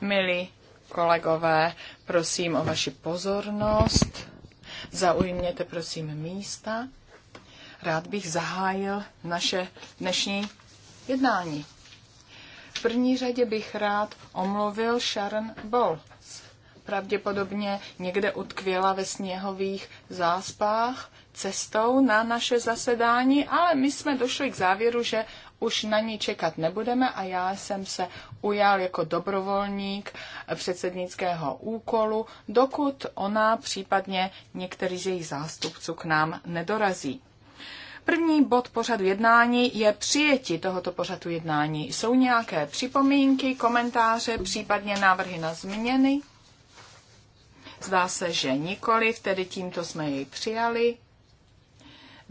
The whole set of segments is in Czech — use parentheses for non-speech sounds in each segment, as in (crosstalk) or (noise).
Milí kolegové, prosím o vaši pozornost. Zaujměte prosím místa. Rád bych zahájil naše dnešní jednání. V první řadě bych rád omluvil Sharon Bowles. Pravděpodobně někde utkvěla ve sněhových záspách cestou na naše zasedání, ale my jsme došli k závěru, že už na ní čekat nebudeme a já jsem se ujal jako dobrovolník předsednického úkolu, dokud ona, případně některý z jejich zástupců k nám nedorazí. První bod pořadu jednání je přijetí tohoto pořadu jednání. Jsou nějaké připomínky, komentáře, případně návrhy na změny? Zdá se, že nikoli, tedy tímto jsme jej přijali.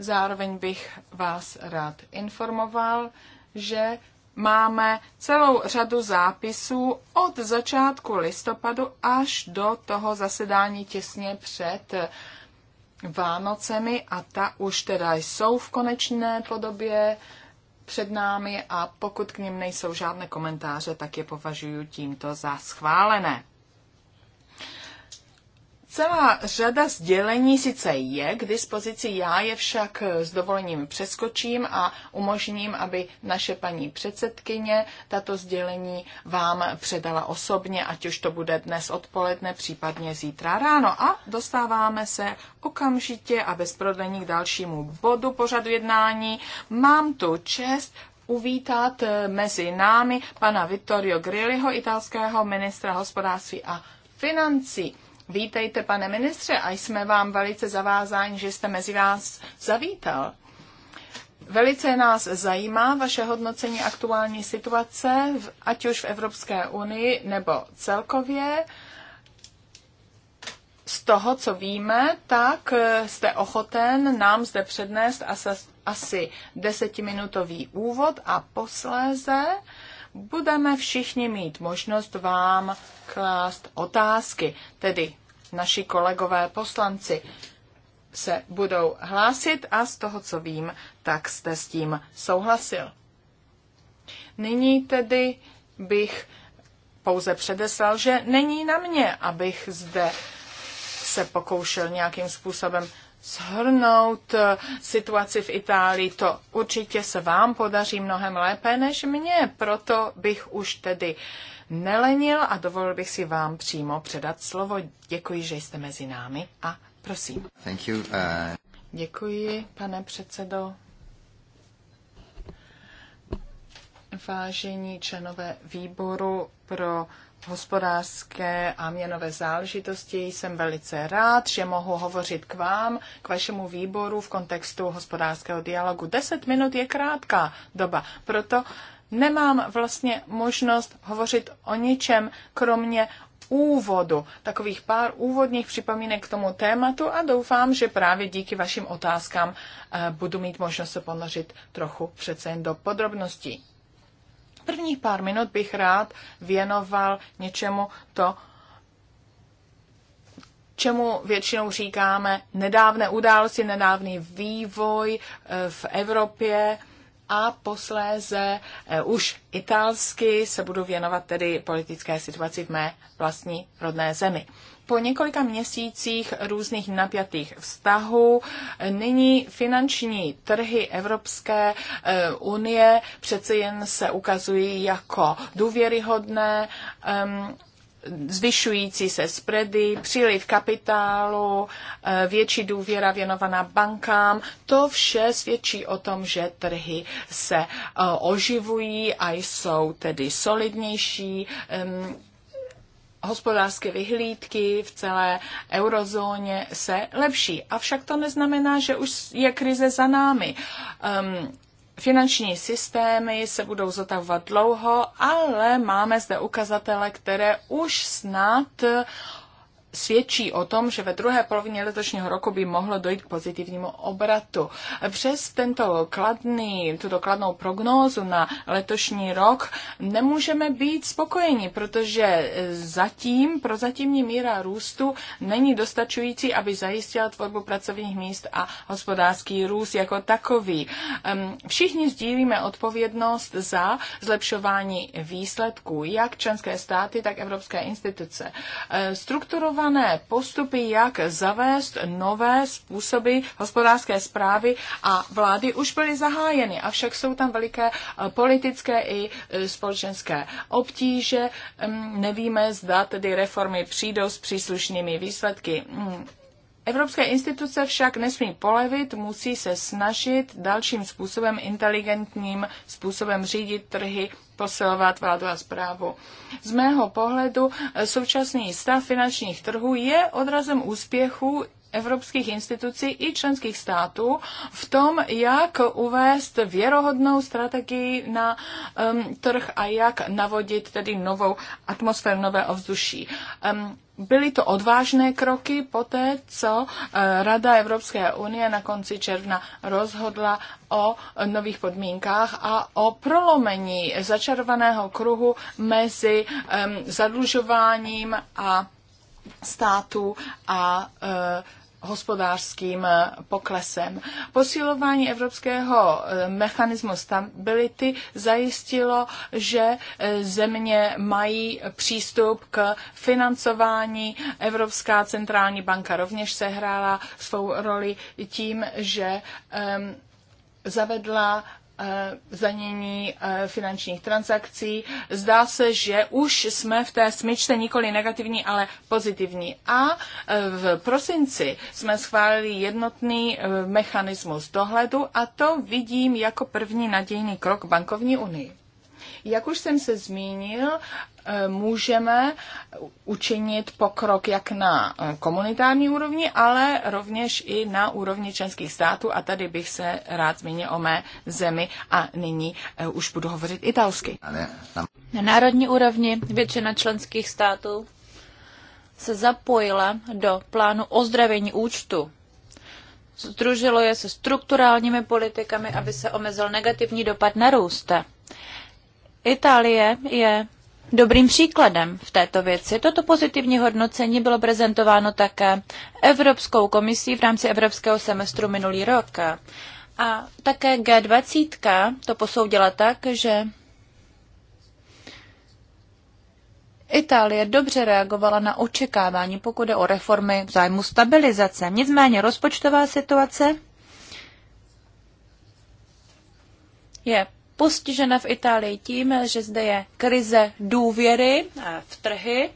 Zároveň bych vás rád informoval, že máme celou řadu zápisů od začátku listopadu až do toho zasedání těsně před Vánocemi a ta už teda jsou v konečné podobě před námi a pokud k ním nejsou žádné komentáře, tak je považuji tímto za schválené. Celá řada sdělení sice je k dispozici, já je však s dovolením přeskočím a umožním, aby naše paní předsedkyně tato sdělení vám předala osobně, ať už to bude dnes odpoledne, případně zítra ráno. A dostáváme se okamžitě a bez prodlení k dalšímu bodu pořadu jednání. Mám tu čest uvítat eh, mezi námi pana Vittorio Grilliho, italského ministra hospodářství a financí. Vítejte, pane ministře, a jsme vám velice zavázáni, že jste mezi vás zavítal. Velice nás zajímá vaše hodnocení aktuální situace, ať už v Evropské unii nebo celkově. Z toho, co víme, tak eh, jste ochoten nám zde přednést asi desetiminutový úvod a posléze budeme všichni mít možnost vám klást otázky, tedy naši kolegové poslanci se budou hlásit a z toho, co vím, tak jste s tím souhlasil. Nyní tedy bych pouze předeslal, že není na mě, abych zde se pokoušel nějakým způsobem shrnout eh, situaci v Itálii. To určitě se vám podaří mnohem lépe než mě. proto bych už tedy uh, nelenil a dovolil bych si vám přímo předat slovo. Děkuji, že jste mezi námi a prosím. Thank you, uh... Děkuji, pane předsedo. Vážení členové výboru pro hospodářské a měnové záležitosti. Jsem velice rád, že mohu hovořit k vám, k vašemu výboru v kontextu hospodářského dialogu. Deset minut je krátká doba, proto nemám vlastně možnost hovořit o ničem, kromě úvodu, takových pár úvodních připomínek k tomu tématu a doufám, že právě díky vašim otázkám eh, budu mít možnost se ponořit trochu přece jen do podrobností. Prvních pár minut bych rád věnoval něčemu to, čemu většinou říkáme nedávné události, nedávný vývoj eh, v Evropě, a posléze eh, už italsky se budu věnovat tedy politické situaci v mé vlastní rodné zemi. Po několika měsících různých napjatých vztahů eh, nyní finanční trhy Evropské eh, unie přece jen se ukazují jako důvěryhodné zvyšující se spready, příliv kapitálu, eh, větší důvěra věnovaná bankám. To vše svědčí o tom, že trhy se eh, oživují a jsou tedy solidnější. Hospodářské vyhlídky v celé eurozóně se lepší. Avšak to neznamená, že už je krize za námi. Finanční systémy se budou zotavovat dlouho, ale máme zde ukazatele, které už snad svědčí o tom, že ve druhé polovině letošního roku by mohlo dojít k pozitivnímu obratu. Přes tento kladný, tuto kladnou prognózu na letošní rok nemůžeme být spokojeni, protože zatím prozatímní míra růstu není dostačující, aby zajistila tvorbu pracovních míst a hospodářský růst jako takový. Všichni sdílíme odpovědnost za zlepšování výsledků, jak členské státy, tak evropské instituce. Strukturová koordinované postupy, jak zavést nové způsoby hospodářské zprávy a vlády už byly zahájeny, avšak jsou tam veliké eh, politické i eh, společenské obtíže. Mm, nevíme, zda tedy reformy přijdou s příslušnými výsledky. Mm, Evropské instituce však nesmí polevit, musí se snažit dalším způsobem, inteligentním způsobem řídit trhy, posilovat vládu a zprávu. Z mého pohledu eh, současný stav finančních trhů je odrazem úspěchu evropských institucí i členských států v tom, jak uvést věrohodnou strategii na um, trh a jak navodit tedy novou atmosféru, nové ovzduší. Um, byly to odvážné kroky po té, co eh, Rada Evropské unie na konci června rozhodla o nových podmínkách a o prolomení začarovaného kruhu mezi zadlužováním a států a uh, hospodářským eh, poklesem. Posilování evropského eh, mechanismu stability zajistilo, že eh, země mají přístup k financování. Evropská centrální banka rovněž sehrála svou roli tím, že zavedla Eh, zdanění eh, finančních transakcí. Zdá se, že už jsme v té smyčce nikoli negativní, ale pozitivní. A eh, v prosinci jsme schválili jednotný mechanismus dohledu a to vidím jako první nadějný krok bankovní unii. Jak už jsem se zmínil, Eh, můžeme učinit pokrok jak na eh, komunitární úrovni, ale rovněž i na úrovni členských států. A tady bych se rád zmínil o mé zemi a nyní eh, už budu hovořit italsky. Na národní úrovni většina členských států se zapojila do plánu ozdravení účtu. Združilo je se strukturálními politikami, aby se omezil negativní dopad na růst. Itálie je dobrým příkladem v této věci. Toto pozitivní hodnocení bylo prezentováno také Evropskou komisí v rámci Evropského semestru minulý rok. A také G20 to posoudila tak, že Itálie dobře reagovala na očekávání, pokud je o reformy v zájmu stabilizace. Nicméně rozpočtová situace je postižena v Itálii tím, že zde je krize důvěry v trhy,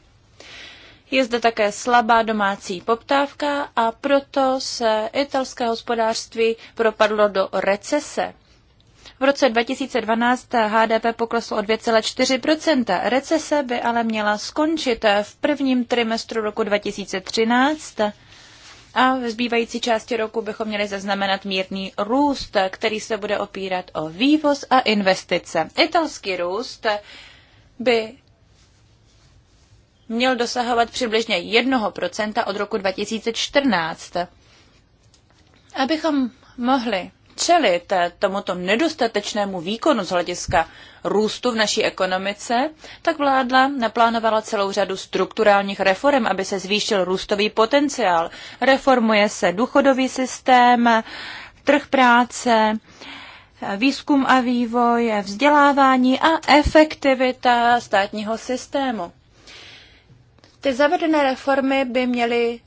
je zde také slabá domácí poptávka a proto se italské hospodářství propadlo do recese. V roce 2012 HDP pokleslo o 2,4 Recese by ale měla skončit v prvním trimestru roku 2013 a v zbývající části roku bychom měli zaznamenat mírný růst, který se bude opírat o vývoz a investice. Italský růst by měl dosahovat přibližně 1% od roku 2014. Abychom mohli čelit tomuto nedostatečnému výkonu z hlediska růstu v naší ekonomice, tak vládla naplánovala celou řadu strukturálních reform, aby se zvýšil růstový potenciál. Reformuje se důchodový systém, trh práce, výzkum a vývoj, vzdělávání a efektivita státního systému. Ty zavedené reformy by měly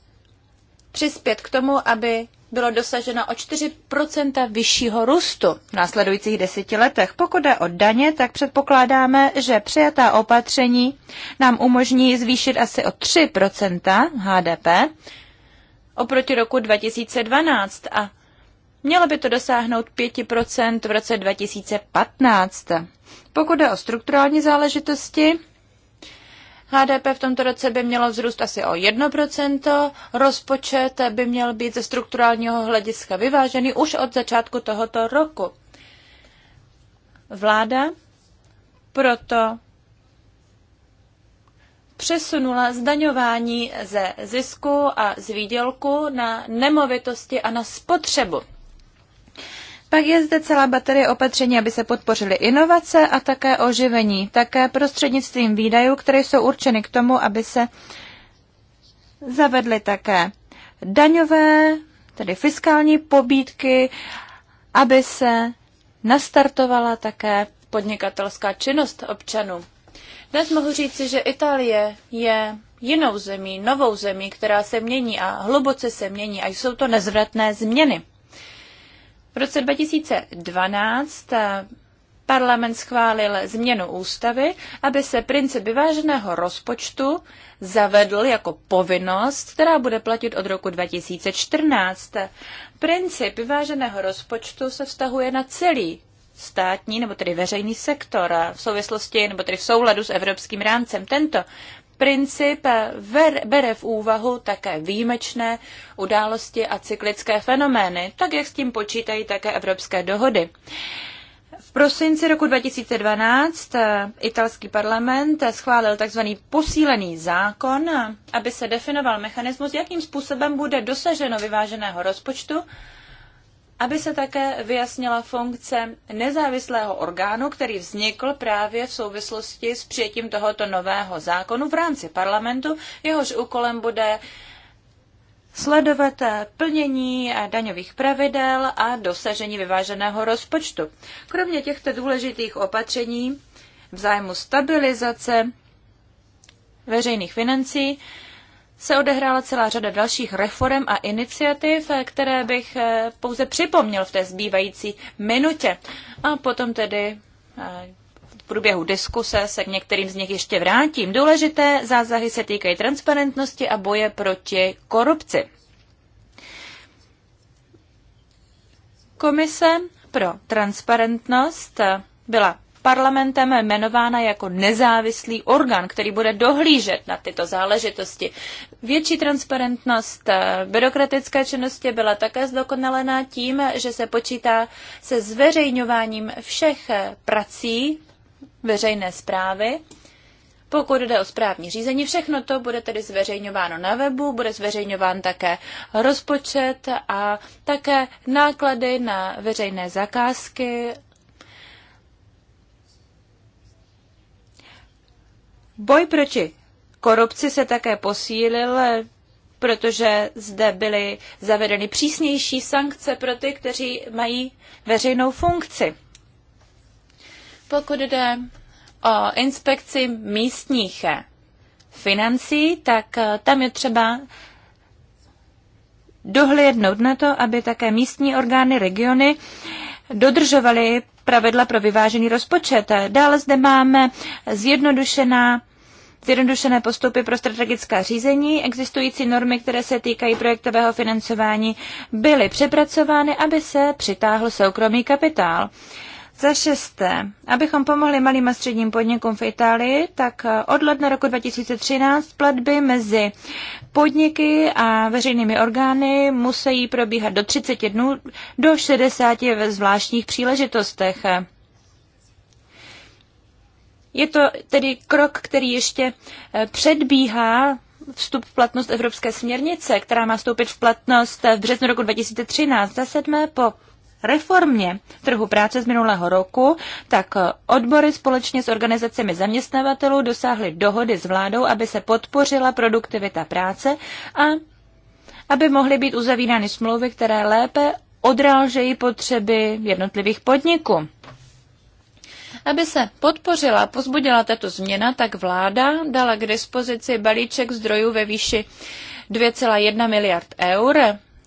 přispět k tomu, aby bylo dosaženo o 4% vyššího růstu v následujících deseti letech. Pokud jde o daně, tak předpokládáme, že přijatá opatření nám umožní zvýšit asi o 3% HDP oproti roku 2012 a mělo by to dosáhnout 5% v roce 2015. Pokud jde o strukturální záležitosti, HDP v tomto roce by mělo vzrůst asi o 1%, rozpočet by měl být ze strukturálního hlediska vyvážený už od začátku tohoto roku. Vláda proto přesunula zdaňování ze zisku a z výdělku na nemovitosti a na spotřebu. Pak je zde celá baterie opatření, aby se podpořily inovace a také oživení, také prostřednictvím výdajů, které jsou určeny k tomu, aby se zavedly také daňové, tedy fiskální pobídky, aby se nastartovala také podnikatelská činnost občanů. Dnes mohu říci, že Itálie je jinou zemí, novou zemí, která se mění a hluboce se mění a jsou to nezvratné změny. V roce 2012 eh, parlament schválil změnu ústavy, aby se princip vyváženého rozpočtu zavedl jako povinnost, která bude platit od roku 2014. Princip vyváženého rozpočtu se vztahuje na celý státní nebo tedy veřejný sektor a eh, v souvislosti nebo tedy v souladu s evropským rámcem. Tento princip eh, ver, bere v úvahu také výjimečné události a cyklické fenomény, tak jak s tím počítají také evropské dohody. V prosinci roku 2012 eh, italský parlament eh, schválil tzv. posílený zákon, aby se definoval mechanismus, jakým způsobem bude dosaženo vyváženého rozpočtu aby se také vyjasnila funkce nezávislého orgánu, který vznikl právě v souvislosti s přijetím tohoto nového zákonu v rámci parlamentu. Jehož úkolem bude sledovat plnění daňových pravidel a dosažení vyváženého rozpočtu. Kromě těchto důležitých opatření v zájmu stabilizace veřejných financí se odehrála celá řada dalších reform a iniciativ, eh, které bych eh, pouze připomněl v té zbývající minutě. A potom tedy eh, v průběhu diskuse se k některým z nich ještě vrátím. Důležité zázahy se týkají transparentnosti a boje proti korupci. Komise pro transparentnost byla parlamentem jmenována jako nezávislý orgán, který bude dohlížet na tyto záležitosti. Větší transparentnost eh, byrokratické činnosti byla také zdokonalená tím, že se počítá se zveřejňováním všech eh, prací veřejné zprávy. Pokud jde o správní řízení, všechno to bude tedy zveřejňováno na webu, bude zveřejňován také rozpočet a také náklady na veřejné zakázky Boj proti korupci se také posílil, protože zde byly zavedeny přísnější sankce pro ty, kteří mají veřejnou funkci. Pokud jde o inspekci místních financí, tak eh, tam je třeba dohlédnout na to, aby také místní orgány regiony dodržovaly pravidla pro vyvážený rozpočet. Dále zde máme zjednodušená zjednodušené postupy pro strategická řízení, existující normy, které se týkají projektového financování, byly přepracovány, aby se přitáhl soukromý kapitál. Za šesté, abychom pomohli malým a středním podnikům v Itálii, tak eh, od ledna roku 2013 platby mezi podniky a veřejnými orgány musí probíhat do 30 dnů, do 60 ve zvláštních příležitostech. Je to tedy krok, který ještě eh, předbíhá vstup v platnost Evropské směrnice, která má vstoupit v platnost eh, v březnu roku 2013, za sedmé po reformě trhu práce z minulého roku, tak eh, odbory společně s organizacemi zaměstnavatelů dosáhly dohody s vládou, aby se podpořila produktivita práce a aby mohly být uzavírány smlouvy, které lépe odrážejí potřeby jednotlivých podniků. Aby se podpořila a pozbudila tato změna, tak vláda dala k dispozici balíček zdrojů ve výši 2,1 miliard eur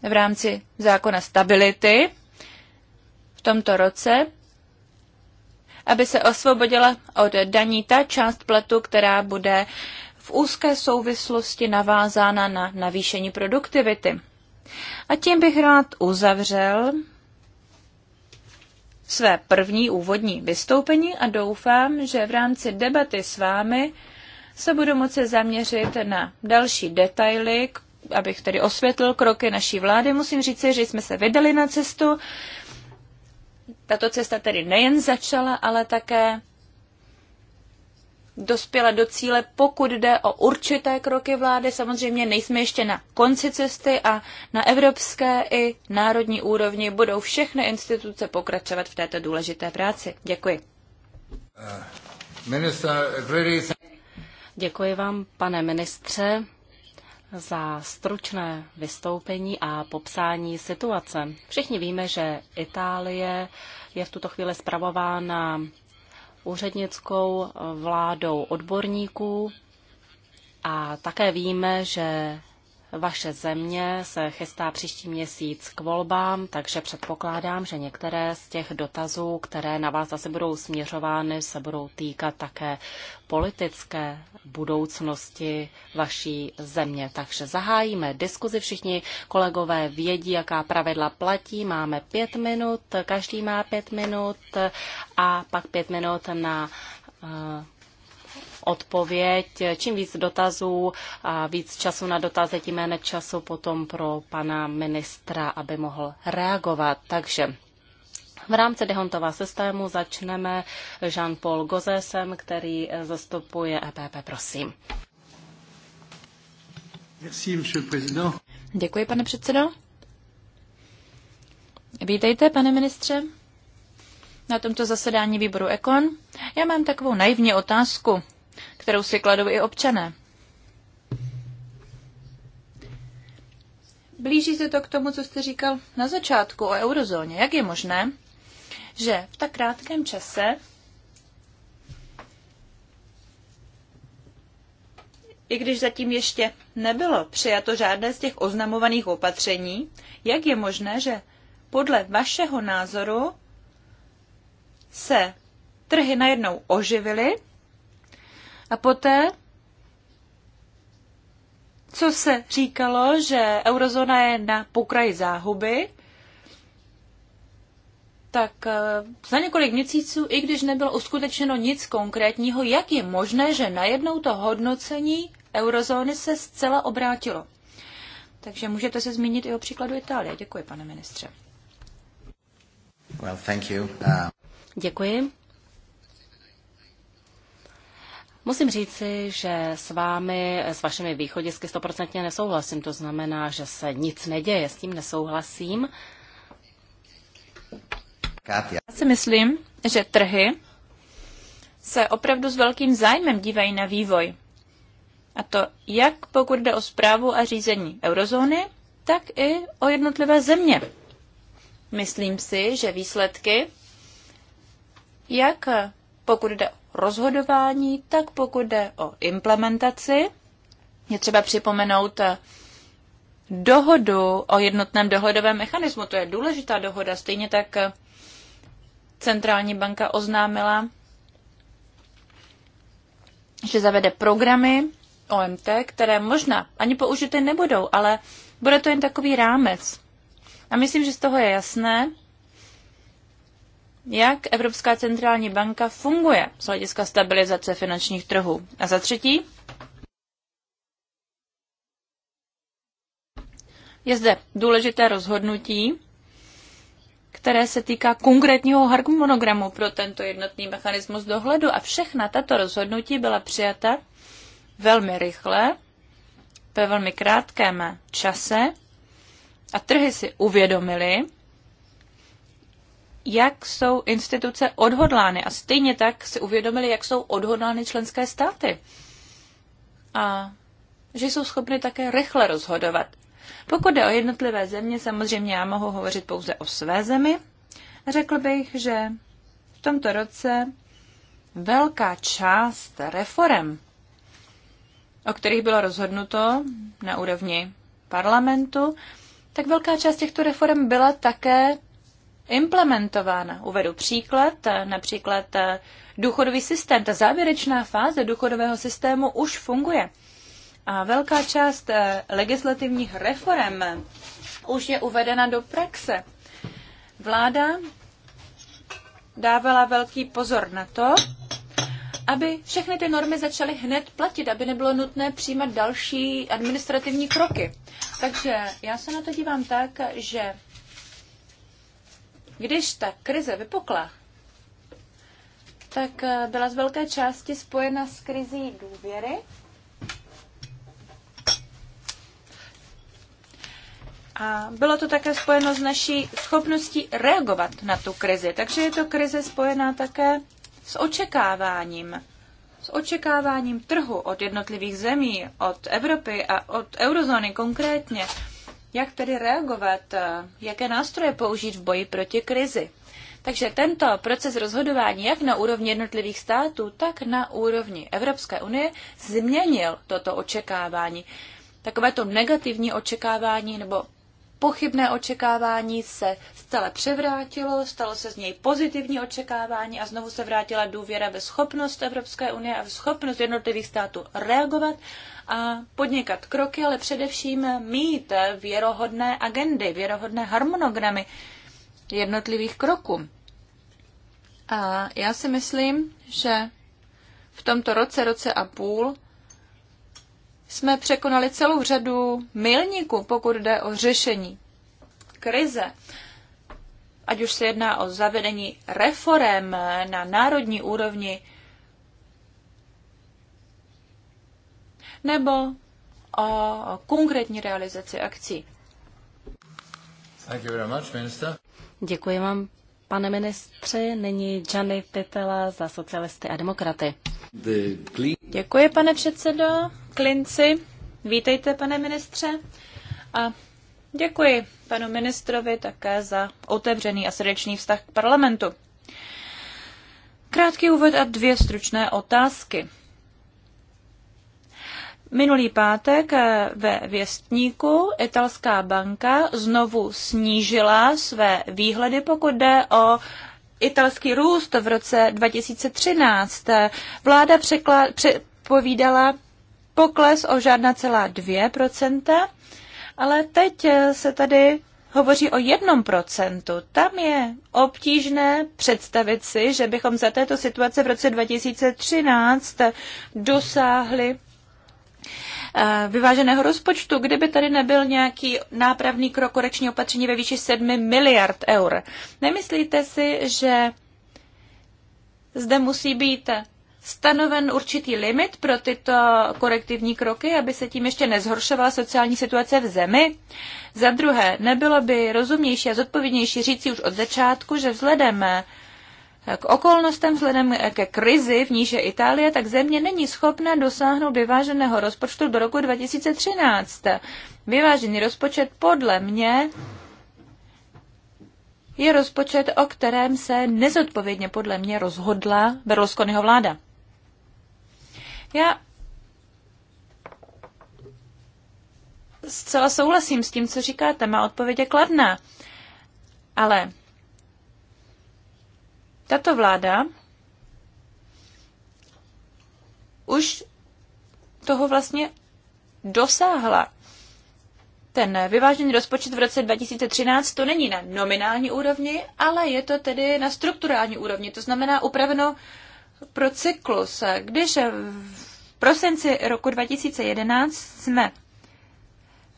v rámci zákona stability v tomto roce, aby se osvobodila od daní ta část platu, která bude v úzké souvislosti navázána na navýšení produktivity. A tím bych rád uzavřel své první úvodní vystoupení a doufám, že v rámci debaty s vámi se budu moci zaměřit na další detaily, abych tedy osvětlil kroky naší vlády. Musím říct, že jsme se vydali na cestu. Tato cesta tedy nejen začala, ale také dospěla do cíle, pokud jde o určité kroky vlády. Samozřejmě nejsme ještě na konci cesty a na evropské i národní úrovni budou všechny instituce pokračovat v této důležité práci. Děkuji. Děkuji vám, pane ministře, za stručné vystoupení a popsání situace. Všichni víme, že Itálie je v tuto chvíli zpravována úřednickou vládou odborníků a také víme, že vaše země se chystá příští měsíc k volbám, takže předpokládám, že některé z těch dotazů, které na vás zase budou směřovány, se budou týkat také politické budoucnosti vaší země. Takže zahájíme diskuzi. Všichni kolegové vědí, jaká pravidla platí. Máme pět minut, každý má pět minut a pak pět minut na eh, odpověď. Čím víc dotazů a víc času na dotazy, tím méně času potom pro pana ministra, aby mohl reagovat. Takže v rámci Dehontova systému začneme Jean-Paul Gozesem, který zastupuje EPP. Prosím. Děkuji, pane předsedo. Vítejte, pane ministře, na tomto zasedání výboru Ekon. Já mám takovou naivní otázku kterou si kladou i občané. Blíží se to k tomu, co jste říkal na začátku o eurozóně. Jak je možné, že v tak krátkém čase, i když zatím ještě nebylo přijato žádné z těch oznamovaných opatření, jak je možné, že podle vašeho názoru se trhy najednou oživily a poté, co se říkalo, že eurozóna je na pokraji záhuby, tak eh, za několik měsíců, i když nebylo uskutečněno nic konkrétního, jak je možné, že najednou to hodnocení eurozóny se zcela obrátilo. Takže můžete se zmínit i o příkladu Itálie. Děkuji, pane ministře. Well, thank you. Uh... Děkuji. Musím říci, že s vámi, s vašimi východisky stoprocentně nesouhlasím. To znamená, že se nic neděje, s tím nesouhlasím. Katia. Já si myslím, že trhy se opravdu s velkým zájmem dívají na vývoj. A to jak pokud jde o zprávu a řízení eurozóny, tak i o jednotlivé země. Myslím si, že výsledky, jak pokud jde rozhodování, tak pokud jde o implementaci, je třeba připomenout eh, dohodu o jednotném dohledovém mechanismu. To je důležitá dohoda. Stejně tak eh, centrální banka oznámila, že zavede programy OMT, které možná ani použity nebudou, ale bude to jen takový rámec. A myslím, že z toho je jasné, jak Evropská centrální banka funguje z hlediska stabilizace finančních trhů. A za třetí, je zde důležité rozhodnutí, které se týká konkrétního harmonogramu pro tento jednotný mechanismus dohledu a všechna tato rozhodnutí byla přijata velmi rychle, ve velmi krátkém čase a trhy si uvědomili, jak jsou instituce odhodlány. A stejně tak si uvědomili, jak jsou odhodlány členské státy. A že jsou schopny také rychle rozhodovat. Pokud jde o jednotlivé země, samozřejmě já mohu hovořit pouze o své zemi. Řekl bych, že v tomto roce velká část reform, o kterých bylo rozhodnuto na úrovni parlamentu, tak velká část těchto reform byla také implementována. Uvedu příklad, například eh, důchodový systém, ta závěrečná fáze důchodového systému už funguje. A velká část eh, legislativních reform už je uvedena do praxe. Vláda dávala velký pozor na to, aby všechny ty normy začaly hned platit, aby nebylo nutné přijímat další administrativní kroky. Takže já se na to dívám tak, že když ta krize vypukla, tak eh, byla z velké části spojena s krizí důvěry. A bylo to také spojeno s naší schopností reagovat na tu krizi. Takže je to krize spojená také s očekáváním. S očekáváním trhu od jednotlivých zemí, od Evropy a od eurozóny konkrétně. Jak tedy reagovat? Eh, jaké nástroje použít v boji proti krizi? Takže tento proces rozhodování jak na úrovni jednotlivých států, tak na úrovni Evropské unie změnil toto očekávání. Takovéto negativní očekávání nebo pochybné očekávání se zcela převrátilo, stalo se z něj pozitivní očekávání a znovu se vrátila důvěra ve schopnost Evropské unie a ve schopnost jednotlivých států reagovat a podnikat kroky, ale především mít věrohodné agendy, věrohodné harmonogramy jednotlivých kroků. A já si myslím, že v tomto roce, roce a půl jsme překonali celou řadu milníků, pokud jde o řešení krize. Ať už se jedná o zavedení reform na národní úrovni, nebo o konkrétní realizaci akcí. Thank you very much, Děkuji vám, pane ministře. Není Gianni Pitela za socialisty a demokraty. Děkuji, pane předsedo. Klinci. Vítejte, pane ministře. A děkuji panu ministrovi také za otevřený a srdečný vztah k parlamentu. Krátký úvod a dvě stručné otázky. Minulý pátek eh, ve věstníku italská banka znovu snížila své výhledy, pokud jde o italský růst v roce 2013. Vláda překla, předpovídala pokles o žádná celá 2%, ale teď se tady hovoří o jednom procentu. Tam je obtížné představit si, že bychom za této situace v roce 2013 dosáhli eh, vyváženého rozpočtu, kdyby tady nebyl nějaký nápravný krok korekční opatření ve výši 7 miliard eur. Nemyslíte si, že zde musí být stanoven určitý limit pro tyto korektivní kroky, aby se tím ještě nezhoršovala sociální situace v zemi? Za druhé, nebylo by rozumnější a zodpovědnější říci už od začátku, že vzhledem k okolnostem vzhledem ke krizi, v níže Itálie, tak země není schopna dosáhnout vyváženého rozpočtu do roku 2013. Vyvážený rozpočet podle mě je rozpočet, o kterém se nezodpovědně podle mě rozhodla Berlusconiho vláda. Já zcela souhlasím s tím, co říkáte. Má odpověď je kladná. Ale tato vláda už toho vlastně dosáhla. Ten vyvážený rozpočet v roce 2013 to není na nominální úrovni, ale je to tedy na strukturální úrovni, to znamená upraveno pro cyklus. Když prosinci roku 2011 jsme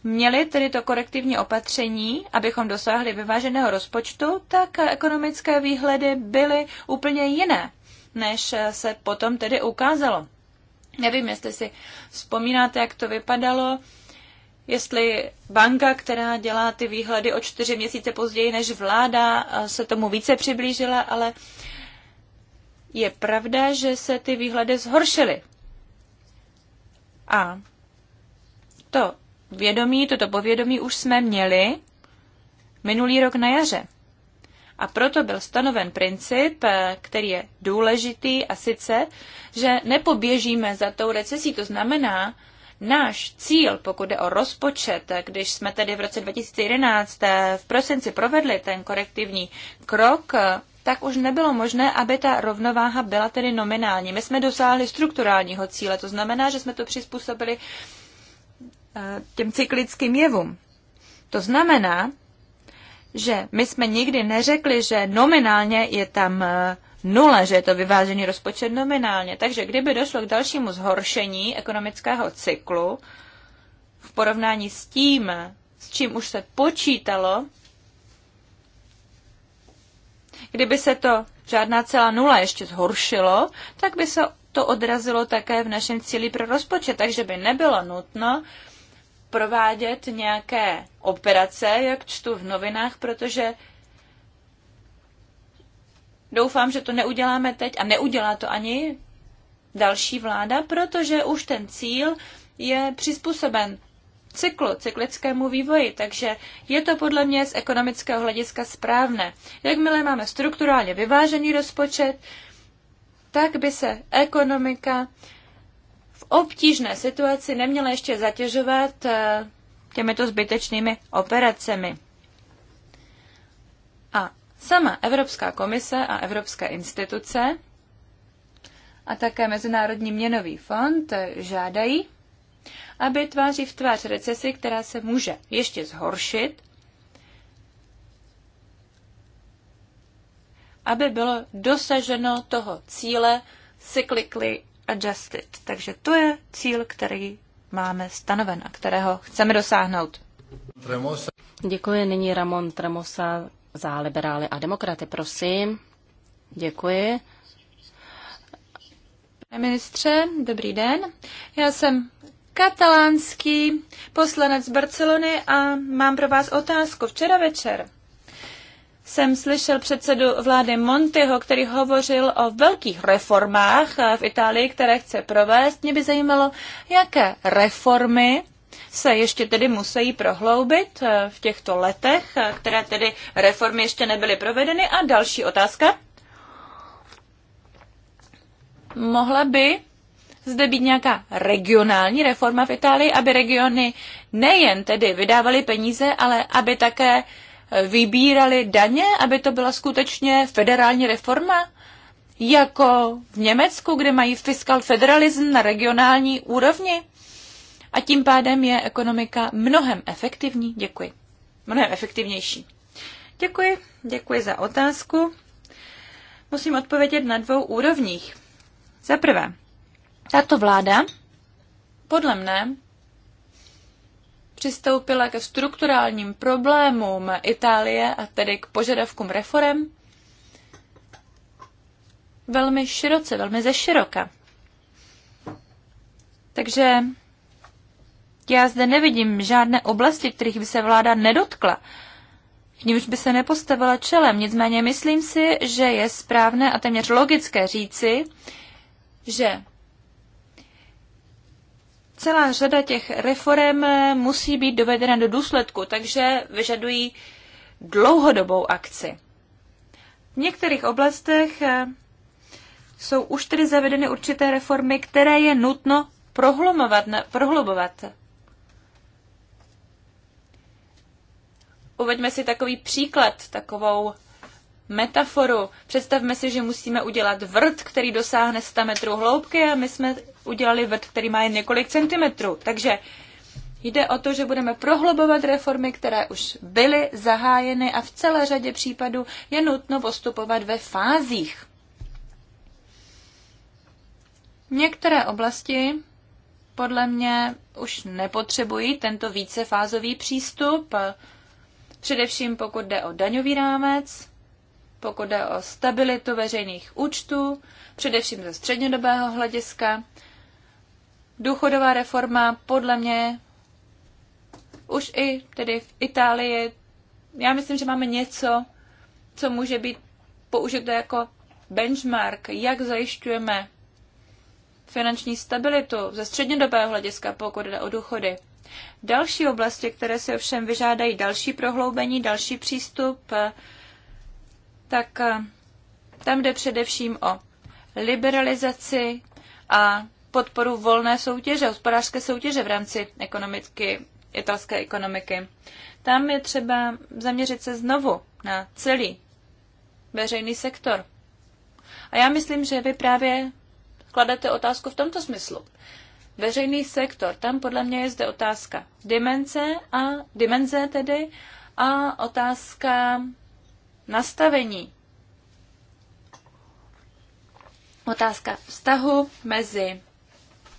měli tedy to korektivní opatření, abychom dosáhli vyváženého rozpočtu, tak ekonomické výhledy byly úplně jiné, než se potom tedy ukázalo. Nevím, jestli si vzpomínáte, jak to vypadalo, jestli banka, která dělá ty výhledy o čtyři měsíce později než vláda, se tomu více přiblížila, ale je pravda, že se ty výhledy zhoršily a to vědomí, toto povědomí už jsme měli minulý rok na jaře. A proto byl stanoven princip, eh, který je důležitý a sice, že nepoběžíme za tou recesí. To znamená, náš cíl, pokud jde o rozpočet, eh, když jsme tedy v roce 2011 eh, v prosinci provedli ten korektivní krok, tak už nebylo možné, aby ta rovnováha byla tedy nominální. My jsme dosáhli strukturálního cíle, to znamená, že jsme to přizpůsobili eh, těm cyklickým jevům. To znamená, že my jsme nikdy neřekli, že nominálně je tam eh, nula, že je to vyvážený rozpočet nominálně. Takže kdyby došlo k dalšímu zhoršení ekonomického cyklu v porovnání s tím, s čím už se počítalo Kdyby se to žádná celá nula ještě zhoršilo, tak by se to odrazilo také v našem cíli pro rozpočet, takže by nebylo nutno provádět nějaké operace, jak čtu v novinách, protože doufám, že to neuděláme teď a neudělá to ani další vláda, protože už ten cíl je přizpůsoben cyklu, cyklickému vývoji, takže je to podle mě z ekonomického hlediska správné. Jakmile máme strukturálně vyvážený rozpočet, tak by se ekonomika v obtížné situaci neměla ještě zatěžovat eh, těmito zbytečnými operacemi. A sama Evropská komise a Evropské instituce a také Mezinárodní měnový fond žádají, aby tváří v tvář recesi, která se může ještě zhoršit, aby bylo dosaženo toho cíle cyclically adjusted. Takže to je cíl, který máme stanoven a kterého chceme dosáhnout. Tremosa. Děkuji. Nyní Ramon Tremosa za liberály a demokraty, prosím. Děkuji. Pane ministře, dobrý den. Já jsem katalánský poslanec z Barcelony a mám pro vás otázku. Včera večer jsem slyšel předsedu vlády Monteho, který hovořil o velkých reformách v Itálii, které chce provést. Mě by zajímalo, jaké reformy se ještě tedy musí prohloubit v těchto letech, které tedy reformy ještě nebyly provedeny. A další otázka. Mohla by zde být nějaká regionální reforma v Itálii, aby regiony nejen tedy vydávaly peníze, ale aby také eh, vybírali daně, aby to byla skutečně federální reforma? Jako v Německu, kde mají fiskal federalism na regionální úrovni? A tím pádem je ekonomika mnohem efektivní. Děkuji. Mnohem efektivnější. Děkuji. Děkuji za otázku. Musím odpovědět na dvou úrovních. Za prvé, tato vláda, podle mne, přistoupila ke strukturálním problémům Itálie a tedy k požadavkům reform velmi široce, velmi ze široka. Takže já zde nevidím žádné oblasti, kterých by se vláda nedotkla. K nímž by se nepostavila čelem. Nicméně myslím si, že je správné a téměř logické říci, že celá řada těch reform musí být dovedena do důsledku, takže vyžadují dlouhodobou akci. V některých oblastech eh, jsou už tedy zavedeny určité reformy, které je nutno prohlubovat. Uveďme si takový příklad, takovou metaforu. Představme si, že musíme udělat vrt, který dosáhne 100 metrů hloubky a my jsme udělali vrt, který má jen několik centimetrů. Takže jde o to, že budeme prohlubovat reformy, které už byly zahájeny a v celé řadě případů je nutno postupovat ve fázích. Některé oblasti podle mě už nepotřebují tento vícefázový přístup, především pokud jde o daňový rámec, pokud jde o stabilitu veřejných účtů, především ze střednědobého hlediska, důchodová reforma podle mě už i tedy v Itálii, já myslím, že máme něco, co může být použito jako benchmark, jak zajišťujeme finanční stabilitu ze střednědobého hlediska, pokud jde o důchody. Další oblasti, které si ovšem vyžádají další prohloubení, další přístup, tak tam jde především o liberalizaci a podporu volné soutěže, hospodářské soutěže v rámci ekonomiky, italské ekonomiky. Tam je třeba zaměřit se znovu na celý veřejný sektor. A já myslím, že vy právě kladete otázku v tomto smyslu. Veřejný sektor, tam podle mě je zde otázka dimenze a dimenze tedy a otázka nastavení. Otázka vztahu mezi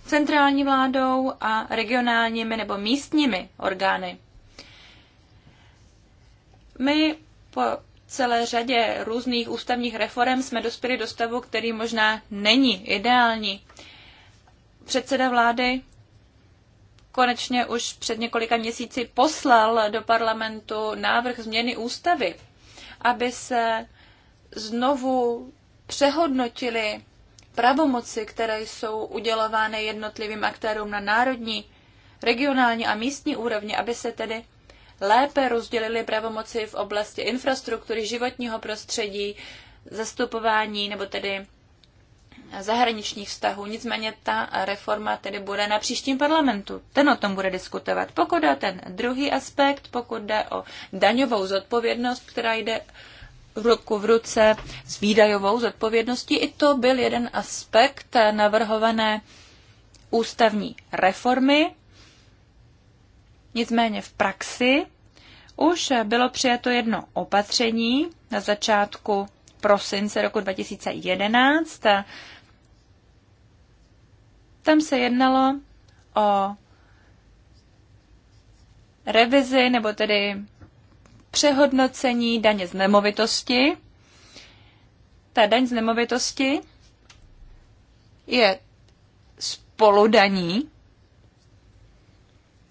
centrální vládou a regionálními nebo místními orgány. My po celé řadě různých ústavních reform jsme dospěli do stavu, který možná není ideální. Předseda vlády konečně už před několika měsíci poslal do parlamentu návrh změny ústavy, aby se znovu přehodnotili pravomoci, které jsou udělovány jednotlivým aktérům na národní, regionální a místní úrovni, aby se tedy lépe rozdělily pravomoci v oblasti infrastruktury, životního prostředí, zastupování nebo tedy zahraničních vztahů. Nicméně ta reforma tedy bude na příštím parlamentu. Ten o tom bude diskutovat. Pokud jde ten druhý aspekt, pokud jde o daňovou zodpovědnost, která jde ruku v ruce s výdajovou zodpovědností. I to byl jeden aspekt navrhované ústavní reformy. Nicméně v praxi už bylo přijato jedno opatření na začátku prosince roku 2011. Tam se jednalo o revizi nebo tedy přehodnocení daně z nemovitosti. Ta daň z nemovitosti je spoludaní.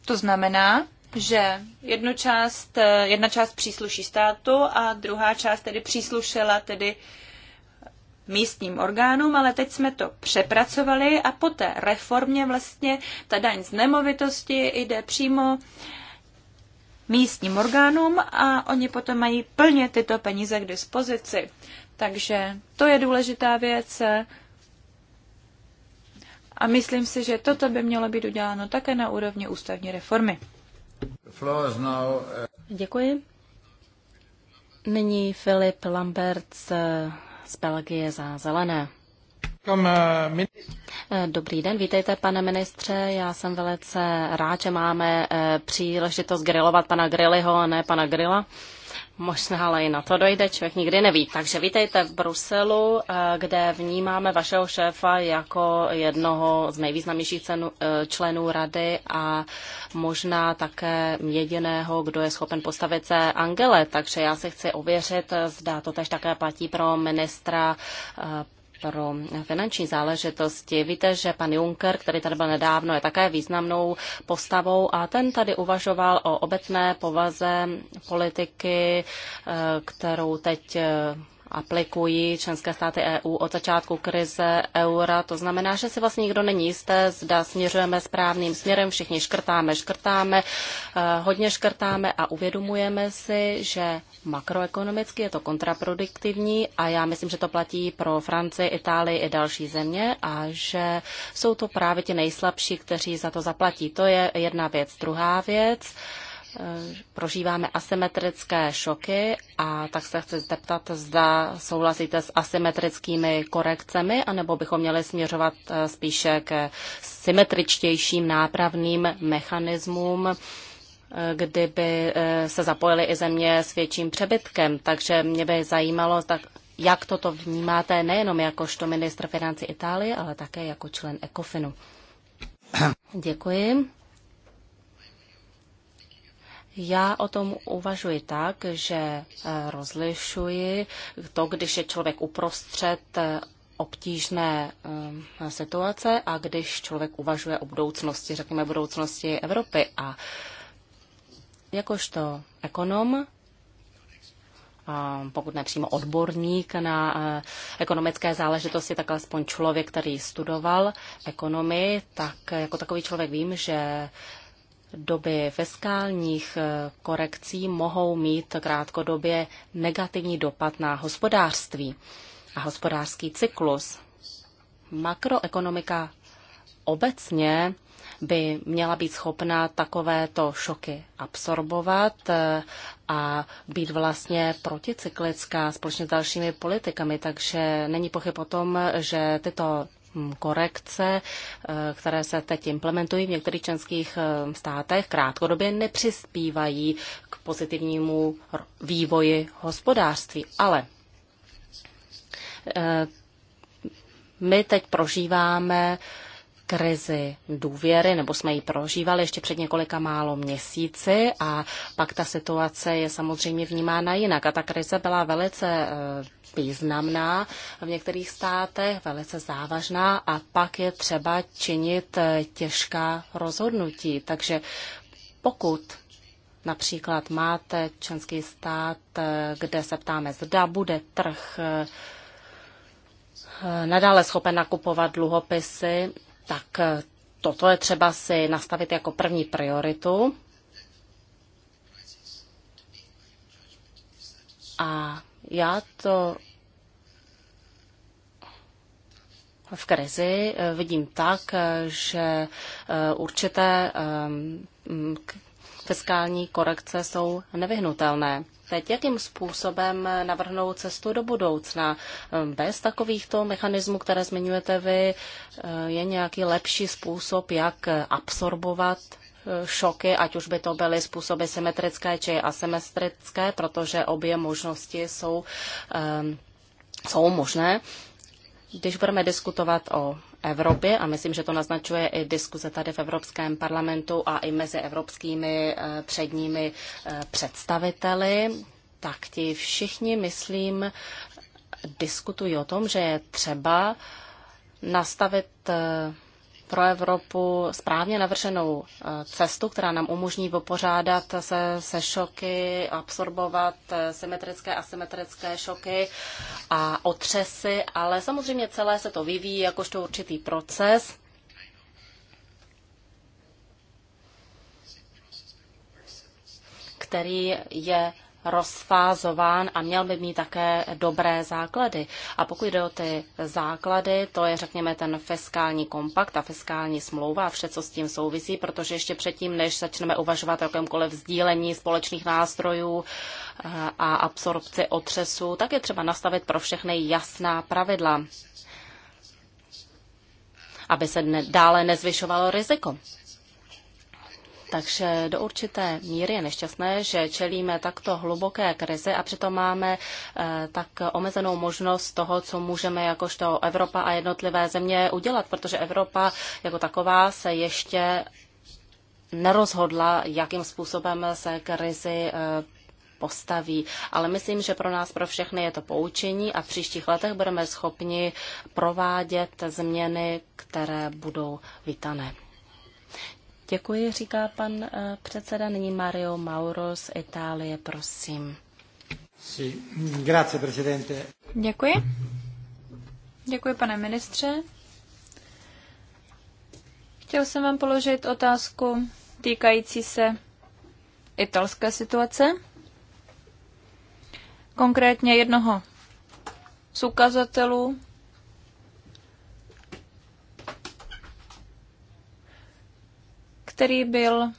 To znamená, že jednu část, eh, jedna část přísluší státu a druhá část tedy příslušela tedy místním orgánům, ale teď jsme to přepracovali a po té reformě vlastně ta daň z nemovitosti jde přímo místním orgánům a oni potom mají plně tyto peníze k dispozici. Takže to je důležitá věc. A myslím si, že toto by mělo být uděláno také na úrovni ústavní reformy. Eh, Děkuji. Nyní Filip Lambert z Belgie za zelené. Eh, eh, dobrý den, vítejte pane ministře. Já jsem velice rád, že máme eh, příležitost grilovat pana Griliho a ne pana Grilla. Možná ale i na to dojde, člověk nikdy neví. Takže vítejte v Bruselu, kde vnímáme vašeho šéfa jako jednoho z nejvýznamnějších cenu, členů rady a možná také jediného, kdo je schopen postavit se Angele. Takže já si chci ověřit, zda to tež také platí pro ministra pro finanční záležitosti. Víte, že pan Juncker, který tady byl nedávno, je také významnou postavou a ten tady uvažoval o obecné povaze politiky, eh, kterou teď eh, aplikují členské státy EU od začátku krize eura. To znamená, že si vlastně nikdo není jisté, zda směřujeme správným směrem, všichni škrtáme, škrtáme, eh, hodně škrtáme a uvědomujeme si, že makroekonomicky je to kontraproduktivní a já myslím, že to platí pro Francii, Itálii i další země a že jsou to právě ti nejslabší, kteří za to zaplatí. To je jedna věc. Druhá věc, prožíváme asymetrické šoky a tak se chci zeptat, zda souhlasíte s asymetrickými korekcemi, anebo bychom měli směřovat eh, spíše k symetričtějším nápravným mechanismům, eh, kdyby eh, se zapojily i země s větším přebytkem. Takže mě by zajímalo, tak jak toto vnímáte nejenom jakožto ministr financí Itálie, ale také jako člen ECOFINu. (coughs) Děkuji. Já o tom uvažuji tak, že eh, rozlišuji to, když je člověk uprostřed eh, obtížné eh, situace a když člověk uvažuje o budoucnosti, řekněme budoucnosti Evropy a jakožto ekonom, pokud nepřímo odborník na ekonomické záležitosti, tak alespoň člověk, který studoval ekonomii, tak jako takový člověk vím, že doby fiskálních eh, korekcí mohou mít krátkodobě negativní dopad na hospodářství a hospodářský cyklus. Makroekonomika obecně by měla být schopna takovéto šoky absorbovat eh, a být vlastně proticyklická společně s dalšími politikami. Takže není pochyb o tom, že tyto Mm, korekce, eh, které se teď implementují v některých členských eh, státech, krátkodobě nepřispívají k pozitivnímu vývoji hospodářství. Ale eh, my teď prožíváme krizi důvěry, nebo jsme ji prožívali ještě před několika málo měsíci a pak ta situace je samozřejmě vnímána jinak. A ta krize byla velice eh, významná v některých státech, velice závažná a pak je třeba činit eh, těžká rozhodnutí. Takže pokud například máte členský stát, eh, kde se ptáme, zda bude trh nadále schopen nakupovat dluhopisy tak eh, toto je třeba si nastavit jako první prioritu. A já to v krizi eh, vidím tak, eh, že určité fiskální korekce jsou nevyhnutelné teď, jakým způsobem navrhnout cestu do budoucna. Ehm, bez takovýchto mechanismů, které zmiňujete vy, ehm, je nějaký lepší způsob, jak absorbovat ehm, šoky, ať už by to byly způsoby symetrické či asymetrické, protože obě možnosti jsou, jsou možné. Když budeme diskutovat o Evropě a myslím, že to naznačuje i diskuze tady v Evropském parlamentu a i mezi evropskými eh, předními eh, představiteli, tak ti všichni, myslím, diskutují o tom, že je třeba nastavit eh, pro Evropu správně navrženou eh, cestu, která nám umožní vypořádat se, se šoky, absorbovat eh, symetrické a asymetrické šoky a otřesy, ale samozřejmě celé se to vyvíjí jakožto určitý proces. který je rozfázován a měl by mít také dobré základy. A pokud jde o ty základy, to je řekněme ten fiskální kompakt a fiskální smlouva a vše, co s tím souvisí, protože ještě předtím, než začneme uvažovat o jakémkoliv sdílení společných nástrojů eh, a absorpci otřesu, tak je třeba nastavit pro všechny jasná pravidla aby se ne, dále nezvyšovalo riziko. Takže do určité míry je nešťastné, že čelíme takto hluboké krizi a přitom máme eh, tak omezenou možnost toho, co můžeme jakožto Evropa a jednotlivé země udělat, protože Evropa jako taková se ještě nerozhodla, jakým způsobem se krizi eh, postaví. Ale myslím, že pro nás, pro všechny je to poučení a v příštích letech budeme schopni provádět změny, které budou vítané. Děkuji, říká pan eh, předseda. Nyní Mario Mauro z Itálie, prosím. Děkuji. Děkuji, pane ministře. Chtěl jsem vám položit otázku týkající se italské situace, konkrétně jednoho z ukazatelů který byl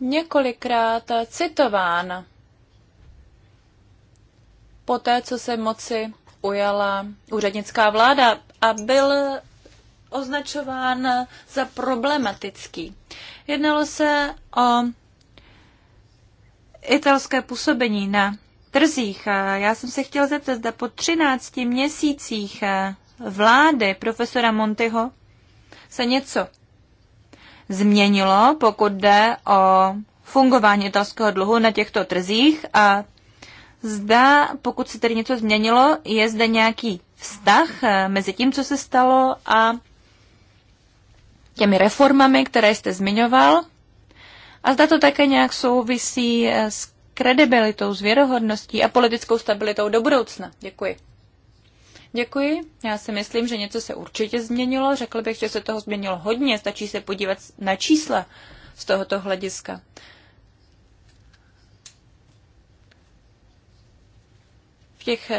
několikrát citován po té, co se moci ujala úřednická vláda a byl označován za problematický. Jednalo se o italské působení na trzích. Já jsem se chtěl zeptat, zda po 13 měsících vlády profesora Monteho se něco změnilo, pokud jde o fungování italského dluhu na těchto trzích a zda, pokud se tedy něco změnilo, je zde nějaký vztah eh, mezi tím, co se stalo a těmi reformami, které jste zmiňoval. A zda to také nějak souvisí eh, s kredibilitou, s věrohodností a politickou stabilitou do budoucna. Děkuji. Děkuji. Já si myslím, že něco se určitě změnilo. Řekl bych, že se toho změnilo hodně. Stačí se podívat na čísla z tohoto hlediska. V těch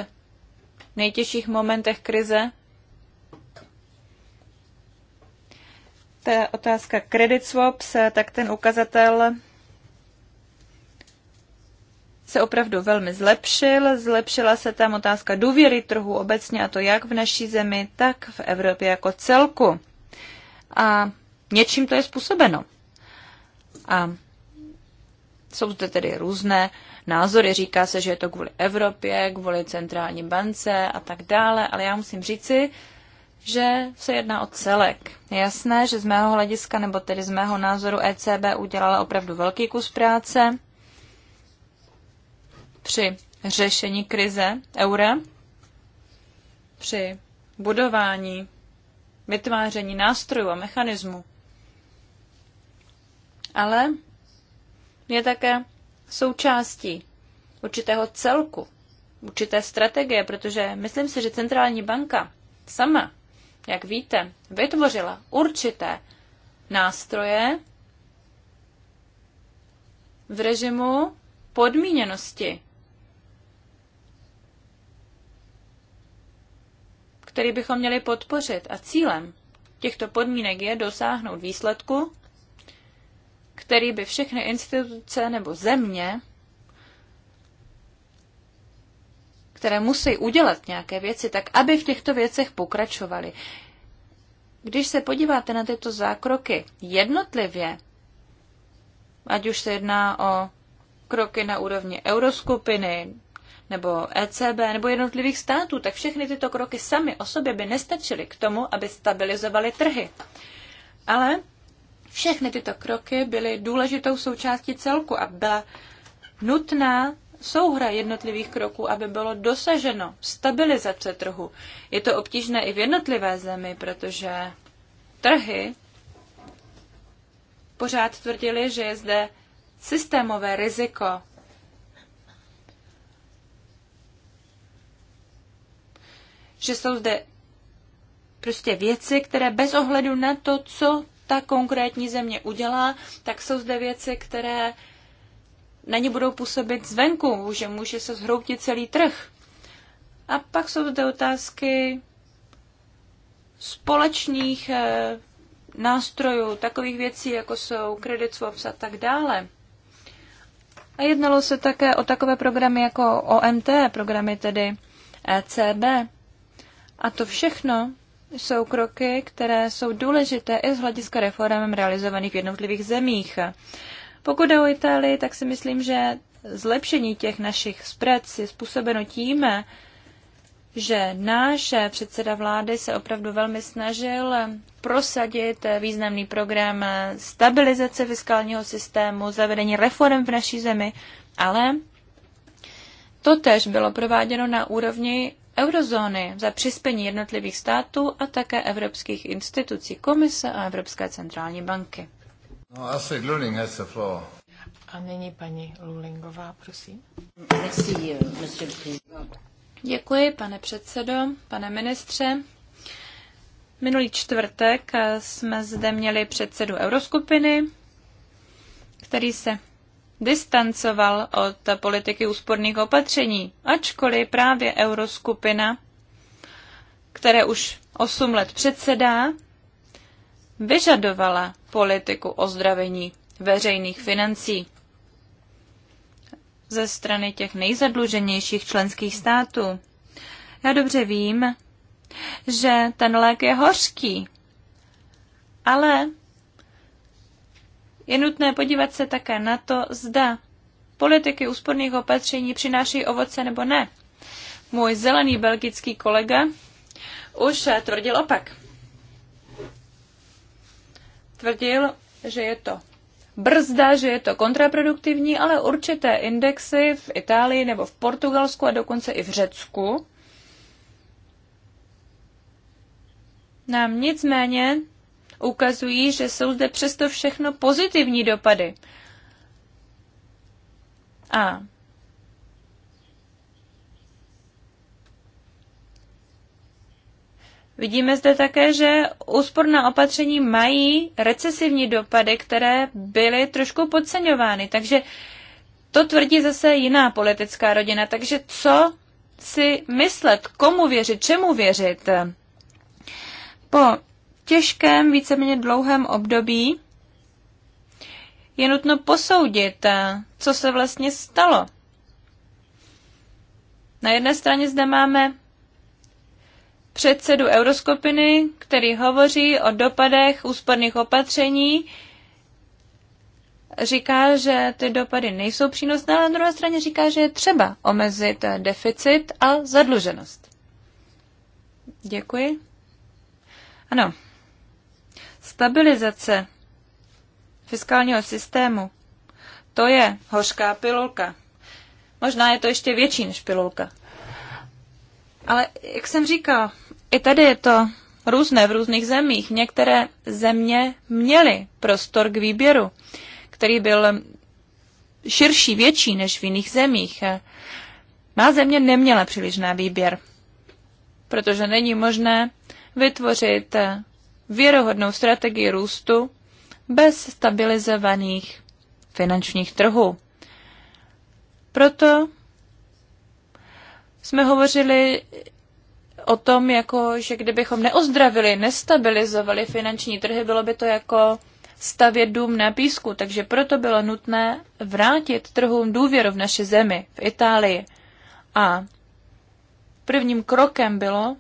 nejtěžších momentech krize ta otázka credit swaps, tak ten ukazatel se opravdu velmi zlepšil. Zlepšila se tam otázka důvěry trhu obecně, a to jak v naší zemi, tak v Evropě jako celku. A něčím to je způsobeno. A jsou zde tedy různé názory. Říká se, že je to kvůli Evropě, kvůli centrální bance a tak dále, ale já musím říci, že se jedná o celek. Je jasné, že z mého hlediska, nebo tedy z mého názoru ECB udělala opravdu velký kus práce při řešení krize eura, při budování, vytváření nástrojů a mechanismů. Ale je také součástí určitého celku, určité strategie, protože myslím si, že centrální banka sama, jak víte, vytvořila určité nástroje v režimu podmíněnosti který bychom měli podpořit. A cílem těchto podmínek je dosáhnout výsledku, který by všechny instituce nebo země, které musí udělat nějaké věci, tak aby v těchto věcech pokračovaly. Když se podíváte na tyto zákroky jednotlivě, ať už se jedná o kroky na úrovni euroskupiny, nebo ECB nebo jednotlivých států, tak všechny tyto kroky sami o sobě by nestačily k tomu, aby stabilizovaly trhy. Ale všechny tyto kroky byly důležitou součástí celku a byla nutná souhra jednotlivých kroků, aby bylo dosaženo stabilizace trhu. Je to obtížné i v jednotlivé zemi, protože trhy pořád tvrdili, že je zde systémové riziko že jsou zde prostě věci, které bez ohledu na to, co ta konkrétní země udělá, tak jsou zde věci, které na ně budou působit zvenku, že může se zhroutit celý trh. A pak jsou zde otázky společných eh, nástrojů, takových věcí, jako jsou credit swaps a tak dále. A jednalo se také o takové programy jako OMT, programy tedy ECB. A to všechno jsou kroky, které jsou důležité i z hlediska reform realizovaných v jednotlivých zemích. Pokud jde o Itálii, tak si myslím, že zlepšení těch našich spread je způsobeno tím, že náš předseda vlády se opravdu velmi snažil prosadit významný program stabilizace fiskálního systému, zavedení reform v naší zemi, ale to tež bylo prováděno na úrovni eurozóny, za přispění jednotlivých států a také evropských institucí Komise a Evropské centrální banky. No, Astrid Luling has the floor. A nyní paní Lulingová, prosím. Euh, Děkuji, pane předsedo, pane ministře. Minulý čtvrtek eh, jsme zde měli předsedu Euroskupiny, který se distancoval od politiky úsporných opatření, ačkoliv právě euroskupina, které už 8 let předsedá, vyžadovala politiku ozdravení veřejných financí ze strany těch nejzadluženějších členských států. Já dobře vím, že ten lék je hořký, ale je nutné podívat se také na to, zda politiky úsporných opatření přináší ovoce nebo ne. Můj zelený belgický kolega už tvrdil opak. Tvrdil, že je to brzda, že je to kontraproduktivní, ale určité indexy v Itálii nebo v Portugalsku a dokonce i v Řecku nám nicméně ukazují, že jsou zde přesto všechno pozitivní dopady. A Vidíme zde také, že úsporná opatření mají recesivní dopady, které byly trošku podceňovány. Takže to tvrdí zase jiná politická rodina. Takže co si myslet, komu věřit, čemu věřit? Po těžkém, víceméně dlouhém období je nutno posoudit, eh, co se vlastně stalo. Na jedné straně zde máme předsedu Euroskopiny, který hovoří o dopadech úsporných opatření, říká, že ty dopady nejsou přínosné, ale na druhé straně říká, že je třeba omezit eh, deficit a zadluženost. Děkuji. Ano, stabilizace fiskálního systému, to je hořká pilulka. Možná je to ještě větší než pilulka. Ale jak jsem říkal, i tady je to různé v různých zemích. Některé země měly prostor k výběru, který byl širší, větší než v jiných zemích. Má země neměla příliš na výběr, protože není možné vytvořit věrohodnou strategii růstu bez stabilizovaných finančních trhů. Proto jsme hovořili o tom, jako, že kdybychom neozdravili, nestabilizovali finanční trhy, bylo by to jako stavět dům na písku, takže proto bylo nutné vrátit trhům důvěru v naše zemi, v Itálii. A prvním krokem bylo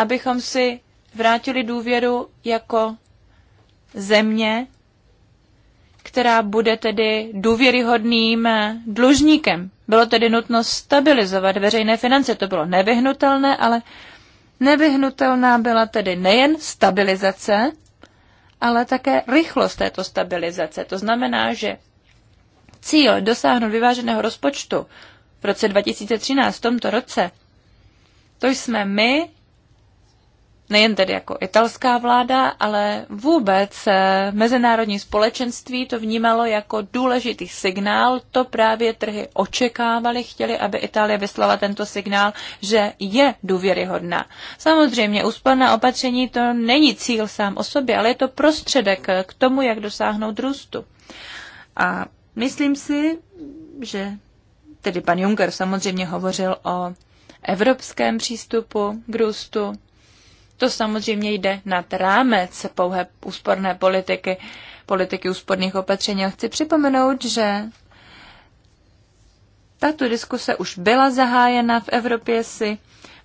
abychom si vrátili důvěru jako země, která bude tedy důvěryhodným eh, dlužníkem. Bylo tedy nutno stabilizovat veřejné finance. To bylo nevyhnutelné, ale nevyhnutelná byla tedy nejen stabilizace, ale také rychlost této stabilizace. To znamená, že cíl dosáhnout vyváženého rozpočtu v roce 2013, v tomto roce, to jsme my nejen tedy jako italská vláda, ale vůbec eh, mezinárodní společenství to vnímalo jako důležitý signál. To právě trhy očekávali, chtěli, aby Itálie vyslala tento signál, že je důvěryhodná. Samozřejmě úsporná opatření to není cíl sám o sobě, ale je to prostředek eh, k tomu, jak dosáhnout růstu. A myslím si, že tedy pan Juncker samozřejmě hovořil o evropském přístupu k růstu, to samozřejmě jde nad rámec pouhé úsporné politiky, politiky úsporných opatření. A chci připomenout, že tato diskuse už byla zahájena v Evropě, si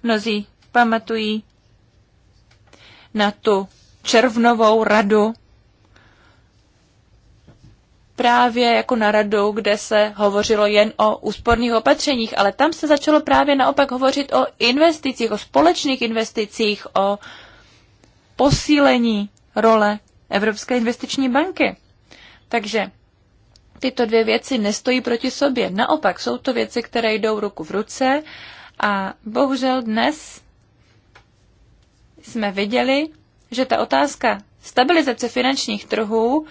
mnozí pamatují na tu červnovou radu právě jako na radu, kde se hovořilo jen o úsporných opatřeních, ale tam se začalo právě naopak hovořit o investicích, o společných investicích, o posílení role Evropské investiční banky. Takže tyto dvě věci nestojí proti sobě. Naopak jsou to věci, které jdou ruku v ruce a bohužel dnes jsme viděli, že ta otázka stabilizace finančních trhů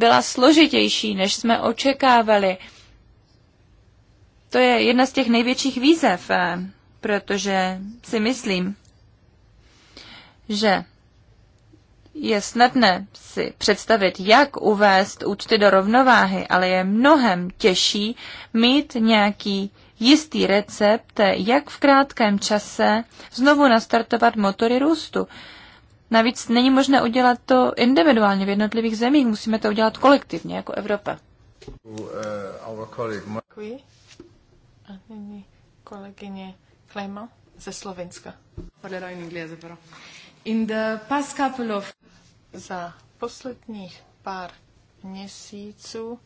byla složitější, než jsme očekávali. To je jedna z těch největších výzev, eh, protože si myslím, že je snadné si představit, jak uvést účty do rovnováhy, ale je mnohem těžší mít nějaký jistý recept, jak v krátkém čase znovu nastartovat motory růstu. Navíc není možné udělat to individuálně v jednotlivých zemích, musíme to udělat kolektivně jako Evropa. Děkuji. A nyní kolegyně ze Slovenska. In the past couple of... Za posledních pár měsíců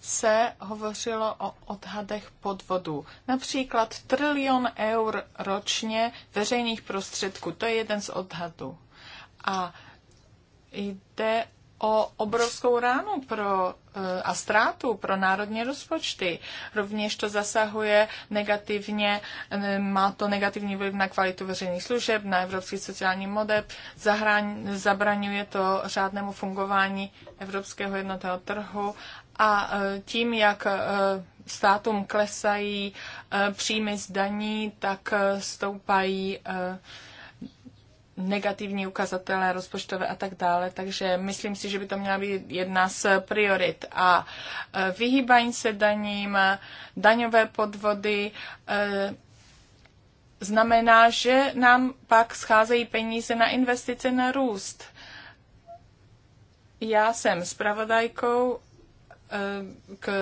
se hovořilo o odhadech podvodů. Například trilion eur ročně veřejných prostředků, to je jeden z odhadů. A jde o obrovskou ránu pro, eh, a ztrátu pro národní rozpočty. Rovněž to zasahuje negativně, eh, má to negativní vliv na kvalitu veřejných služeb, na evropský sociální model, zahraň, zabraňuje to řádnému fungování evropského jednotného trhu a eh, tím, jak státům klesají příjmy z daní, tak stoupají negativní ukazatele rozpočtové a tak dále, takže myslím si, že by to měla být jedna z priorit. A e, vyhýbání se daním, daňové podvody, e, znamená, že nám pak scházejí peníze na investice na růst. Já jsem spravodajkou e, k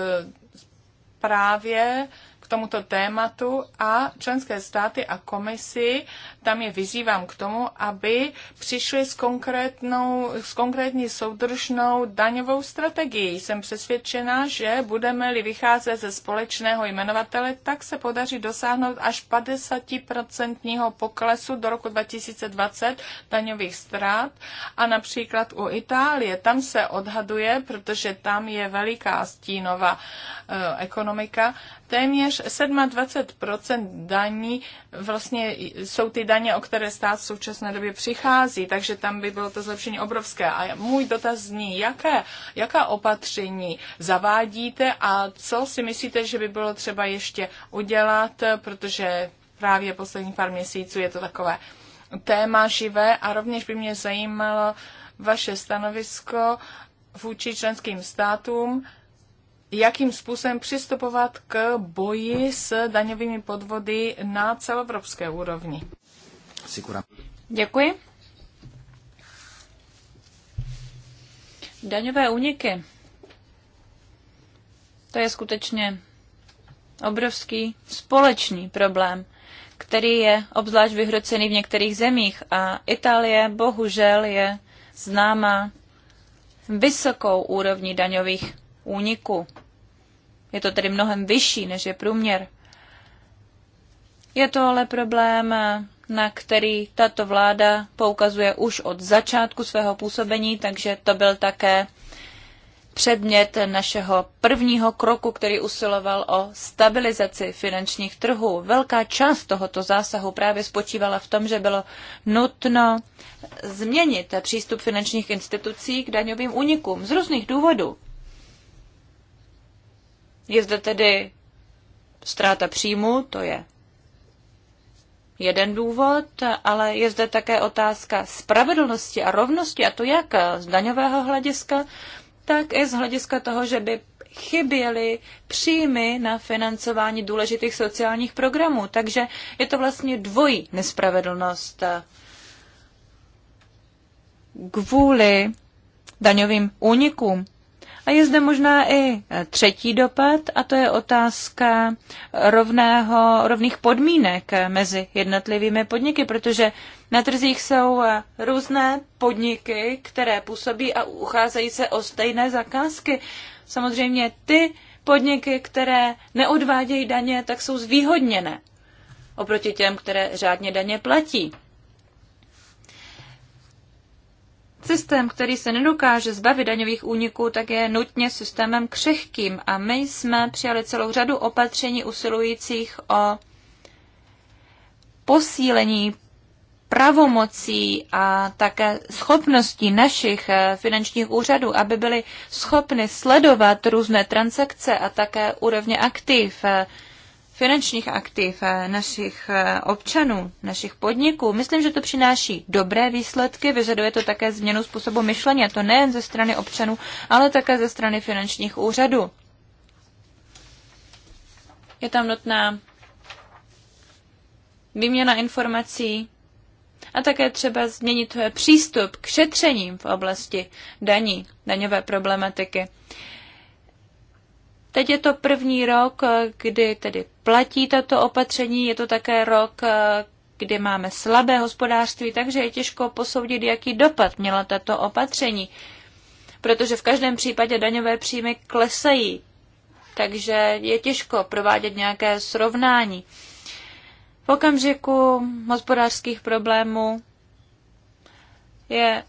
právě tomuto tématu a členské státy a komisi tam je vyzývám k tomu, aby přišli s, konkrétnou, s konkrétní soudržnou daňovou strategií. Jsem přesvědčena, že budeme-li vycházet ze společného jmenovatele, tak se podaří dosáhnout až 50% poklesu do roku 2020 daňových strát. a například u Itálie, tam se odhaduje, protože tam je veliká stínová e, ekonomika, téměř 27% daní vlastně jsou ty daně, o které stát v současné době přichází, takže tam by bylo to zlepšení obrovské. A můj dotaz zní, jaké, jaká opatření zavádíte a co si myslíte, že by bylo třeba ještě udělat, protože právě poslední pár měsíců je to takové téma živé a rovněž by mě zajímalo vaše stanovisko vůči členským státům, jakým způsobem přistupovat k boji s daňovými podvody na celoevropské úrovni. Děkuji. Daňové úniky. To je skutečně obrovský společný problém, který je obzvlášť vyhrocený v některých zemích a Itálie bohužel je známá vysokou úrovní daňových úniků. Je to tedy mnohem vyšší, než je průměr. Je to ale problém, na který tato vláda poukazuje už od začátku svého působení, takže to byl také předmět našeho prvního kroku, který usiloval o stabilizaci finančních trhů. Velká část tohoto zásahu právě spočívala v tom, že bylo nutno změnit přístup finančních institucí k daňovým únikům z různých důvodů. Je zde tedy ztráta příjmu, to je jeden důvod, ale je zde také otázka spravedlnosti a rovnosti, a to jak z daňového hlediska, tak i z hlediska toho, že by chyběly příjmy na financování důležitých sociálních programů. Takže je to vlastně dvojí nespravedlnost kvůli daňovým únikům a je zde možná i e, třetí dopad, a to je otázka rovného, rovných podmínek e, mezi jednotlivými podniky, protože na trzích jsou e, různé podniky, které působí a ucházejí se o stejné zakázky. Samozřejmě ty podniky, které neodvádějí daně, tak jsou zvýhodněné oproti těm, které řádně daně platí. Systém, který se nedokáže zbavit daňových úniků, tak je nutně systémem křehkým a my jsme přijali celou řadu opatření usilujících o posílení pravomocí a také schopností našich eh, finančních úřadů, aby byly schopny sledovat různé transakce a také úrovně aktiv eh, finančních aktiv eh, našich eh, občanů, našich podniků. Myslím, že to přináší dobré výsledky, vyžaduje to také změnu způsobu myšlení, a to nejen ze strany občanů, ale také ze strany finančních úřadů. Je tam nutná výměna informací a také třeba změnit eh, přístup k šetřením v oblasti daní, daňové problematiky. Teď je to první rok, eh, kdy tedy platí tato opatření, je to také rok, eh, kdy máme slabé hospodářství, takže je těžko posoudit, jaký dopad měla tato opatření, protože v každém případě daňové příjmy klesají, takže je těžko provádět nějaké srovnání. V okamžiku hospodářských problémů je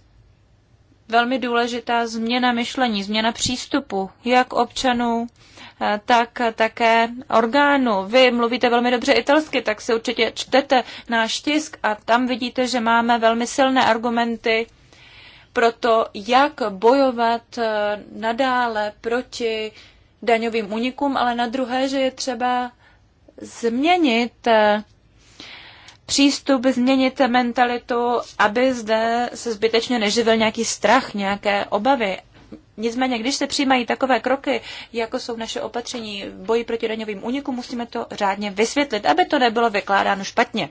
velmi důležitá změna myšlení, změna přístupu, jak občanů, Eh, tak také orgánu. Vy mluvíte velmi dobře italsky, tak si určitě čtete náš tisk a tam vidíte, že máme velmi silné argumenty pro to, jak bojovat eh, nadále proti daňovým unikům, ale na druhé, že je třeba změnit eh, přístup, změnit mentalitu, aby zde se zbytečně neživil nějaký strach, nějaké obavy. Nicméně, když se přijímají takové kroky, jako jsou naše opatření v boji proti daňovým únikům, musíme to řádně vysvětlit, aby to nebylo vykládáno špatně.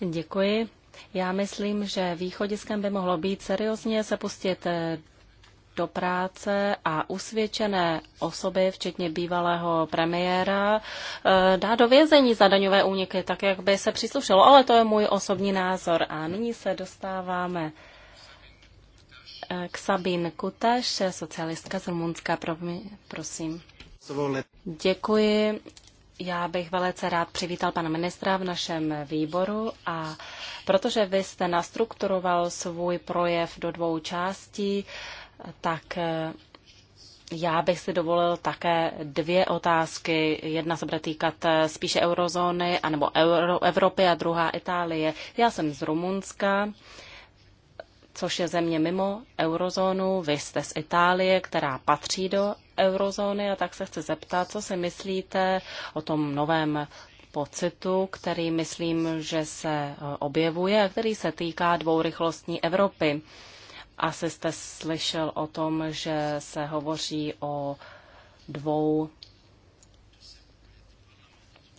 Děkuji. Já myslím, že východiskem by mohlo být seriózně se pustit eh, do práce a usvědčené osoby, včetně bývalého premiéra, eh, dá do vězení za daňové úniky, tak jak by se příslušelo. Ale to je můj osobní názor. A nyní se dostáváme Eh, Ksabin Kutaš, socialistka z Rumunska, prosím. Děkuji. Já bych velice rád přivítal pana ministra v našem výboru a protože vy jste nastrukturoval svůj projev do dvou částí, tak eh, já bych si dovolil také dvě otázky. Jedna se bude týkat eh, spíše eurozóny anebo Euro, Evropy a druhá Itálie. Já jsem z Rumunska což je země mimo eurozónu. Vy jste z Itálie, která patří do eurozóny a tak se chci zeptat, co si myslíte o tom novém pocitu, který myslím, že se eh, objevuje a který se týká dvourychlostní Evropy. Asi jste slyšel o tom, že se hovoří o dvou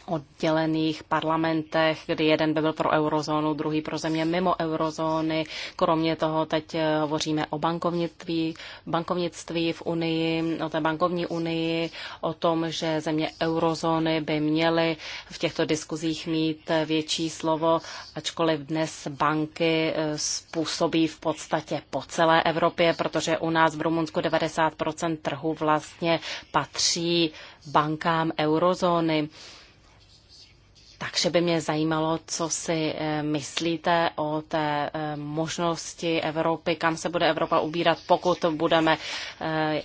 oddělených parlamentech, kdy jeden by byl pro eurozónu, druhý pro země mimo eurozóny. Kromě toho teď eh, hovoříme o bankovnictví, bankovnictví v Unii, o té bankovní unii, o tom, že země eurozóny by měly v těchto diskuzích mít eh, větší slovo, ačkoliv dnes banky eh, způsobí v podstatě po celé Evropě, protože u nás v Rumunsku 90% trhu vlastně patří bankám eurozóny. Takže by mě zajímalo, co si eh, myslíte o té eh, možnosti Evropy, kam se bude Evropa ubírat, pokud budeme eh,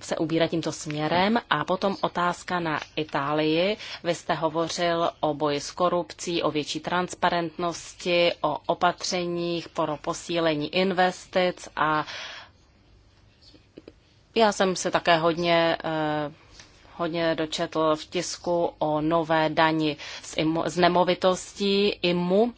se ubírat tímto směrem. A potom otázka na Itálii. Vy jste hovořil o boji s korupcí, o větší transparentnosti, o opatřeních pro posílení investic a já jsem se také hodně hodně dočetl v tisku o nové dani z, imu, z nemovitostí IMU,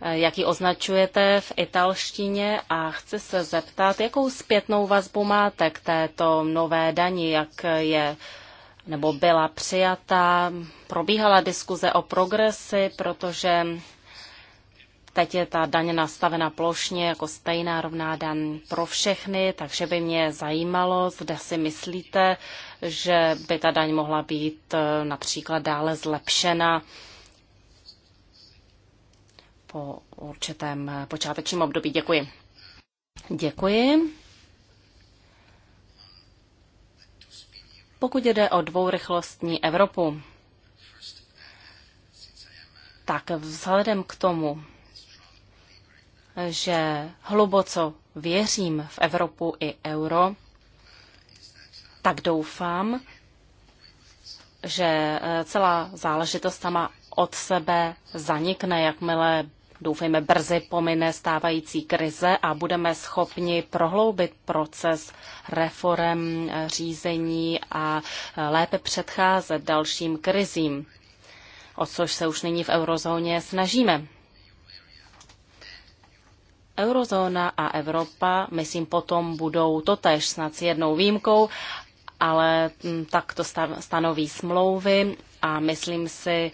jak ji označujete v italštině a chci se zeptat, jakou zpětnou vazbu máte k této nové dani, jak je nebo byla přijata, probíhala diskuze o progresi, protože Teď je ta daň nastavena plošně jako stejná rovná daň pro všechny, takže by mě zajímalo, zda si myslíte, že by ta daň mohla být eh, například dále zlepšena po určitém eh, počátečním období. Děkuji. Děkuji. Pokud jde o dvourychlostní Evropu, tak vzhledem k tomu, že hluboco věřím v Evropu i euro, tak doufám, že eh, celá záležitost sama od sebe zanikne, jakmile doufejme brzy pomine stávající krize a budeme schopni prohloubit proces reform eh, řízení a eh, lépe předcházet dalším krizím, o což se už nyní v eurozóně snažíme. Eurozóna a Evropa, myslím, potom budou totež snad s jednou výjimkou, ale mm, tak to stanoví smlouvy a myslím si,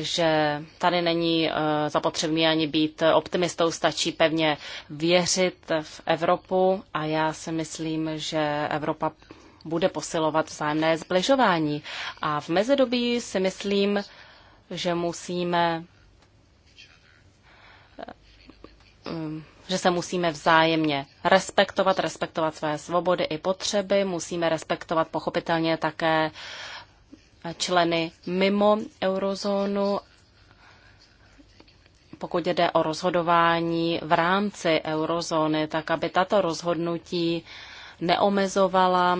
že tady není e, zapotřebí ani být optimistou, stačí pevně věřit v Evropu a já si myslím, že Evropa bude posilovat vzájemné zbližování. A v mezidobí si myslím, že musíme e, že se musíme vzájemně respektovat, respektovat své svobody i potřeby, musíme respektovat pochopitelně také členy mimo eurozónu, pokud jde o rozhodování v rámci eurozóny, tak aby tato rozhodnutí neomezovala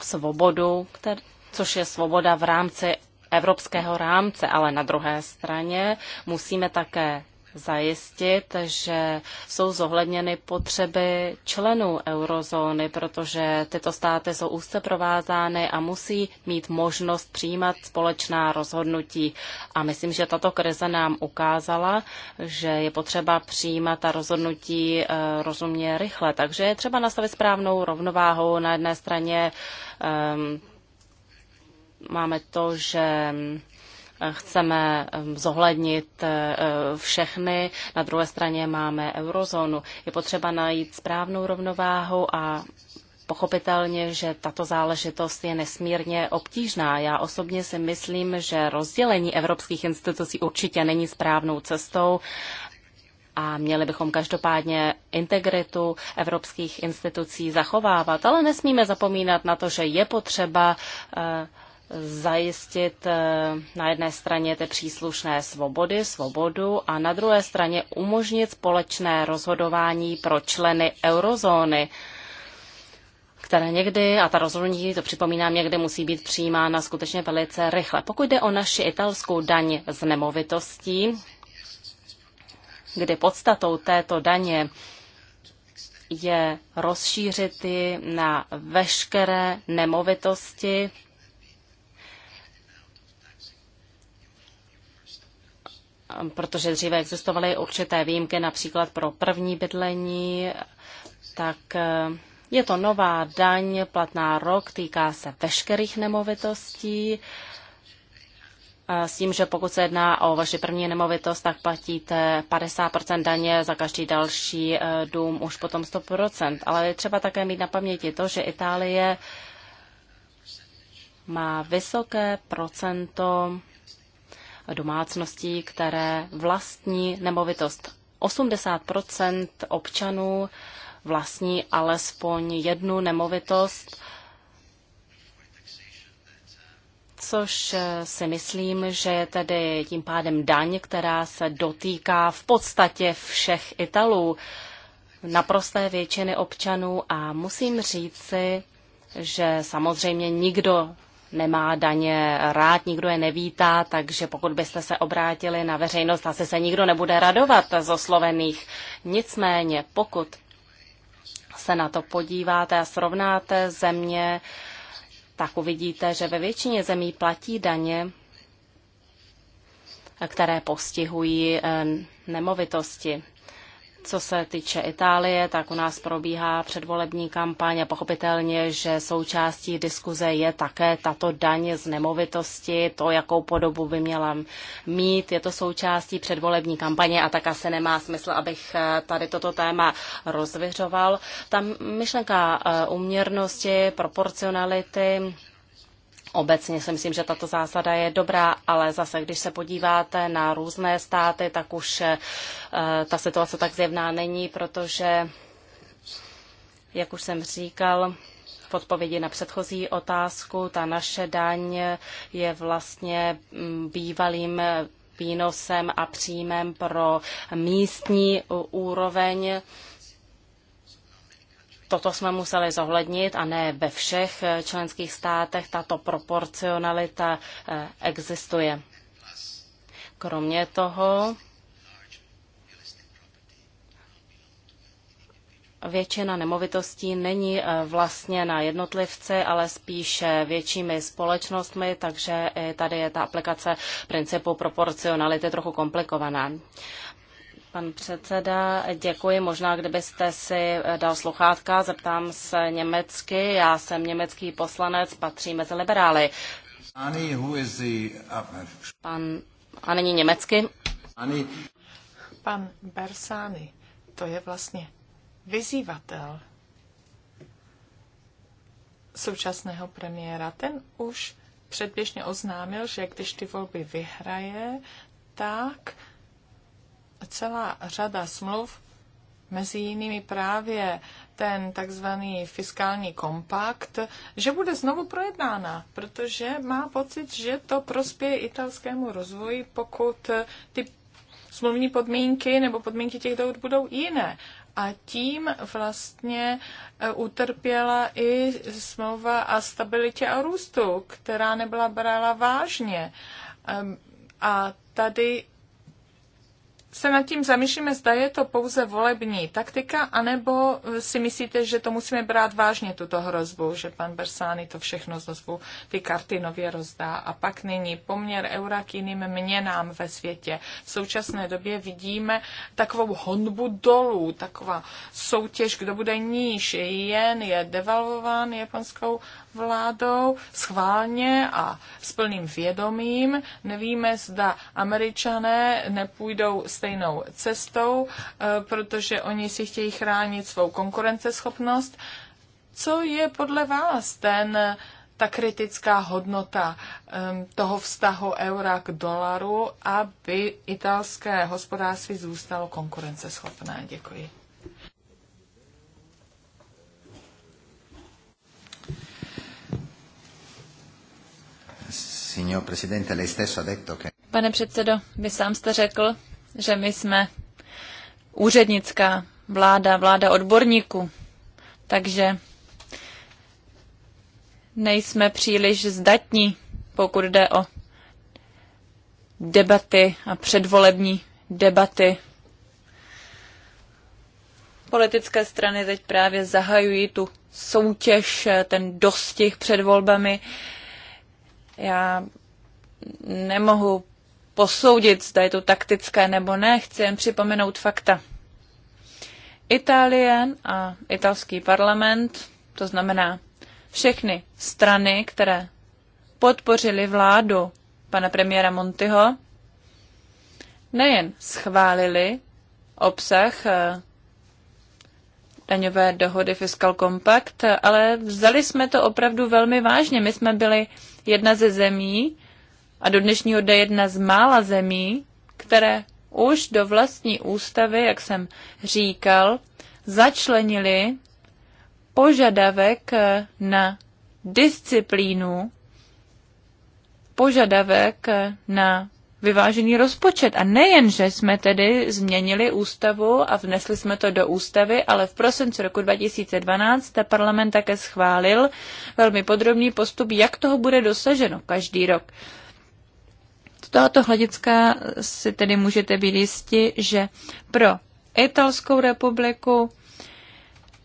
svobodu, kter- což je svoboda v rámci evropského rámce, ale na druhé straně musíme také zajistit, že jsou zohledněny potřeby členů eurozóny, protože tyto státy jsou úzce provázány a musí mít možnost přijímat společná rozhodnutí. A myslím, že tato krize nám ukázala, že je potřeba přijímat ta rozhodnutí eh, rozumně rychle. Takže je třeba nastavit správnou rovnováhu. Na jedné straně um, máme to, že chceme zohlednit eh, všechny, na druhé straně máme eurozónu. Je potřeba najít správnou rovnováhu a Pochopitelně, že tato záležitost je nesmírně obtížná. Já osobně si myslím, že rozdělení evropských institucí určitě není správnou cestou a měli bychom každopádně integritu evropských institucí zachovávat, ale nesmíme zapomínat na to, že je potřeba uh, zajistit eh, na jedné straně ty příslušné svobody, svobodu a na druhé straně umožnit společné rozhodování pro členy eurozóny, které někdy, a ta rozhodnutí, to připomínám, někdy musí být přijímána skutečně velice rychle. Pokud jde o naši italskou daň z nemovitostí, kdy podstatou této daně je rozšířit ji na veškeré nemovitosti, protože dříve existovaly určité výjimky, například pro první bydlení, tak eh, je to nová daň platná rok, týká se veškerých nemovitostí, s tím, že pokud se jedná o vaši první nemovitost, tak platíte 50% daně za každý další eh, dům, už potom 100%. Ale je třeba také mít na paměti to, že Itálie má vysoké procento domácností, které vlastní nemovitost. 80 občanů vlastní alespoň jednu nemovitost, což eh, si myslím, že je tedy tím pádem daň, která se dotýká v podstatě všech Italů, naprosté většiny občanů a musím říci, že samozřejmě nikdo nemá daně rád, nikdo je nevítá, takže pokud byste se obrátili na veřejnost, asi se nikdo nebude radovat z oslovených. Nicméně, pokud se na to podíváte a srovnáte země, tak uvidíte, že ve většině zemí platí daně, které postihují eh, nemovitosti. Co se týče Itálie, tak u nás probíhá předvolební kampaň a pochopitelně, že součástí diskuze je také tato daň z nemovitosti, to, jakou podobu by měla mít. Je to součástí předvolební kampaně a tak asi nemá smysl, abych eh, tady toto téma rozvěřoval. Ta myšlenka eh, uměrnosti, proporcionality, Obecně si myslím, že tato zásada je dobrá, ale zase, když se podíváte na různé státy, tak už eh, ta situace tak zjevná není, protože, jak už jsem říkal, v odpovědi na předchozí otázku, ta naše daň je vlastně mm, bývalým výnosem a příjmem pro místní úroveň toto jsme museli zohlednit a ne ve všech eh, členských státech tato proporcionalita eh, existuje. Kromě toho většina nemovitostí není eh, vlastně na jednotlivce, ale spíše většími společnostmi, takže tady je ta aplikace principu proporcionality trochu komplikovaná. Pan předseda, děkuji. Možná, kdybyste si eh, dal sluchátka, zeptám se německy. Já jsem německý poslanec, patří mezi liberály. Ani, Pan, a není německy? Ani. Pan Bersány, to je vlastně vyzývatel současného premiéra. Ten už předběžně oznámil, že když ty volby vyhraje, tak celá řada smluv, mezi jinými právě ten takzvaný fiskální kompakt, že bude znovu projednána, protože má pocit, že to prospěje italskému rozvoji, pokud ty smluvní podmínky nebo podmínky těch dohod budou jiné. A tím vlastně e, utrpěla i smlouva a stabilitě a růstu, která nebyla brála vážně. A tady se nad tím zamýšlíme, zda je to pouze volební taktika, anebo eh, si myslíte, že to musíme brát vážně, tuto hrozbu, že pan Bersány to všechno zazvu, ty karty nově rozdá. A pak nyní poměr eura k jiným měnám ve světě. V současné době vidíme takovou honbu dolů, taková soutěž, kdo bude níž. Jen je devalvován japonskou vládou schválně a s plným vědomím. Nevíme, zda američané nepůjdou s stejnou cestou, eh, protože oni si chtějí chránit svou konkurenceschopnost. Co je podle vás ten, eh, ta kritická hodnota eh, toho vztahu eura k dolaru, aby italské hospodářství zůstalo konkurenceschopné? Děkuji. Pane předsedo, vy sám jste řekl, že my jsme úřednická vláda, vláda odborníků, takže nejsme příliš zdatní, pokud jde o debaty a předvolební debaty. Politické strany teď právě zahajují tu soutěž, ten dostih před volbami. Já nemohu posoudit, zda je to taktické nebo ne. Chci jen připomenout fakta. Itálie a italský parlament, to znamená všechny strany, které podpořili vládu pana premiéra Montyho, nejen schválili obsah eh, daňové dohody Fiscal Compact, ale vzali jsme to opravdu velmi vážně. My jsme byli jedna ze zemí, a do dnešního dne jedna z mála zemí, které už do vlastní ústavy, jak jsem říkal, začlenili požadavek na disciplínu, požadavek na vyvážený rozpočet. A nejenže jsme tedy změnili ústavu a vnesli jsme to do ústavy, ale v prosinci roku 2012 ta parlament také schválil velmi podrobný postup, jak toho bude dosaženo každý rok tohoto hlediska si tedy můžete být jisti, že pro Italskou republiku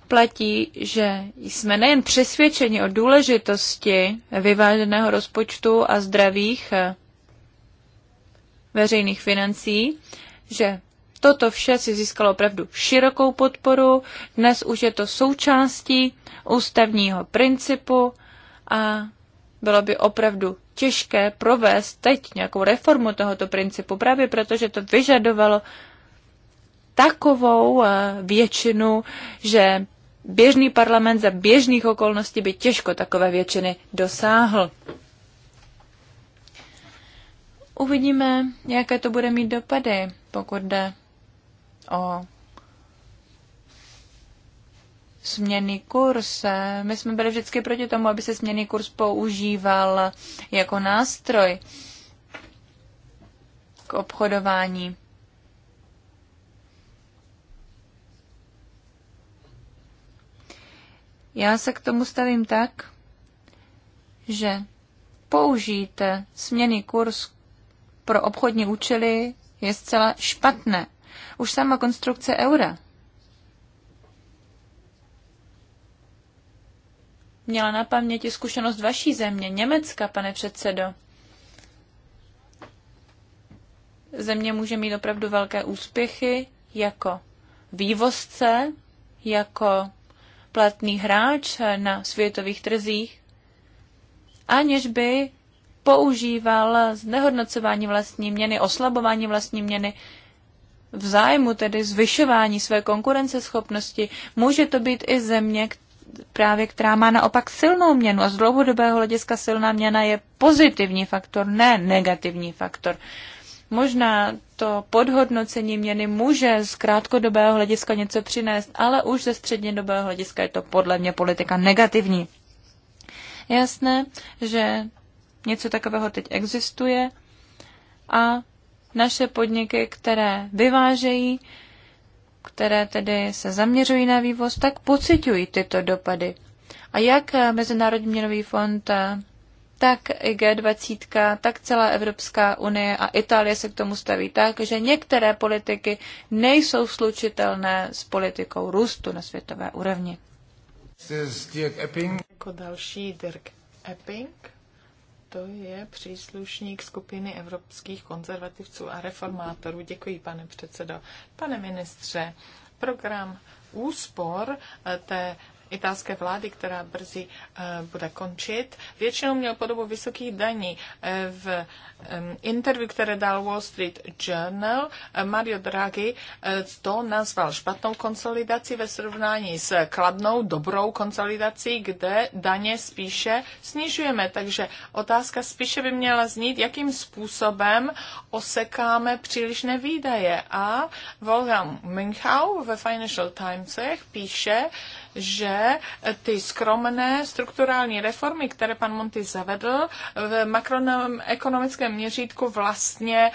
platí, že jsme nejen přesvědčeni o důležitosti vyváženého rozpočtu a zdravých eh, veřejných financí, že toto vše si získalo opravdu širokou podporu, dnes už je to součástí ústavního principu a bylo by opravdu těžké provést teď nějakou reformu tohoto principu, právě protože to vyžadovalo takovou eh, většinu, že běžný parlament za běžných okolností by těžko takové většiny dosáhl. Uvidíme, jaké to bude mít dopady, pokud jde o směný kurz. My jsme byli vždycky proti tomu, aby se směný kurz používal jako nástroj k obchodování. Já se k tomu stavím tak, že použít směný kurz pro obchodní účely je zcela špatné. Už sama konstrukce eura měla na paměti zkušenost vaší země, Německa, pane předsedo. Země může mít opravdu velké úspěchy jako vývozce, jako platný hráč na světových trzích, aniž by používal znehodnocování vlastní měny, oslabování vlastní měny v zájmu tedy zvyšování své konkurenceschopnosti. Může to být i země, právě, která má naopak silnou měnu a z dlouhodobého hlediska silná měna je pozitivní faktor, ne negativní faktor. Možná to podhodnocení měny může z krátkodobého hlediska něco přinést, ale už ze střednědobého hlediska je to podle mě politika negativní. Jasné, že něco takového teď existuje a naše podniky, které vyvážejí, které tedy se zaměřují na vývoz, tak pocitují tyto dopady. A jak Mezinárodní měnový fond, tak i G20, tak celá Evropská unie a Itálie se k tomu staví tak, že některé politiky nejsou slučitelné s politikou růstu na světové úrovni. Jako další Dirk Epping to je příslušník skupiny evropských konzervativců a reformátorů. Děkuji, pane předsedo. Pane ministře, program úspor eh, té italské vlády, která brzy eh, bude končit, většinou měl podobu vysokých daní. Eh, v interview, které dal Wall Street Journal, eh, Mario Draghi to nazval špatnou konsolidací ve srovnání s kladnou, dobrou konsolidací, kde daně spíše snižujeme. Takže otázka spíše by měla znít, jakým způsobem osekáme přílišné výdaje. A Wolfgang Münchau ve Financial Timesech píše, že ty skromné strukturální reformy, které pan Monti zavedl, v makroekonomickém měřítku vlastně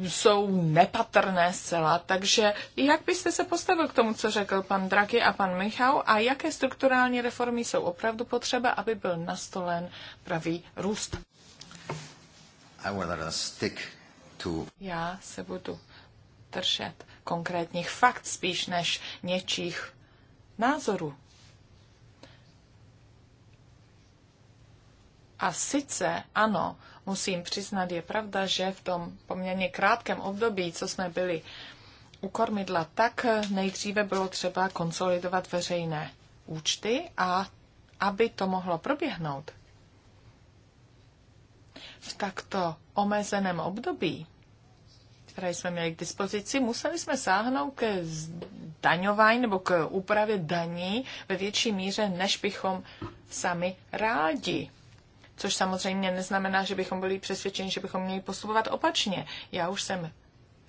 jsou nepatrné zcela. Takže jak byste se postavil k tomu, co řekl pan Draghi a pan Michal a jaké strukturální reformy jsou opravdu potřeba, aby byl nastolen pravý růst? Já se budu držet konkrétních fakt spíš než něčích názoru. A sice ano, musím přiznat, je pravda, že v tom poměrně krátkém období, co jsme byli u kormidla, tak nejdříve bylo třeba konsolidovat veřejné účty a aby to mohlo proběhnout v takto omezeném období, které jsme měli k dispozici, museli jsme sáhnout k zdaňování nebo k úpravě daní ve větší míře, než bychom sami rádi. Což samozřejmě neznamená, že bychom byli přesvědčeni, že bychom měli postupovat opačně. Já už jsem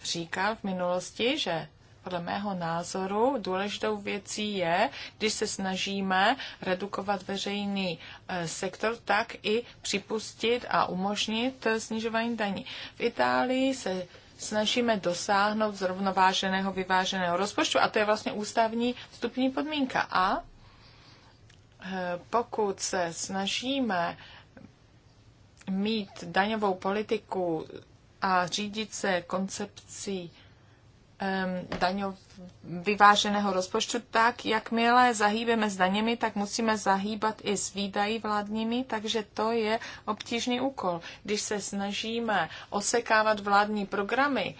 říkal v minulosti, že podle mého názoru důležitou věcí je, když se snažíme redukovat veřejný eh, sektor, tak i připustit a umožnit eh, snižování daní. V Itálii se snažíme dosáhnout zrovnováženého, vyváženého rozpočtu. A to je vlastně ústavní vstupní podmínka. A eh, pokud se snažíme mít daňovou politiku a řídit se koncepcí daňov, vyváženého rozpočtu tak, jakmile zahýbeme s daněmi, tak musíme zahýbat i s výdaji vládními, takže to je obtížný úkol. Když se snažíme osekávat vládní programy,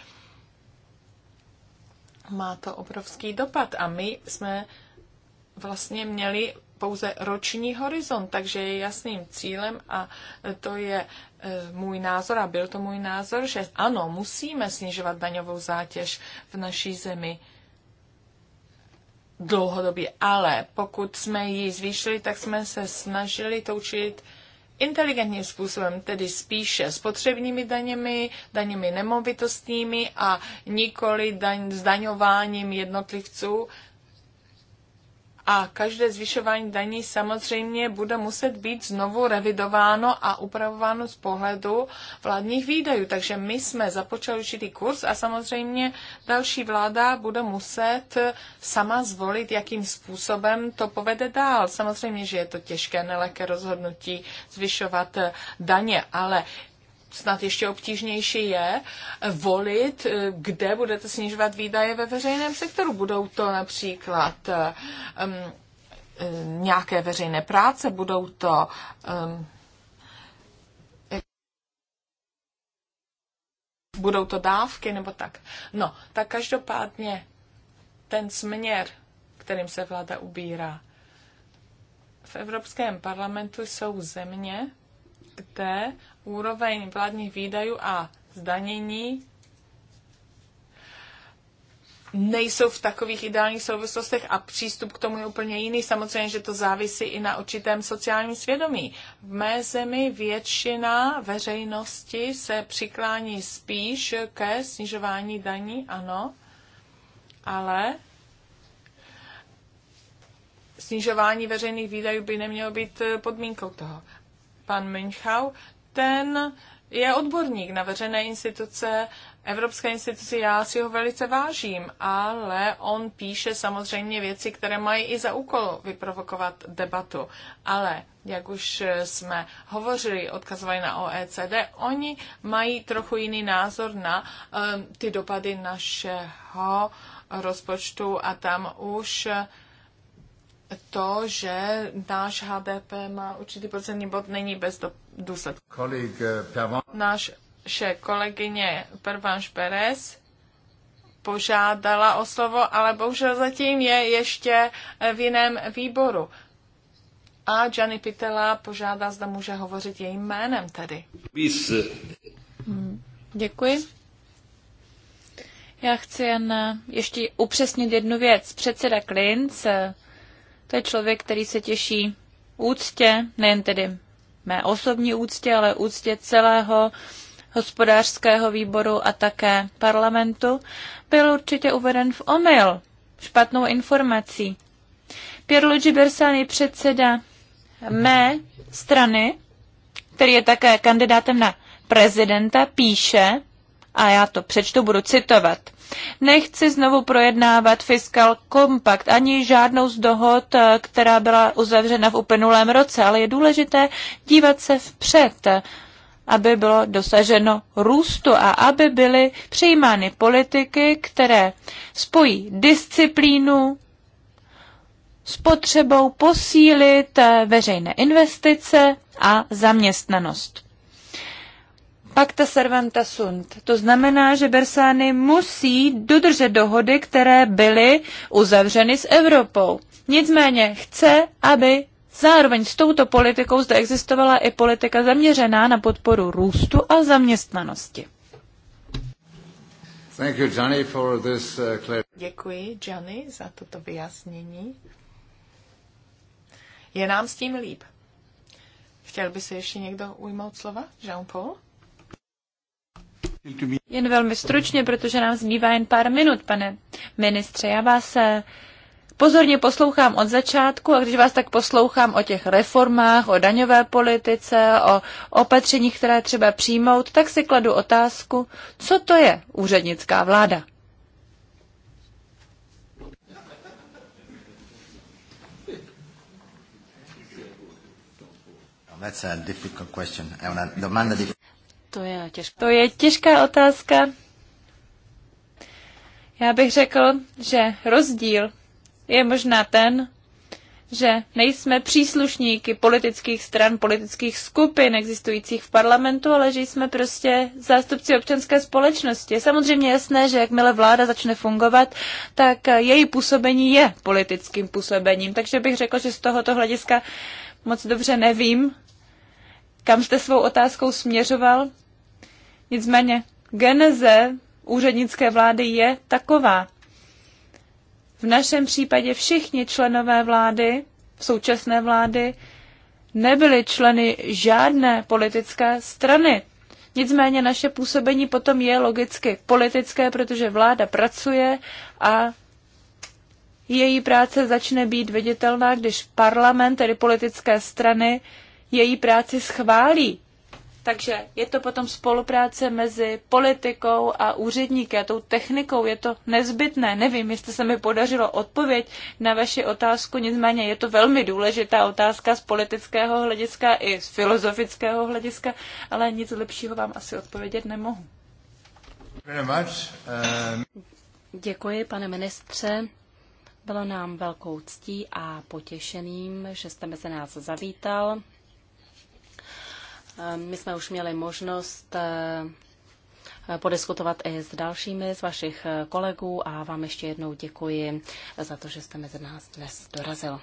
má to obrovský dopad a my jsme vlastně měli pouze roční horizont, takže je jasným cílem a to je e, můj názor a byl to můj názor, že ano, musíme snižovat daňovou zátěž v naší zemi dlouhodobě, ale pokud jsme ji zvýšili, tak jsme se snažili to učit inteligentním způsobem, tedy spíše spotřebními daněmi, daněmi nemovitostními a nikoli daň, zdaňováním jednotlivců, a každé zvyšování daní samozřejmě bude muset být znovu revidováno a upravováno z pohledu vládních výdajů. Takže my jsme započali určitý kurz a samozřejmě další vláda bude muset sama zvolit, jakým způsobem to povede dál. Samozřejmě, že je to těžké, nelehké rozhodnutí zvyšovat daně, ale snad ještě obtížnější je volit, eh, kde budete snižovat výdaje ve veřejném sektoru. Budou to například um, nějaké veřejné práce, budou to um, budou to dávky nebo tak. No, tak každopádně ten směr, kterým se vláda ubírá. V Evropském parlamentu jsou země, kde úroveň vládních výdajů a zdanění nejsou v takových ideálních souvislostech a přístup k tomu je úplně jiný. Samozřejmě, že to závisí i na určitém sociálním svědomí. V mé zemi většina veřejnosti se přiklání spíš ke snižování daní, ano, ale snižování veřejných výdajů by nemělo být podmínkou toho. Pan Münchau ten je odborník na veřejné instituce, evropské instituce, já si ho velice vážím, ale on píše samozřejmě věci, které mají i za úkol vyprovokovat debatu. Ale jak už jsme hovořili, odkazovali na OECD, oni mají trochu jiný názor na um, ty dopady našeho rozpočtu a tam už to, že náš HDP má určitý procentní bod, není bez dopadu důsledků. Eh, Náš še kolegyně Pervanš Perez požádala o slovo, ale bohužel zatím je ještě eh, v jiném výboru. A Gianni Pitela požádá, zda může hovořit jejím jménem tedy. Hmm, děkuji. Já chci jen eh, ještě upřesnit jednu věc. Předseda Klinc, to je člověk, který se těší úctě, nejen tedy mé osobní úctě, ale úctě celého hospodářského výboru a také parlamentu, byl určitě uveden v omyl, špatnou informací. Pierluigi Bersani, předseda mé strany, který je také kandidátem na prezidenta, píše, a já to přečtu, budu citovat. Nechci znovu projednávat fiskal kompakt ani žádnou z dohod, eh, která byla uzavřena v uplynulém roce, ale je důležité dívat se vpřed, aby bylo dosaženo růstu a aby byly přijímány politiky, které spojí disciplínu s potřebou posílit eh, veřejné investice a zaměstnanost pacta servanta sunt. To znamená, že Bersány musí dodržet dohody, které byly uzavřeny s Evropou. Nicméně chce, aby zároveň s touto politikou zde existovala i politika zaměřená na podporu růstu a zaměstnanosti. Thank you, Johnny, for this, uh, Děkuji, Johnny, za toto vyjasnění. Je nám s tím líp. Chtěl by se ještě někdo ujmout slova? Jean-Paul? Jen velmi stručně, protože nám zbývá jen pár minut, pane ministře. Já vás eh, pozorně poslouchám od začátku a když vás tak poslouchám o těch reformách, o daňové politice, o opatřeních, které třeba přijmout, tak si kladu otázku, co to je úřednická vláda. That's a difficult question. To je těžká, to je těžká otázka. Já bych řekl, že rozdíl je možná ten, že nejsme příslušníky politických stran, politických skupin existujících v parlamentu, ale že jsme prostě zástupci občanské společnosti. Je samozřejmě jasné, že jakmile vláda začne fungovat, tak její působení je politickým působením. Takže bych řekl, že z tohoto hlediska moc dobře nevím, kam jste svou otázkou směřoval, Nicméně geneze úřednické vlády je taková. V našem případě všichni členové vlády, současné vlády, nebyli členy žádné politické strany. Nicméně naše působení potom je logicky politické, protože vláda pracuje a její práce začne být viditelná, když parlament, tedy politické strany, její práci schválí. Takže je to potom spolupráce mezi politikou a úředníky a tou technikou. Je to nezbytné. Nevím, jestli se mi podařilo odpověď na vaši otázku, nicméně je to velmi důležitá otázka z politického hlediska i z filozofického hlediska, ale nic lepšího vám asi odpovědět nemohu. Um, Děkuji, pane ministře. Bylo nám velkou ctí a potěšeným, že jste mezi nás zavítal. Ehm, my jsme už měli možnost eh, podiskutovat i s dalšími z vašich eh, kolegů a vám ještě jednou děkuji za to, že jste mezi nás dnes dorazil.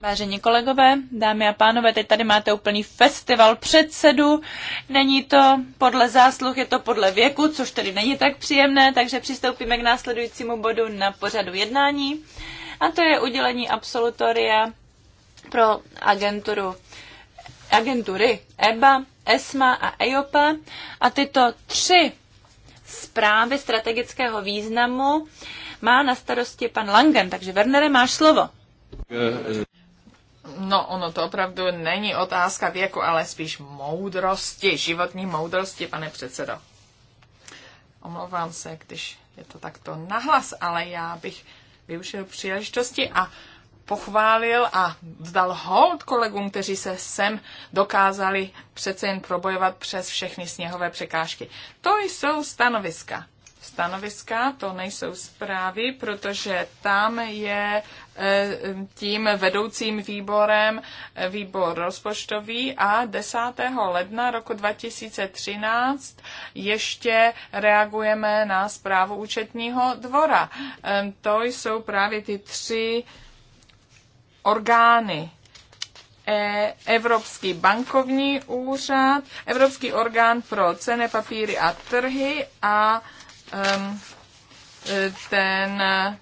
Vážení kolegové, dámy a pánové, teď tady máte úplný festival předsedu. Není to podle zásluh, je to podle věku, což tedy není tak příjemné, takže přistoupíme k následujícímu bodu na pořadu jednání. A to je udělení absolutoria pro agenturu, agentury EBA, ESMA a EIOPA. E a tyto tři zprávy strategického významu má na starosti pan Langen. Takže Wernere, máš slovo. No, ono to opravdu není otázka věku, ale spíš moudrosti, životní moudrosti, pane předsedo. Omlouvám se, když je to takto nahlas, ale já bych využil příležitosti a pochválil a vzdal hold kolegům, kteří se sem dokázali přece jen probojovat přes všechny sněhové překážky. To jsou stanoviska stanoviska, to nejsou zprávy, protože tam je e, tím vedoucím výborem e, výbor rozpočtový a 10. ledna roku 2013 ještě reagujeme na zprávu účetního dvora. E, to jsou právě ty tři orgány, Evropský bankovní úřad, Evropský orgán pro cené papíry a trhy a Ehm, ten eh,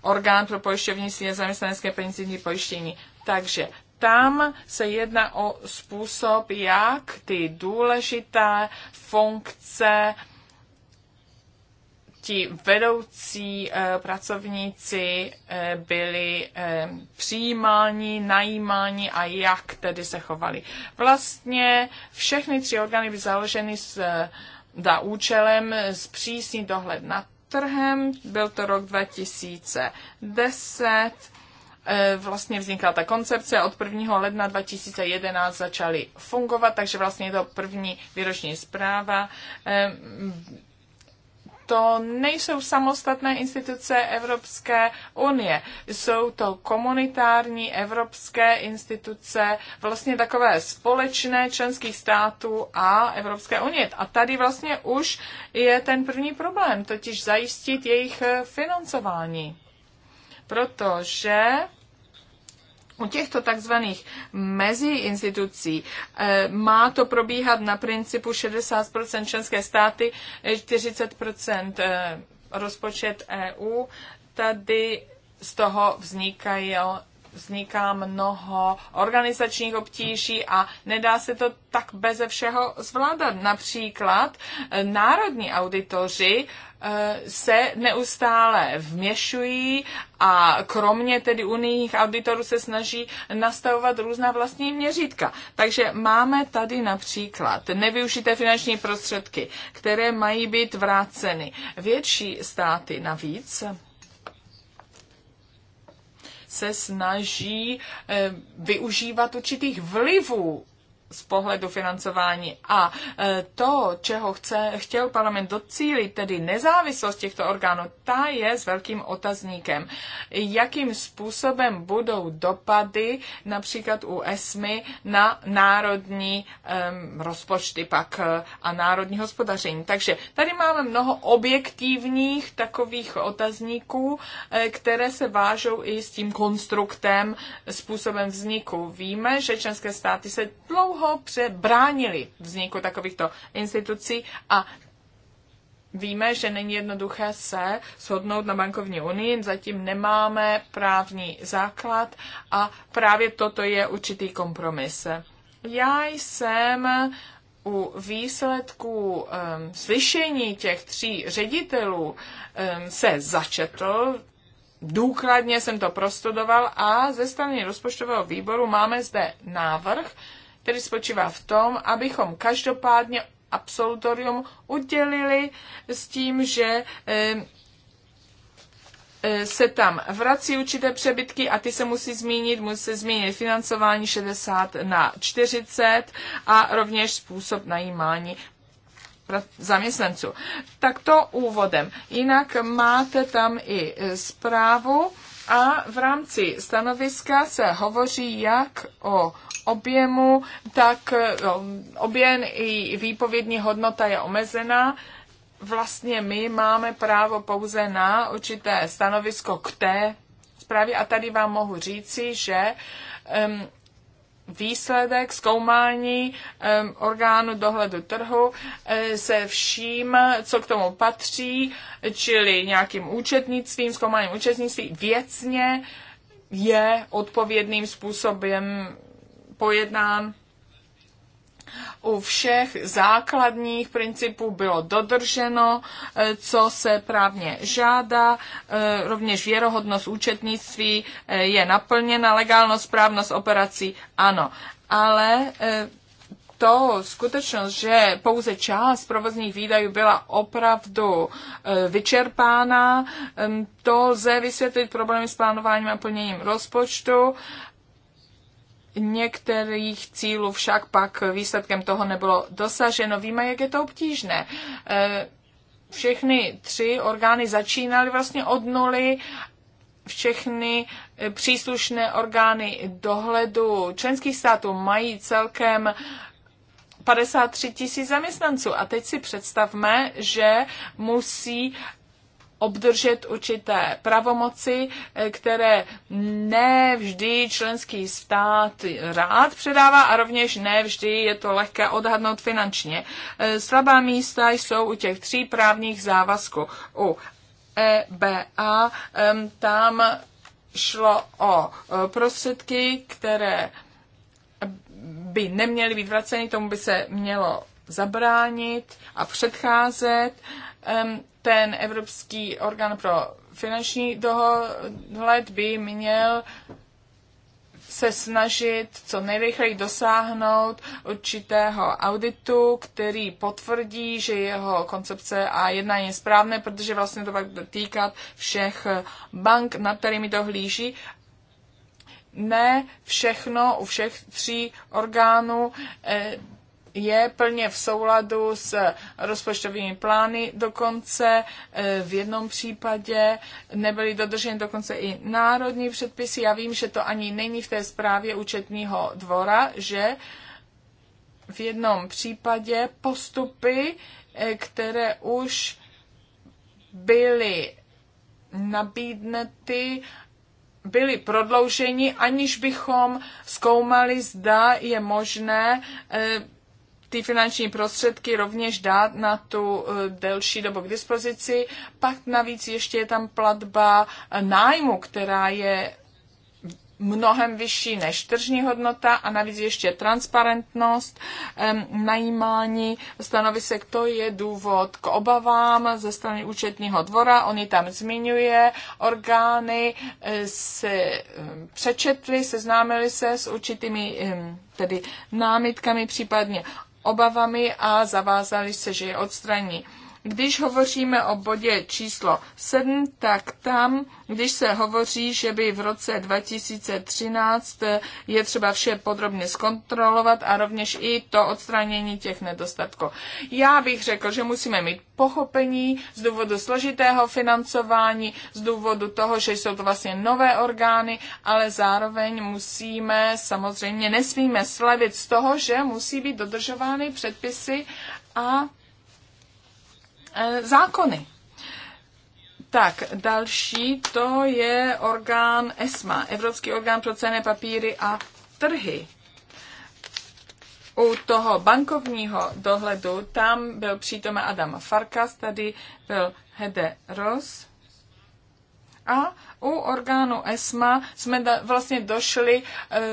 orgán pro pojišťovnictví a zaměstnanecké penzijní pojištění. Takže tam se jedná o způsob, jak ty důležité funkce ti vedoucí eh, pracovníci eh, byli přijímáni, najímáni a jak tedy se chovali. Vlastně všechny tři orgány byly založeny z za účelem zpřísnit dohled nad trhem. Byl to rok 2010. E, vlastně vznikla ta koncepce od 1. ledna 2011 začaly fungovat, takže vlastně je to první výroční zpráva e, to nejsou samostatné instituce Evropské unie. Jsou to komunitární evropské instituce, vlastně takové společné členských států a Evropské unie. A tady vlastně už je ten první problém, totiž zajistit jejich financování. Protože u těchto takzvaných meziinstitucí eh, má to probíhat na principu 60% členské státy, 40% eh, rozpočet EU. Tady z toho vznikají vzniká mnoho organizačních obtíží a nedá se to tak beze všeho zvládat. Například eh, národní auditoři se neustále vměšují a kromě tedy unijních auditorů se snaží nastavovat různá vlastní měřítka. Takže máme tady například nevyužité finanční prostředky, které mají být vráceny. Větší státy navíc se snaží eh, využívat určitých vlivů z pohledu financování. A e, to, čeho chce, chtěl parlament docílit, tedy nezávislost těchto orgánů, ta je s velkým otazníkem. Jakým způsobem budou dopady například u ESMY na národní um, rozpočty pak e, a národní hospodaření. Takže tady máme mnoho objektivních takových otazníků, e, které se vážou i s tím konstruktem, způsobem vzniku. Víme, že české státy se dlouho dlouho přebránili vzniku takovýchto institucí a Víme, že není jednoduché se shodnout na bankovní unii, zatím nemáme právní základ a právě toto je určitý kompromis. Já jsem u výsledků um, slyšení těch tří ředitelů um, se začetl, důkladně jsem to prostudoval a ze strany rozpočtového výboru máme zde návrh, tedy spočívá v tom, abychom každopádně absolutorium udělili s tím, že eh, eh, se tam vrací určité přebytky a ty se musí zmínit, musí se zmínit financování 60 na 40 a rovněž způsob najímání zaměstnanců. Tak to úvodem. Jinak máte tam i eh, zprávu a v rámci stanoviska se hovoří jak o objemu, tak no, objem i výpovědní hodnota je omezená. Vlastně my máme právo pouze na určité stanovisko k té zprávě a tady vám mohu říci, že um, výsledek zkoumání um, orgánu dohledu trhu e, se vším, co k tomu patří, čili nějakým účetnictvím, zkoumáním účetnictví, věcně je odpovědným způsobem pojednán u všech základních principů bylo dodrženo, eh, co se právně žádá, eh, rovněž věrohodnost účetnictví eh, je naplněna, legálnost, správnost operací ano. Ale to skutečnost, že pouze část provozních výdajů byla opravdu vyčerpána, to lze vysvětlit problémy s plánováním a plněním rozpočtu. Některých cílů však pak výsledkem toho nebylo dosaženo. Víme, jak je to obtížné. E, všechny tři orgány začínaly vlastně od nuly všechny e, příslušné orgány dohledu členských států mají celkem 53 tisíc zaměstnanců. A teď si představme, že musí obdržet určité pravomoci, eh, které ne vždy členský stát rád předává a rovněž ne vždy je to lehké odhadnout finančně. Eh, Slabá místa jsou u těch tří právních závazků. U EBA tam šlo o eh, prostředky, které by neměly být vraceny, tomu by se mělo zabránit a předcházet ten Evropský orgán pro finanční dohled by měl se snažit co nejrychleji dosáhnout určitého auditu, který potvrdí, že jeho koncepce a jednání je správné, protože vlastně to pak bude týkat všech bank, nad kterými hlíží. Ne všechno u všech tří orgánů eh, je plně v souladu s rozpočtovými plány, dokonce e, v jednom případě nebyly dodrženy dokonce i národní předpisy. Já vím, že to ani není v té zprávě účetního dvora, že v jednom případě postupy, e, které už byly nabídnety, byly prodlouženi, aniž bychom zkoumali, zda je možné e, ty finanční prostředky rovněž dát na tu eh, delší dobu k dispozici. Pak navíc ještě je tam platba eh, nájmu, která je mnohem vyšší než tržní hodnota a navíc ještě transparentnost najímání stanovisek. To je důvod k obavám ze strany účetního dvora. Oni tam zmiňuje, orgány eh, se přečetli, seznámili se s určitými tedy námitkami, případně obavami a zavázali se, že je odstraní. Když hovoříme o bodě číslo 7, tak tam, když se hovoří, že by v roce 2013 je třeba vše podrobně zkontrolovat a rovněž i to odstranění těch nedostatků. Já bych řekl, že musíme mít pochopení z důvodu složitého financování, z důvodu toho, že jsou to vlastně nové orgány, ale zároveň musíme samozřejmě, nesmíme slevit z toho, že musí být dodržovány předpisy a Eh, zákony. Tak, další to je orgán ESMA, Evropský orgán pro cené papíry a trhy. U toho bankovního dohledu tam byl přítomen Adam Farkas, tady byl Hede Ross. A u orgánu ESMA jsme vlastně došli e,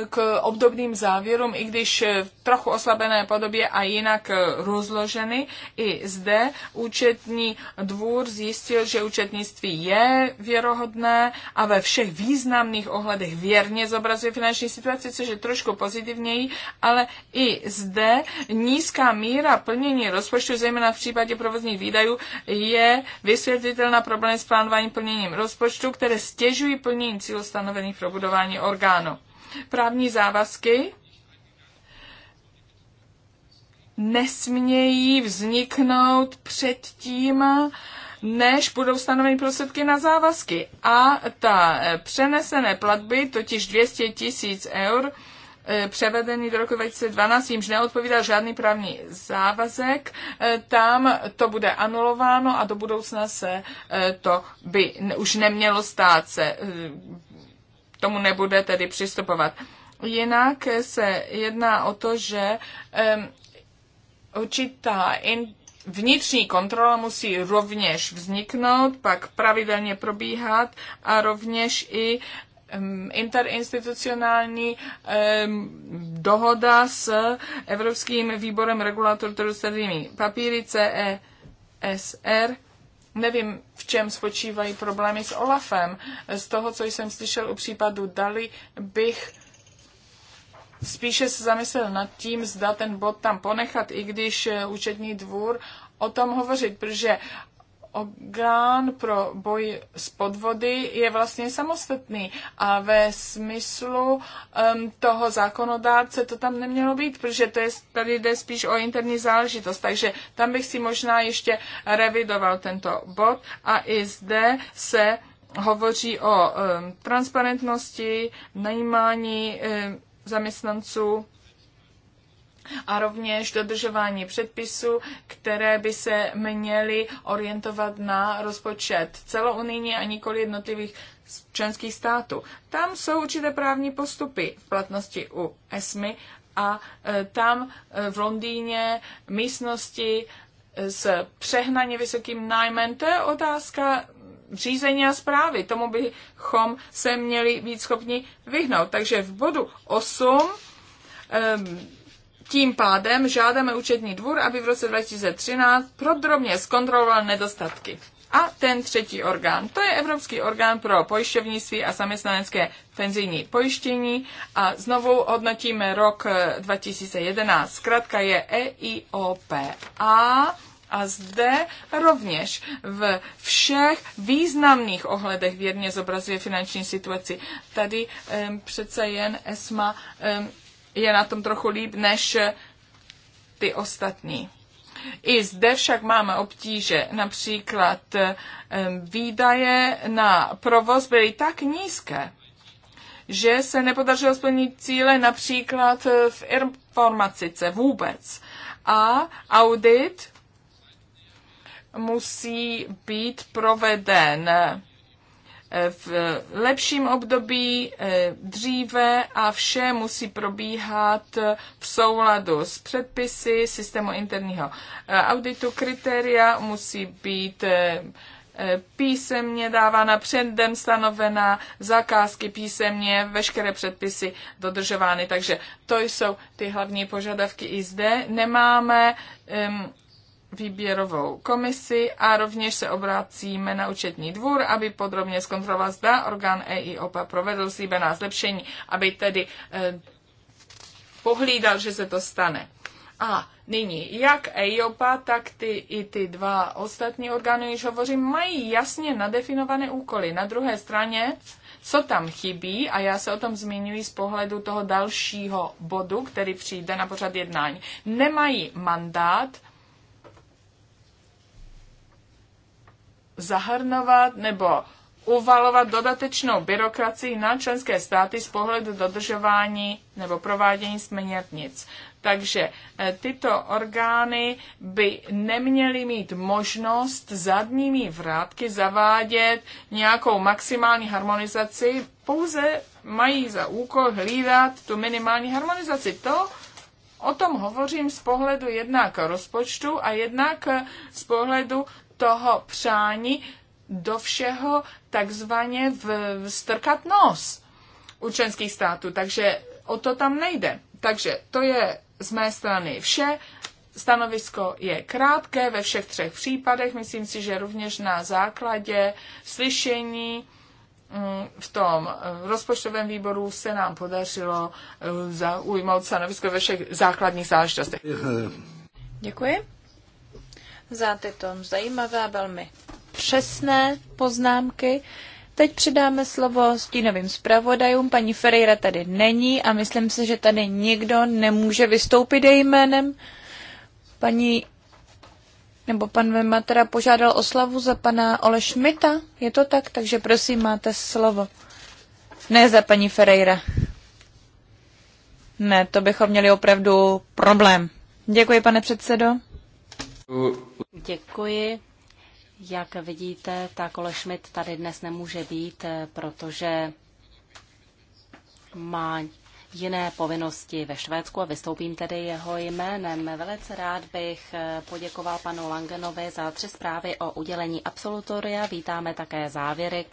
k obdobným závěrům, i když e, v trochu oslabené podobě a jinak e, rozloženy. I zde účetní dvůr zjistil, že účetnictví je věrohodné a ve všech významných ohledech věrně zobrazuje finanční situaci, což je trošku pozitivněji, ale i zde nízká míra plnění rozpočtu, zejména v případě provozních výdajů, je vysvětlitelná problém s plánováním plněním rozpočtu, které stěžují plnění cíl stanovených pro budování orgánu. Právní závazky nesmějí vzniknout předtím, než budou stanoveny prostředky na závazky. A ta eh, přenesené platby, totiž 200 tisíc eur, E, převedený do roku 2012, jimž neodpovídá žádný právní závazek, e, tam to bude anulováno a do budoucna se e, to by už nemělo stát se. Tomu nebude tedy přistupovat. Jinak se jedná o to, že určitá in, vnitřní kontrola musí rovněž vzniknout, pak pravidelně probíhat a rovněž i interinstitucionální dohoda s Evropským výborem regulatorů trhu e s papíry CESR. Nevím, v čem spočívají problémy s Olafem. Z toho, co jsem slyšel u případu Dali, bych spíše se zamyslel nad tím, zda ten bod tam ponechat, i když eh, účetní dvůr o tom hovořit, protože orgán pro boj s podvody je vlastně samostatný a ve smyslu um, toho zákonodárce to tam nemělo být, protože to je, tady jde spíš o interní záležitost, takže tam bych si možná ještě revidoval tento bod a i zde se hovoří o um, transparentnosti, najímání um, zaměstnanců a rovněž dodržování předpisů, které by se měly orientovat na rozpočet celounijní a nikoli jednotlivých členských států. Tam jsou určité právní postupy v platnosti u ESMI a e, tam e, v Londýně místnosti e, s přehnaně vysokým nájmem, to je otázka řízení a zprávy. Tomu bychom se měli být schopni vyhnout. Takže v bodu 8 um, tím pádem žádáme účetní dvůr, aby v roce 2013 podrobně zkontroloval nedostatky. A ten třetí orgán, to je Evropský orgán pro pojišťovnictví a zaměstnanecké penzijní pojištění a znovu hodnotíme rok 2011. Eh, zkrátka je EIOPA a zde rovněž v všech významných ohledech věrně zobrazuje finanční situaci. Tady um, přece jen ESMA um, je na tom trochu líp než ty ostatní. I zde však máme obtíže. Například eh, výdaje na provoz byly tak nízké, že se nepodařilo splnit cíle například eh, v informacice vůbec. A audit musí být proveden v lepším období eh, dříve a vše musí probíhat v souladu s předpisy systému interního eh, auditu. Kritéria musí být eh, písemně dávána, předem stanovená, zakázky písemně, veškeré předpisy dodržovány. Takže to jsou ty hlavní požadavky i zde. Nemáme um, výběrovou komisi a rovněž se obracíme na účetní dvůr, aby podrobně zkontroloval, zda orgán EIOPA provedl slíbená zlepšení, aby tedy eh, pohlídal, že se to stane. A nyní, jak EIOPA, tak ty, i ty dva ostatní orgány, již hovořím, mají jasně nadefinované úkoly. Na druhé straně, co tam chybí, a já se o tom zmiňuji z pohledu toho dalšího bodu, který přijde na pořad jednání, nemají mandát zahrnovat nebo uvalovat dodatečnou byrokracii na členské státy z pohledu dodržování nebo provádění směrnic. Takže eh, tyto orgány by neměly mít možnost zadními vrátky zavádět nějakou maximální harmonizaci, pouze mají za úkol hlídat tu minimální harmonizaci. To O tom hovořím z pohledu jednak rozpočtu a jednak eh, z pohledu toho přání do všeho takzvaně v, strkat nos u členských států, takže o to tam nejde. Takže to je z mé strany vše. Stanovisko je krátké ve všech třech případech. Myslím si, že rovněž na základě slyšení mm, v tom eh, rozpočtovém výboru se nám podařilo eh, zaujmout stanovisko ve všech základních záležitostech. Eh. Děkuji za tyto zajímavé a velmi přesné poznámky. Teď přidáme slovo stínovým zpravodajům. Paní Ferreira tady není a myslím si, že tady nikdo nemůže vystoupit jejím jménem. Paní nebo pan Vema teda požádal o slavu za pana Ole Šmita, je to tak? Takže prosím, máte slovo. Ne za paní Ferreira. Ne, to bychom měli opravdu problém. Děkuji, pane předsedo. Děkuji. Jak vidíte, ta Kole Schmidt tady dnes nemůže být, protože má jiné povinnosti ve Švédsku a vystoupím tedy jeho jménem. Velice rád bych eh, poděkoval panu Langenovi za tři zprávy o udělení absolutoria. Vítáme také závěry,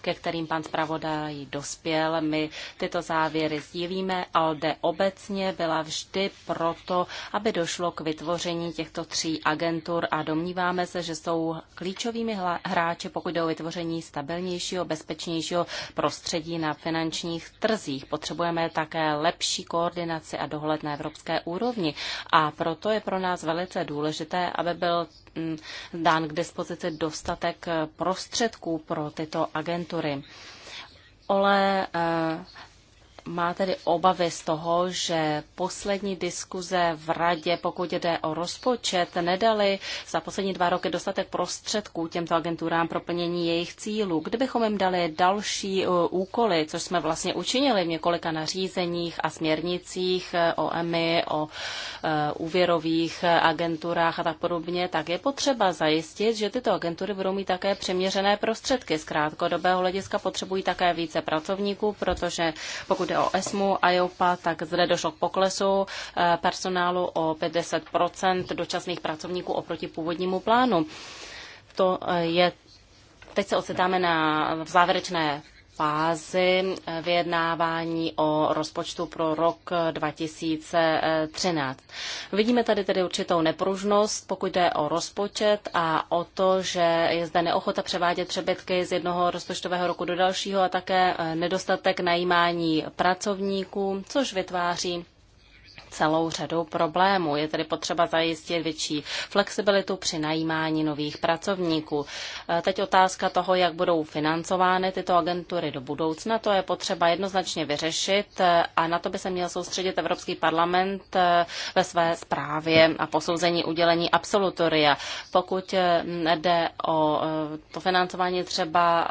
ke kterým pan zpravodaj dospěl. My tyto závěry sdílíme. ale obecně byla vždy proto, aby došlo k vytvoření těchto tří agentur a domníváme se, že jsou klíčovými hráči, pokud jde o vytvoření stabilnějšího, bezpečnějšího prostředí na finančních trzích. Potřebujeme také lepší koordinaci a dohled na evropské úrovni. A proto je pro nás velice důležité, aby byl mm, dán k dispozici dostatek prostředků pro tyto agentury. Ole eh, má tedy obavy z toho, že poslední diskuze v radě, pokud jde o rozpočet, nedali za poslední dva roky dostatek prostředků těmto agenturám pro plnění jejich cílů. Kdybychom jim dali další eh, úkoly, což jsme vlastně učinili v několika nařízeních a směrnicích eh, o EMI, o eh, úvěrových agenturách a tak podobně, tak je potřeba zajistit, že tyto agentury budou mít také přeměřené prostředky. Z krátkodobého hlediska potřebují také více pracovníků, protože pokud jde o ESMU a JOPA, tak zde došlo k poklesu eh, personálu o 50 dočasných pracovníků oproti původnímu plánu. To eh, je Teď se ocitáme na v závěrečné fázi eh, vyjednávání o rozpočtu pro rok 2013. Eh, Vidíme tady tedy určitou nepružnost, pokud jde o rozpočet a o to, že je zde neochota převádět přebytky z jednoho rozpočtového roku do dalšího a také eh, nedostatek najímání pracovníků, což vytváří celou řadou problémů. Je tedy potřeba zajistit větší flexibilitu při najímání nových pracovníků. E, teď otázka toho, jak budou financovány tyto agentury do budoucna, to je potřeba jednoznačně vyřešit e, a na to by se měl soustředit Evropský parlament e, ve své zprávě a posouzení udělení absolutoria. Pokud jde o to financování třeba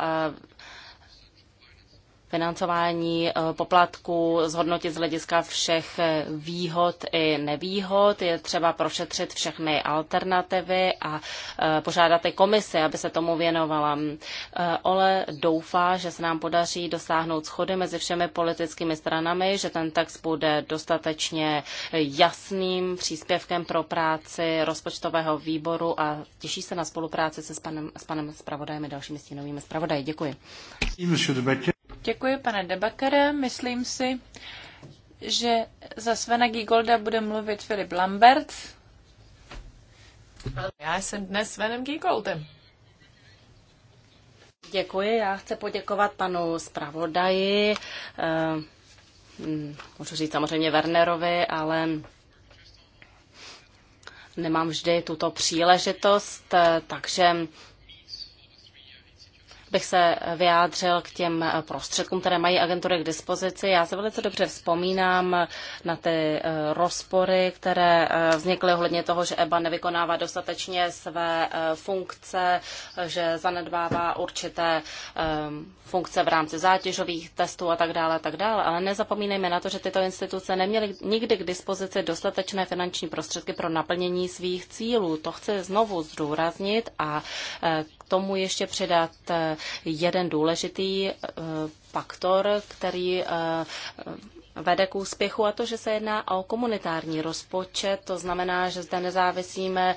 financování eh, poplatků zhodnotit z hlediska všech eh, výhod i nevýhod. Je třeba prošetřit všechny alternativy a eh, požádat i komisi, aby se tomu věnovala. Ole doufá, že se nám podaří dosáhnout schody mezi všemi politickými stranami, že ten text bude dostatečně jasným příspěvkem pro práci rozpočtového výboru a těší se na spolupráci se s panem, s panem zpravodajem a dalšími stínovými zpravodaji. Děkuji. Děkuji, pane Debakere. Myslím si, že za Svena Gigolda bude mluvit Filip Lambert. Já jsem dnes Svenem Gigoldem. Děkuji, já chci poděkovat panu zpravodaji, eh, hm, můžu říct samozřejmě Wernerovi, ale nemám vždy tuto příležitost, eh, takže bych se vyjádřil k těm prostředkům, které mají agentury k dispozici. Já se velice dobře vzpomínám na ty eh, rozpory, které eh, vznikly ohledně toho, že EBA nevykonává dostatečně své eh, funkce, že zanedbává určité funkce v rámci zátěžových testů a tak dále, a tak dále. Ale nezapomínejme na to, že tyto instituce neměly nikdy k dispozici dostatečné finanční prostředky pro naplnění svých cílů. To chci znovu zdůraznit a tomu ještě přidat eh, jeden důležitý eh, faktor, který eh, vede k úspěchu a to, že se jedná o komunitární rozpočet, to znamená, že zde nezávisíme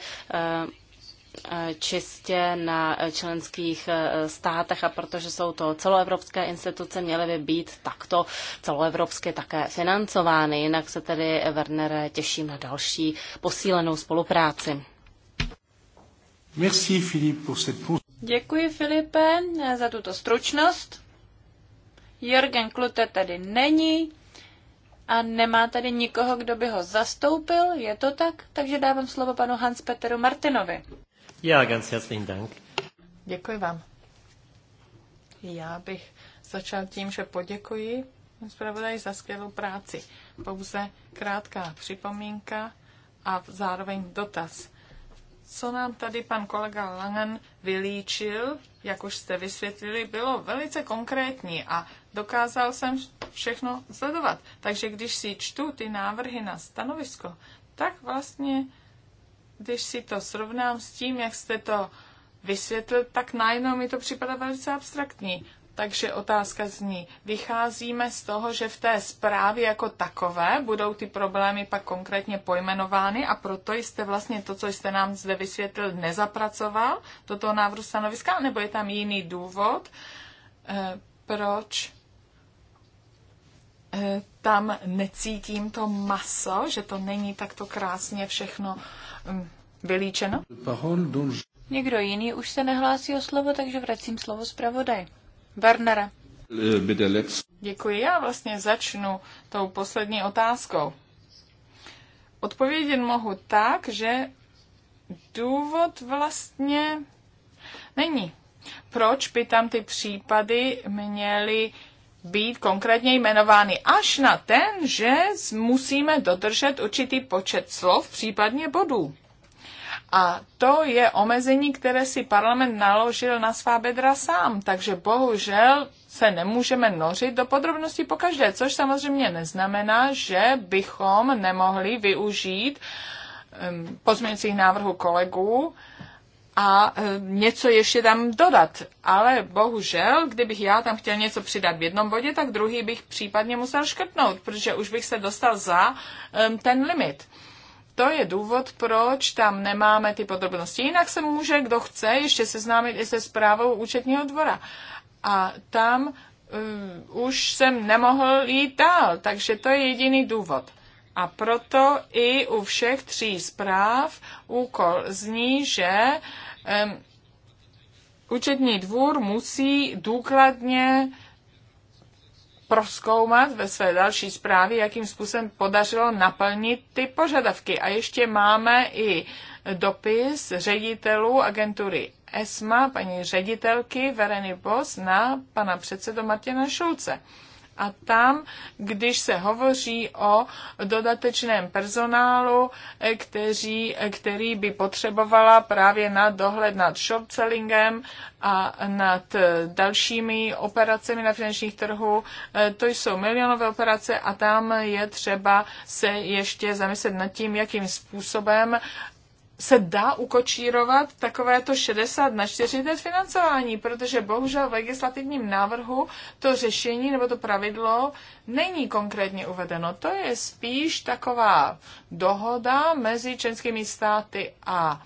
čistě na členských státech a protože jsou to celoevropské instituce, měly by být takto celoevropsky také financovány. Jinak se tedy, Wernere, těším na další posílenou spolupráci. Merci, Philippe, pour cette... Děkuji, Filipe, za tuto stručnost. Jürgen Klute tady není a nemá tady nikoho, kdo by ho zastoupil, je to tak? Takže dávám slovo panu Hans-Peteru Martinovi. Já, ganz herzlichen Dank. Děkuji vám. Já bych začal tím, že poděkuji zpravodaji za skvělou práci. Pouze krátká připomínka a zároveň dotaz co nám tady pan kolega Langen vylíčil, jak už jste vysvětlili, bylo velice konkrétní a dokázal jsem všechno sledovat. Takže když si čtu ty návrhy na stanovisko, tak vlastně, když si to srovnám s tím, jak jste to vysvětlil, tak najednou mi to připadá velice abstraktní. Takže otázka zní, vycházíme z toho, že v té zprávě jako takové budou ty problémy pak konkrétně pojmenovány a proto jste vlastně to, co jste nám zde vysvětlil, nezapracoval do toho návrhu stanoviska, nebo je tam jiný důvod, eh, proč eh, tam necítím to maso, že to není takto krásně všechno mm, vylíčeno? Někdo jiný už se nehlásí o slovo, takže vracím slovo zpravodaj. Wernere. Děkuji. Já vlastně začnu tou poslední otázkou. Odpovědět mohu tak, že důvod vlastně není. Proč by tam ty případy měly být konkrétně jmenovány až na ten, že musíme dodržet určitý počet slov, případně bodů. A to je omezení, které si parlament naložil na svá bedra sám. Takže bohužel se nemůžeme nořit do podrobností po každé, což samozřejmě neznamená, že bychom nemohli využít um, pozměňujících návrhů kolegů a um, něco ještě tam dodat. Ale bohužel, kdybych já tam chtěl něco přidat v jednom bodě, tak druhý bych případně musel škrtnout, protože už bych se dostal za um, ten limit to je důvod, proč tam nemáme ty podrobnosti. Jinak se může, kdo chce, ještě seznámit i se zprávou účetního dvora. A tam uh, už jsem nemohl jít dál, takže to je jediný důvod. A proto i u všech tří zpráv úkol zní, že um, účetní dvůr musí důkladně proskoumat ve své další zprávě, jakým způsobem podařilo naplnit ty požadavky. A ještě máme i dopis ředitelů agentury ESMA, paní ředitelky Vereny Bos na pana předsedu Martina Šulce. A tam, když se hovoří o dodatečném personálu, eh, kteří, eh, který by potřebovala právě na dohled nad short sellingem a nad eh, dalšími operacemi na finančních trhu, to jsou milionové operace a tam je třeba se ještě zamyslet nad tím, jakým způsobem se dá ukočírovat takovéto 60 na 40 financování, protože bohužel v legislativním návrhu to řešení nebo to pravidlo není konkrétně uvedeno. To je spíš taková dohoda mezi členskými státy a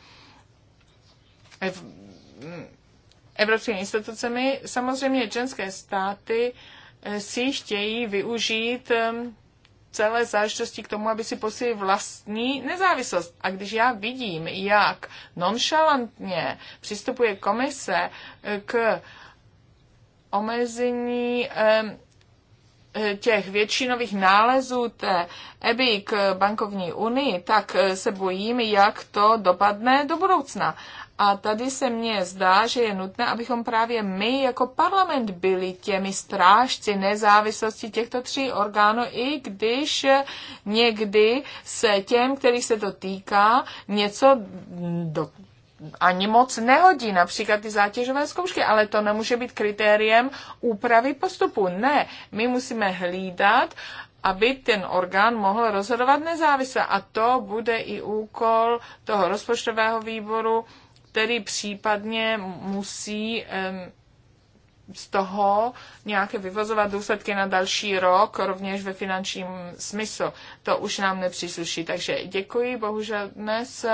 evropskými institucemi. Samozřejmě členské státy eh, si chtějí využít celé záležitosti k tomu, aby si posílili vlastní nezávislost. A když já vidím, jak nonšalantně přistupuje komise eh, k omezení eh, těch většinových nálezů té EBI k bankovní unii, tak eh, se bojím, jak to dopadne do budoucna. A tady se mně zdá, že je nutné, abychom právě my jako parlament byli těmi strážci nezávislosti těchto tří orgánů, i když někdy se těm, který se to týká, něco do, ani moc nehodí, například ty zátěžové zkoušky, ale to nemůže být kritériem úpravy postupu. Ne, my musíme hlídat, aby ten orgán mohl rozhodovat nezávisle. A to bude i úkol toho rozpočtového výboru, který případně musí z toho nějaké vyvozovat důsledky na další rok, rovněž ve finančním smyslu. To už nám nepřísluší. Takže děkuji. Bohužel dnes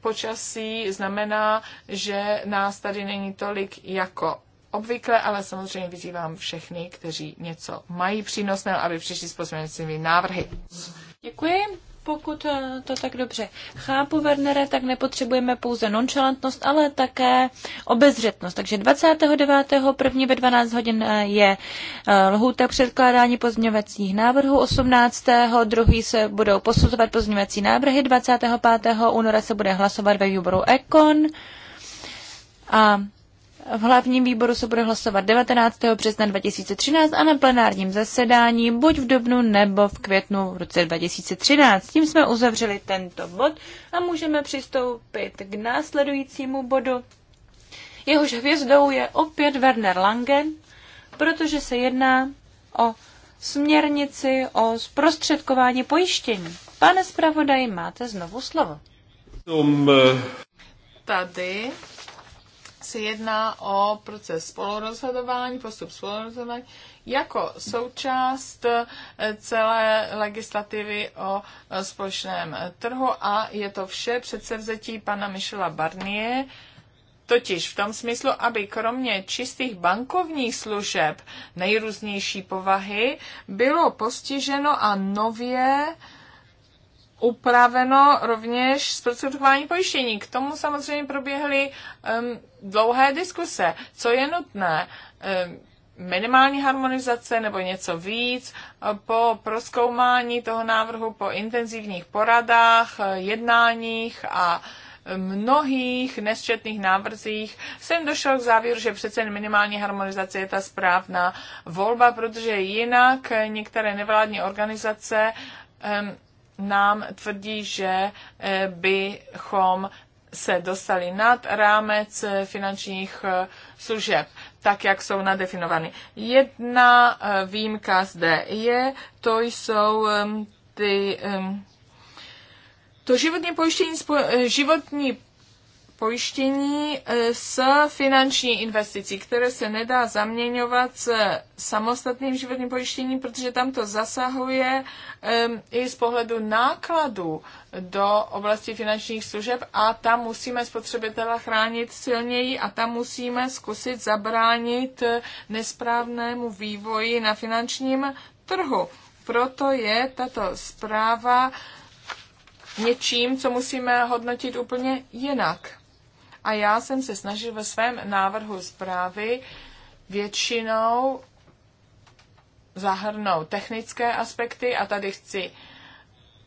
počasí znamená, že nás tady není tolik jako obvykle, ale samozřejmě vyzývám všechny, kteří něco mají přínosného, aby přišli s pozměňovacími návrhy. Děkuji. Pokud eh, to tak dobře chápu, Wernere, tak nepotřebujeme pouze nonchalantnost, ale také obezřetnost. Takže 29. první ve 12 hodin eh, je eh, lhůta předkládání pozměňovacích návrhů, 18. druhý se budou posuzovat pozměňovací návrhy, 25. února se bude hlasovat ve výboru EKON a v hlavním výboru se bude hlasovat 19. března 2013 a na plenárním zasedání buď v dubnu nebo v květnu v roce 2013. Tím jsme uzavřeli tento bod a můžeme přistoupit k následujícímu bodu. Jehož hvězdou je opět Werner Langen, protože se jedná o směrnici o zprostředkování pojištění. Pane zpravodaj, máte znovu slovo. Eh, Tady se jedná o proces spolurozhodování, postup spolurozhodování, jako součást eh, celé legislativy o eh, společném eh, trhu a je to vše předsevzetí pana Michela Barnier, Totiž v tom smyslu, aby kromě čistých bankovních služeb nejrůznější povahy bylo postiženo a nově upraveno rovněž zprostředkování pojištění. K tomu samozřejmě proběhly um, dlouhé diskuse, co je nutné. Um, minimální harmonizace nebo něco víc. Po proskoumání toho návrhu, po intenzivních poradách, jednáních a mnohých nesčetných návrzích jsem došel k závěru, že přece minimální harmonizace je ta správná volba, protože jinak některé nevládní organizace um, nám tvrdí, že eh, bychom se dostali nad rámec eh, finančních eh, služeb, tak jak jsou nadefinovány. Jedna výjimka zde je, to jsou ty to životní pojištění, životní pojištění eh, s finanční investicí, které se nedá zaměňovat s samostatným životním pojištěním, protože tam to zasahuje i z pohledu nákladů do oblasti finančních služeb a tam musíme spotřebitela chránit silněji a tam musíme zkusit zabránit eh, nesprávnému vývoji na finančním trhu. Proto je tato zpráva něčím, co musíme hodnotit úplně jinak a já jsem se snažil ve svém návrhu zprávy většinou zahrnout technické aspekty a tady chci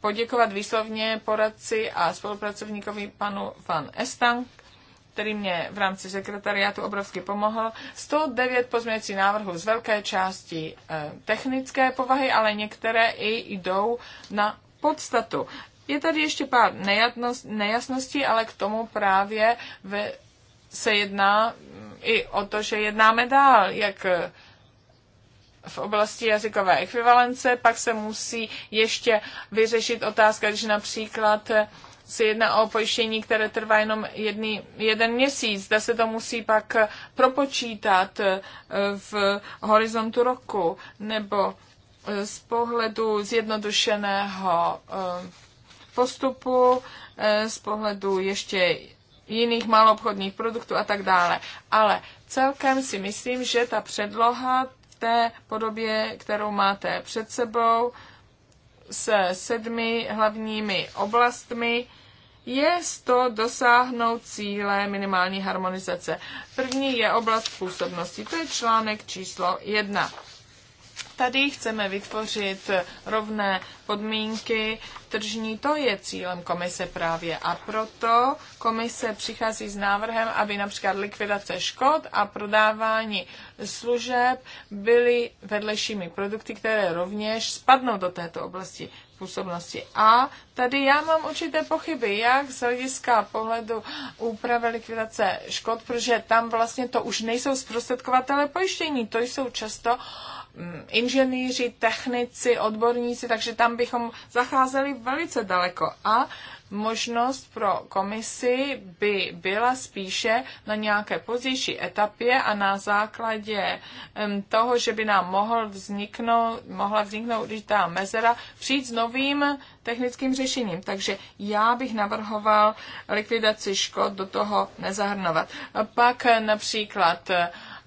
poděkovat výslovně poradci a spolupracovníkovi panu Van Estang, který mě v rámci sekretariátu obrovsky pomohl. 109 pozměňovacích návrhů z velké části eh, technické povahy, ale některé i jdou na podstatu. Je tady ještě pár nejasností, ale k tomu právě ve, se jedná mm, i o to, že jednáme dál, jak eh, v oblasti jazykové ekvivalence, pak se musí ještě vyřešit otázka, když například eh, se jedná o pojištění, které trvá jenom jedný, jeden měsíc, zda se to musí pak eh, propočítat v horizontu roku, nebo z pohledu zjednodušeného postupu eh, z pohledu ještě jiných maloobchodních produktů a tak dále. Ale celkem si myslím, že ta předloha v té podobě, kterou máte před sebou, se sedmi hlavními oblastmi, je to dosáhnout cíle minimální harmonizace. První je oblast působnosti, to je článek číslo jedna. Tady chceme vytvořit rovné podmínky tržní, to je cílem komise právě. A proto komise přichází s návrhem, aby například likvidace škod a prodávání služeb byly vedlejšími produkty, které rovněž spadnou do této oblasti působnosti. A tady já mám určité pochyby, jak z hlediska pohledu úpravy likvidace škod, protože tam vlastně to už nejsou zprostředkovatele pojištění, to jsou často uh, Mm, inženýři, technici, odborníci, takže tam bychom zacházeli velice daleko. A možnost pro komisi by byla spíše na nějaké pozdější etapě a na základě mm, toho, že by nám mohl vzniknout, mohla vzniknout určitá mezera, přijít s novým technickým řešením. Takže já bych navrhoval likvidaci škod do toho nezahrnovat. Pak například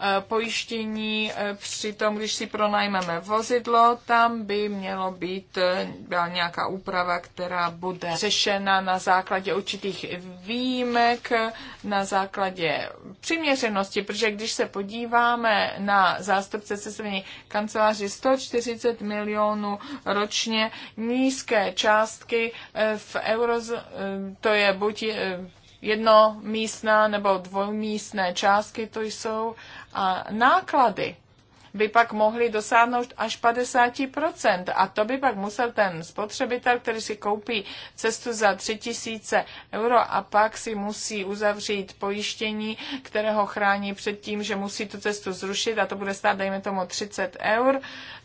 Eh, pojištění eh, při tom, když si pronajmeme vozidlo, tam by mělo být eh, byla nějaká úprava, která bude řešena na základě určitých výjimek, na základě přiměřenosti, protože když se podíváme na zástupce cestovní kanceláři 140 milionů ročně nízké částky v euro, to je buď jednomístná nebo dvojmístné částky, to jsou a náklady by pak mohly dosáhnout až 50%. A to by pak musel ten spotřebitel, který si koupí cestu za 3000 euro a pak si musí uzavřít pojištění, které ho chrání před tím, že musí tu cestu zrušit a to bude stát, dejme tomu, 30 eur,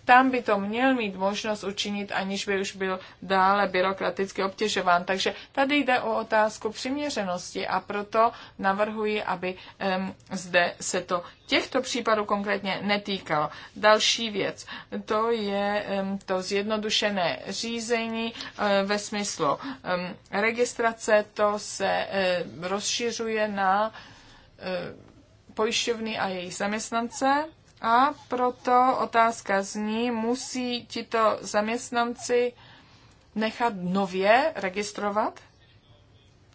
tam by to měl mít možnost učinit, aniž by už byl dále byrokraticky obtěžován. Takže tady jde o otázku přiměřenosti a proto navrhuji, aby um, zde se to těchto případů konkrétně netýkalo. Další věc, to je um, to zjednodušené řízení um, ve smyslu um, registrace, to se um, rozšiřuje na um, pojišťovny a jejich zaměstnance a proto otázka zní, musí tito zaměstnanci nechat nově registrovat?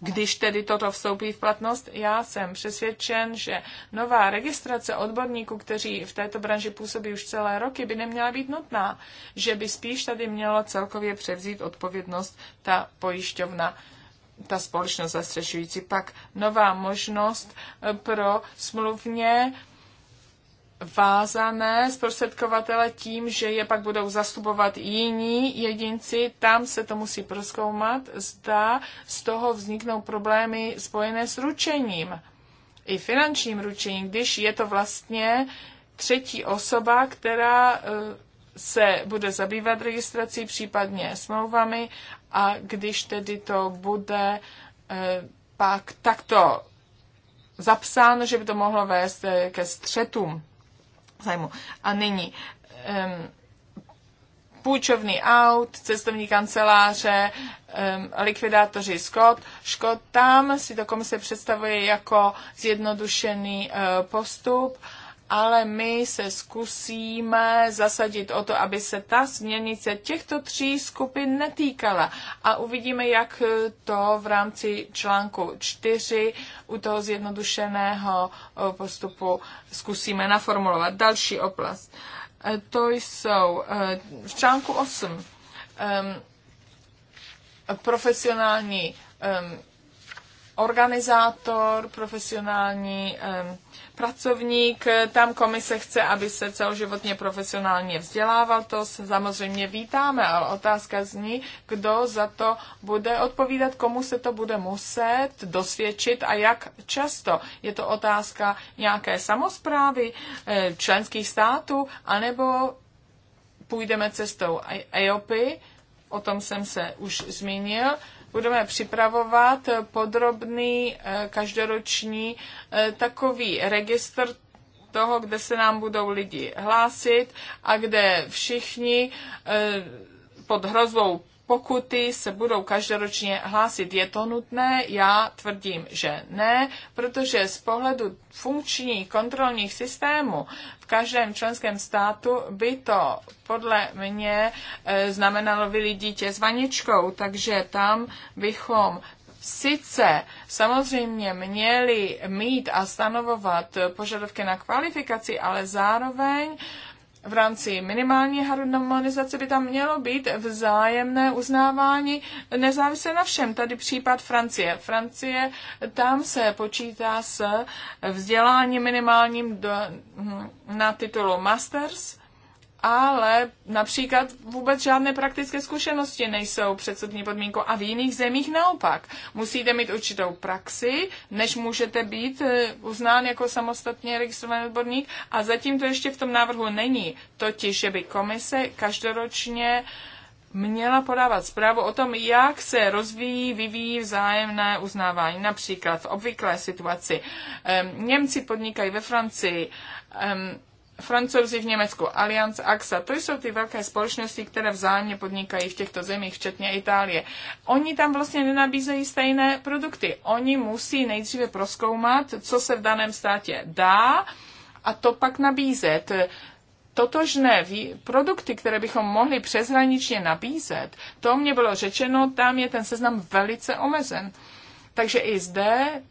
Když tedy toto vstoupí v platnost, já jsem přesvědčen, že nová registrace odborníků, kteří v této branži působí už celé roky, by neměla být nutná, že by spíš tady měla celkově převzít odpovědnost ta pojišťovna ta společnost zastřešující. Pak nová možnost pro smluvně vázané zprostředkovatele tím, že je pak budou zastupovat jiní jedinci, tam se to musí proskoumat, zda z toho vzniknou problémy spojené s ručením. I finančním ručením, když je to vlastně třetí osoba, která eh, se bude zabývat registrací, případně smlouvami a když tedy to bude eh, pak takto zapsáno, že by to mohlo vést eh, ke střetům zájmu. A nyní um, půjčovný aut, cestovní kanceláře, um, likvidátoři Scott. Škod tam si to komise představuje jako zjednodušený uh, postup ale my se zkusíme zasadit o to, aby se ta směrnice těchto tří skupin netýkala. A uvidíme, jak to v rámci článku 4 u toho zjednodušeného eh, postupu zkusíme naformulovat. Další oblast. Eh, to jsou eh, v článku 8 ehm, profesionální ehm, organizátor, profesionální um, pracovník, tam komise chce, aby se celoživotně profesionálně vzdělával, to samozřejmě vítáme, ale otázka zní, kdo za to bude odpovídat, komu se to bude muset dosvědčit a jak často. Je to otázka nějaké samozprávy eh, členských států, anebo půjdeme cestou e- EOPy, o tom jsem se už zmínil, budeme připravovat podrobný eh, každoroční eh, takový registr toho, kde se nám budou lidi hlásit a kde všichni eh, pod hrozbou pokuty se budou každoročně hlásit. Je to nutné? Já tvrdím, že ne, protože z pohledu funkčních kontrolních systémů v každém členském státu by to podle mě e, znamenalo vylít dítě s vaničkou, takže tam bychom sice samozřejmě měli mít a stanovovat požadavky na kvalifikaci, ale zároveň v rámci minimální harmonizace by tam mělo být vzájemné uznávání nezávisle na všem. Tady případ Francie. Francie, tam se počítá s vzděláním minimálním do, hm, na titulu Masters ale například vůbec žádné praktické zkušenosti nejsou předsudní podmínkou a v jiných zemích naopak. Musíte mít určitou praxi, než můžete být eh, uznán jako samostatně registrovaný odborník a zatím to ještě v tom návrhu není. Totiž, že by komise každoročně měla podávat zprávu o tom, jak se rozvíjí, vyvíjí vzájemné uznávání. Například v obvyklé situaci. Němci podnikají ve Francii, Francouzi v Německu, Allianz, AXA, to jsou ty velké společnosti, které vzájemně podnikají v těchto zemích, včetně Itálie. Oni tam vlastně nenabízejí stejné produkty. Oni musí nejdříve proskoumat, co se v daném státě dá a to pak nabízet totožné produkty, které bychom mohli přeshraničně nabízet, to mě bylo řečeno, tam je ten seznam velice omezen. Takže i zde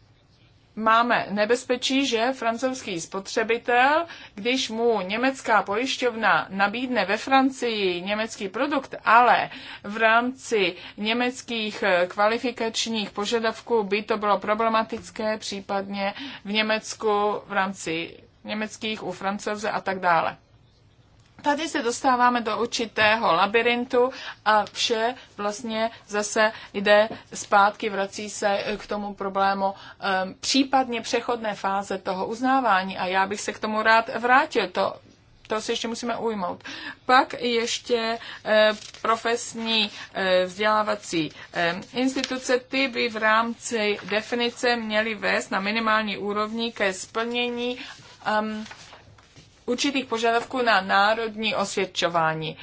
máme nebezpečí, že francouzský spotřebitel, když mu německá pojišťovna nabídne ve Francii německý produkt, ale v rámci německých eh, kvalifikačních požadavků by to bylo problematické, případně v Německu v rámci německých u francouze a tak dále tady se dostáváme do určitého labirintu a vše vlastně zase jde zpátky, vrací se k tomu problému ehm, případně přechodné fáze toho uznávání a já bych se k tomu rád vrátil. To to se ještě musíme ujmout. Pak ještě ehm, profesní ehm, vzdělávací instituce, ty by v rámci definice měly vést na minimální úrovni ke splnění určitých požadavků na národní osvědčování,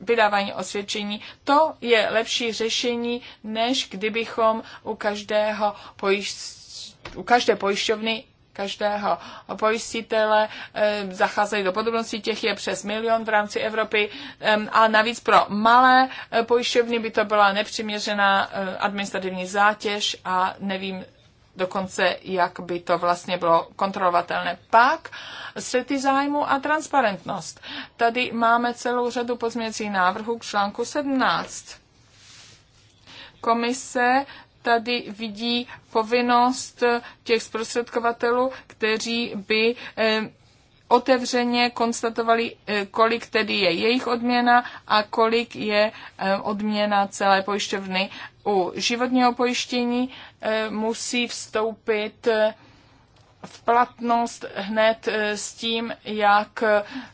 vydávání osvědčení. To je lepší řešení, než kdybychom u každého pojišť, u každé pojišťovny každého pojistitele, zacházejí do podrobností, těch je přes milion v rámci Evropy a navíc pro malé e, pojišťovny by to byla nepřiměřená e, administrativní zátěž a nevím, dokonce jak by to vlastně bylo kontrolovatelné. Pak střety zájmu a transparentnost. Tady máme celou řadu pozměcí návrhů k článku 17. Komise tady vidí povinnost těch zprostředkovatelů, kteří by eh, otevřeně konstatovali, eh, kolik tedy je jejich odměna a kolik je eh, odměna celé pojišťovny. U životního pojištění eh, musí vstoupit v platnost hned s tím, jak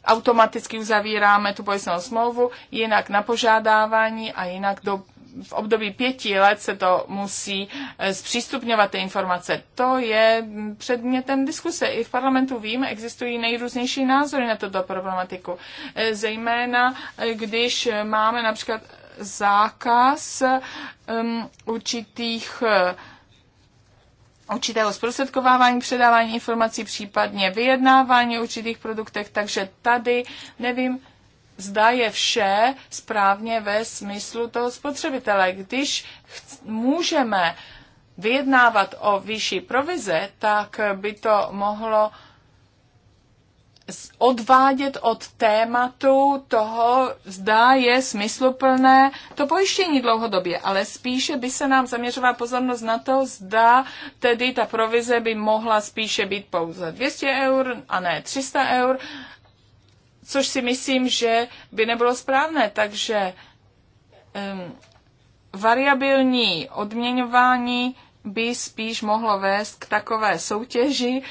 automaticky uzavíráme tu pojistnou smlouvu, jinak na požádávání a jinak do v období pěti let se to musí eh, zpřístupňovat ty informace. To je předmětem diskuse. I v parlamentu vím, existují nejrůznější názory na tuto problematiku. Eh, zejména, eh, když máme například zákaz um, určitých určitého zprostředkovávání, předávání informací, případně vyjednávání určitých produktech, takže tady nevím, zda je vše správně ve smyslu toho spotřebitele. Když můžeme vyjednávat o výši provize, tak by to mohlo odvádět od tématu toho, zda je smysluplné to pojištění dlouhodobě, ale spíše by se nám zaměřovala pozornost na to, zda tedy ta provize by mohla spíše být pouze 200 eur a ne 300 eur což si myslím, že by nebylo správné. Takže um, variabilní odměňování by spíš mohlo vést k takové soutěži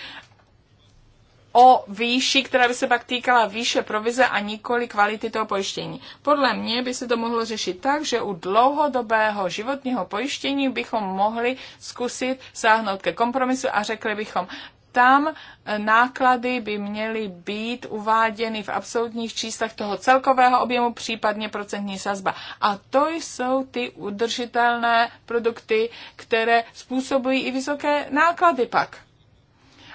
o výši, která by se pak týkala výše provize a nikoli kvality toho pojištění. Podle mě by se to mohlo řešit tak, že u dlouhodobého životního pojištění bychom mohli zkusit sáhnout ke kompromisu a řekli bychom, tam eh, náklady by měly být uváděny v absolutních číslech toho celkového objemu, případně procentní sazba. A to jsou ty udržitelné produkty, které způsobují i vysoké náklady pak.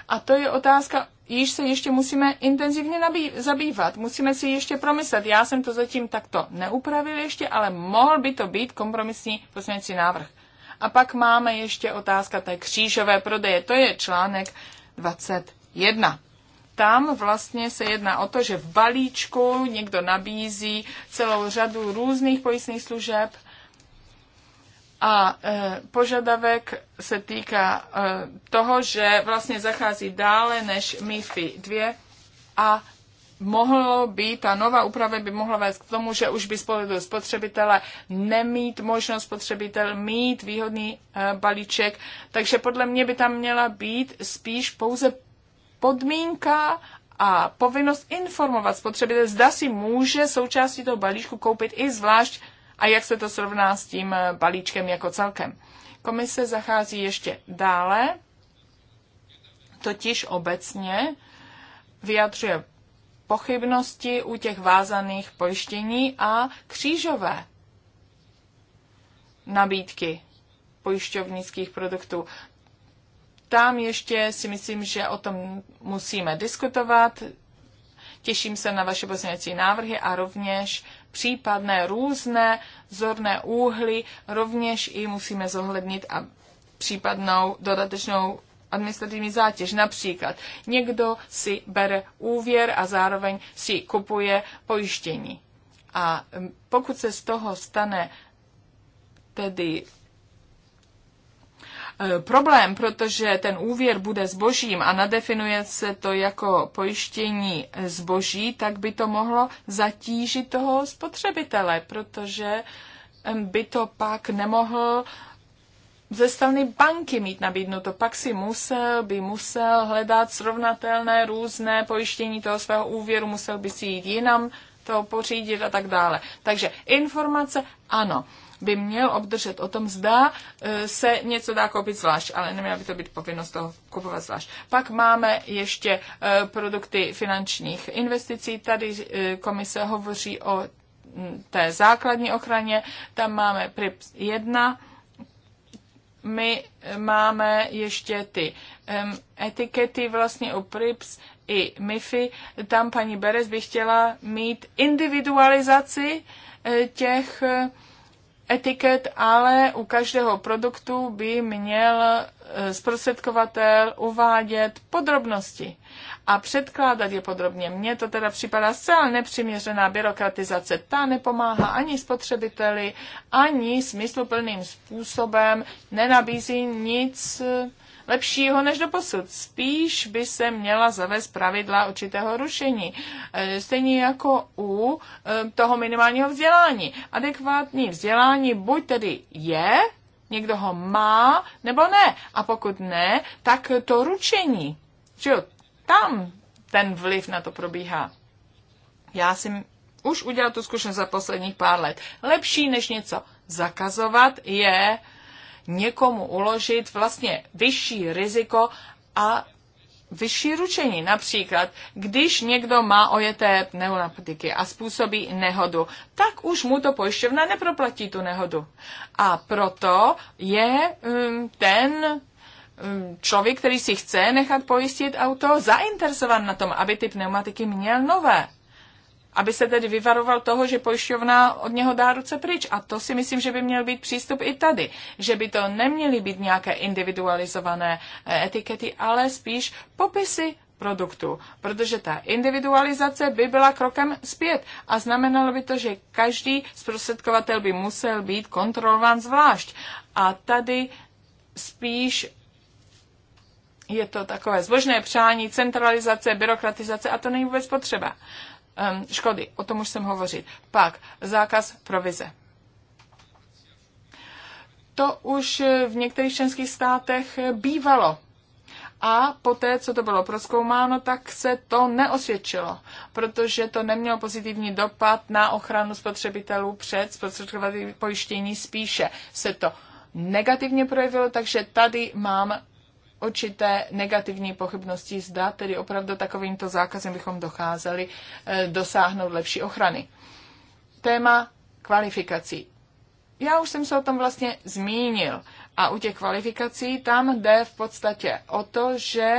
A to je otázka, již se ještě musíme intenzivně nabý, zabývat. Musíme si ještě promyslet. Já jsem to zatím takto neupravil ještě, ale mohl by to být kompromisní poslanecí návrh. A pak máme ještě otázka té křížové prodeje. To je článek 21 tam vlastně se jedná o to, že v balíčku někdo nabízí celou řadu různých pojistných služeb a e, požadavek se týká e, toho, že vlastně zachází dále než MIFI 2 a mohlo být, ta nová úprava by mohla vést k tomu, že už by spotřebitele nemít možnost spotřebitel mít výhodný eh, balíček. Takže podle mě by tam měla být spíš pouze podmínka a povinnost informovat spotřebitele, zda si může součástí toho balíčku koupit i zvlášť a jak se to srovná s tím eh, balíčkem jako celkem. Komise zachází ještě dále, totiž obecně vyjadřuje pochybnosti u těch vázaných pojištění a křížové nabídky pojišťovnických produktů. Tam ještě si myslím, že o tom musíme diskutovat. Těším se na vaše pozměňovací návrhy a rovněž případné různé zorné úhly. Rovněž i musíme zohlednit a případnou dodatečnou administrativní zátěž. Například někdo si bere úvěr a zároveň si kupuje pojištění. A mm, pokud se z toho stane tedy e, problém, protože ten úvěr bude zbožím a nadefinuje se to jako pojištění zboží, tak by to mohlo zatížit toho spotřebitele, protože mm, by to pak nemohl ze strany banky mít nabídnuto. Pak si musel, by musel hledat srovnatelné různé pojištění toho svého úvěru, musel by si jít jinam to pořídit a tak dále. Takže informace ano by měl obdržet o tom, zda e, se něco dá koupit zvlášť, ale neměla by to být povinnost toho kupovat zvlášť. Pak máme ještě e, produkty finančních investicí. Tady e, komise hovoří o té základní ochraně. Tam máme PRIPS 1, my máme ještě ty um, etikety vlastně o PRIPS i MIFI. Tam paní Beres by chtěla mít individualizaci eh, těch eh, etiket, ale u každého produktu by měl eh, zprostředkovatel uvádět podrobnosti a předkládat je podrobně. Mně to teda připadá zcela nepřiměřená byrokratizace. Ta nepomáhá ani spotřebiteli, ani smysluplným způsobem nenabízí nic eh, lepšího než do posud. Spíš by se měla zavést pravidla určitého rušení. Eh, stejně jako u eh, toho minimálního vzdělání. Adekvátní vzdělání buď tedy je, někdo ho má, nebo ne. A pokud ne, tak to ručení. Že jo, tam ten vliv na to probíhá. Já jsem už udělal tu zkušenost za posledních pár let. Lepší než něco zakazovat je někomu uložit vlastně vyšší riziko a vyšší ručení. Například, když někdo má ojeté pneumatiky a způsobí nehodu, tak už mu to pojišťovna neproplatí tu nehodu. A proto je mm, ten Mm, člověk, který si chce nechat pojistit auto, zainteresovan na tom, aby ty pneumatiky měl nové. Aby se tedy vyvaroval toho, že pojišťovna od něho dá ruce pryč. A to si myslím, že by měl být přístup i tady. Že by to neměly být nějaké individualizované eh, etikety, ale spíš popisy produktu, protože ta individualizace by byla krokem zpět a znamenalo by to, že každý zprostředkovatel by musel být kontrolován zvlášť. A tady spíš je to takové zbožné přání, centralizace, byrokratizace a to není vůbec potřeba. Um, škody, o tom už jsem hovořil. Pak zákaz provize. To už v některých členských státech bývalo. A poté, co to bylo proskoumáno, tak se to neosvědčilo, protože to nemělo pozitivní dopad na ochranu spotřebitelů před spotřebovatelů pojištění. Spíše se to negativně projevilo, takže tady mám určité negativní pochybnosti, zda tedy opravdu takovýmto zákazem bychom docházeli eh, dosáhnout lepší ochrany. Téma kvalifikací. Já už jsem se o tom vlastně zmínil. A u těch kvalifikací tam jde v podstatě o to, že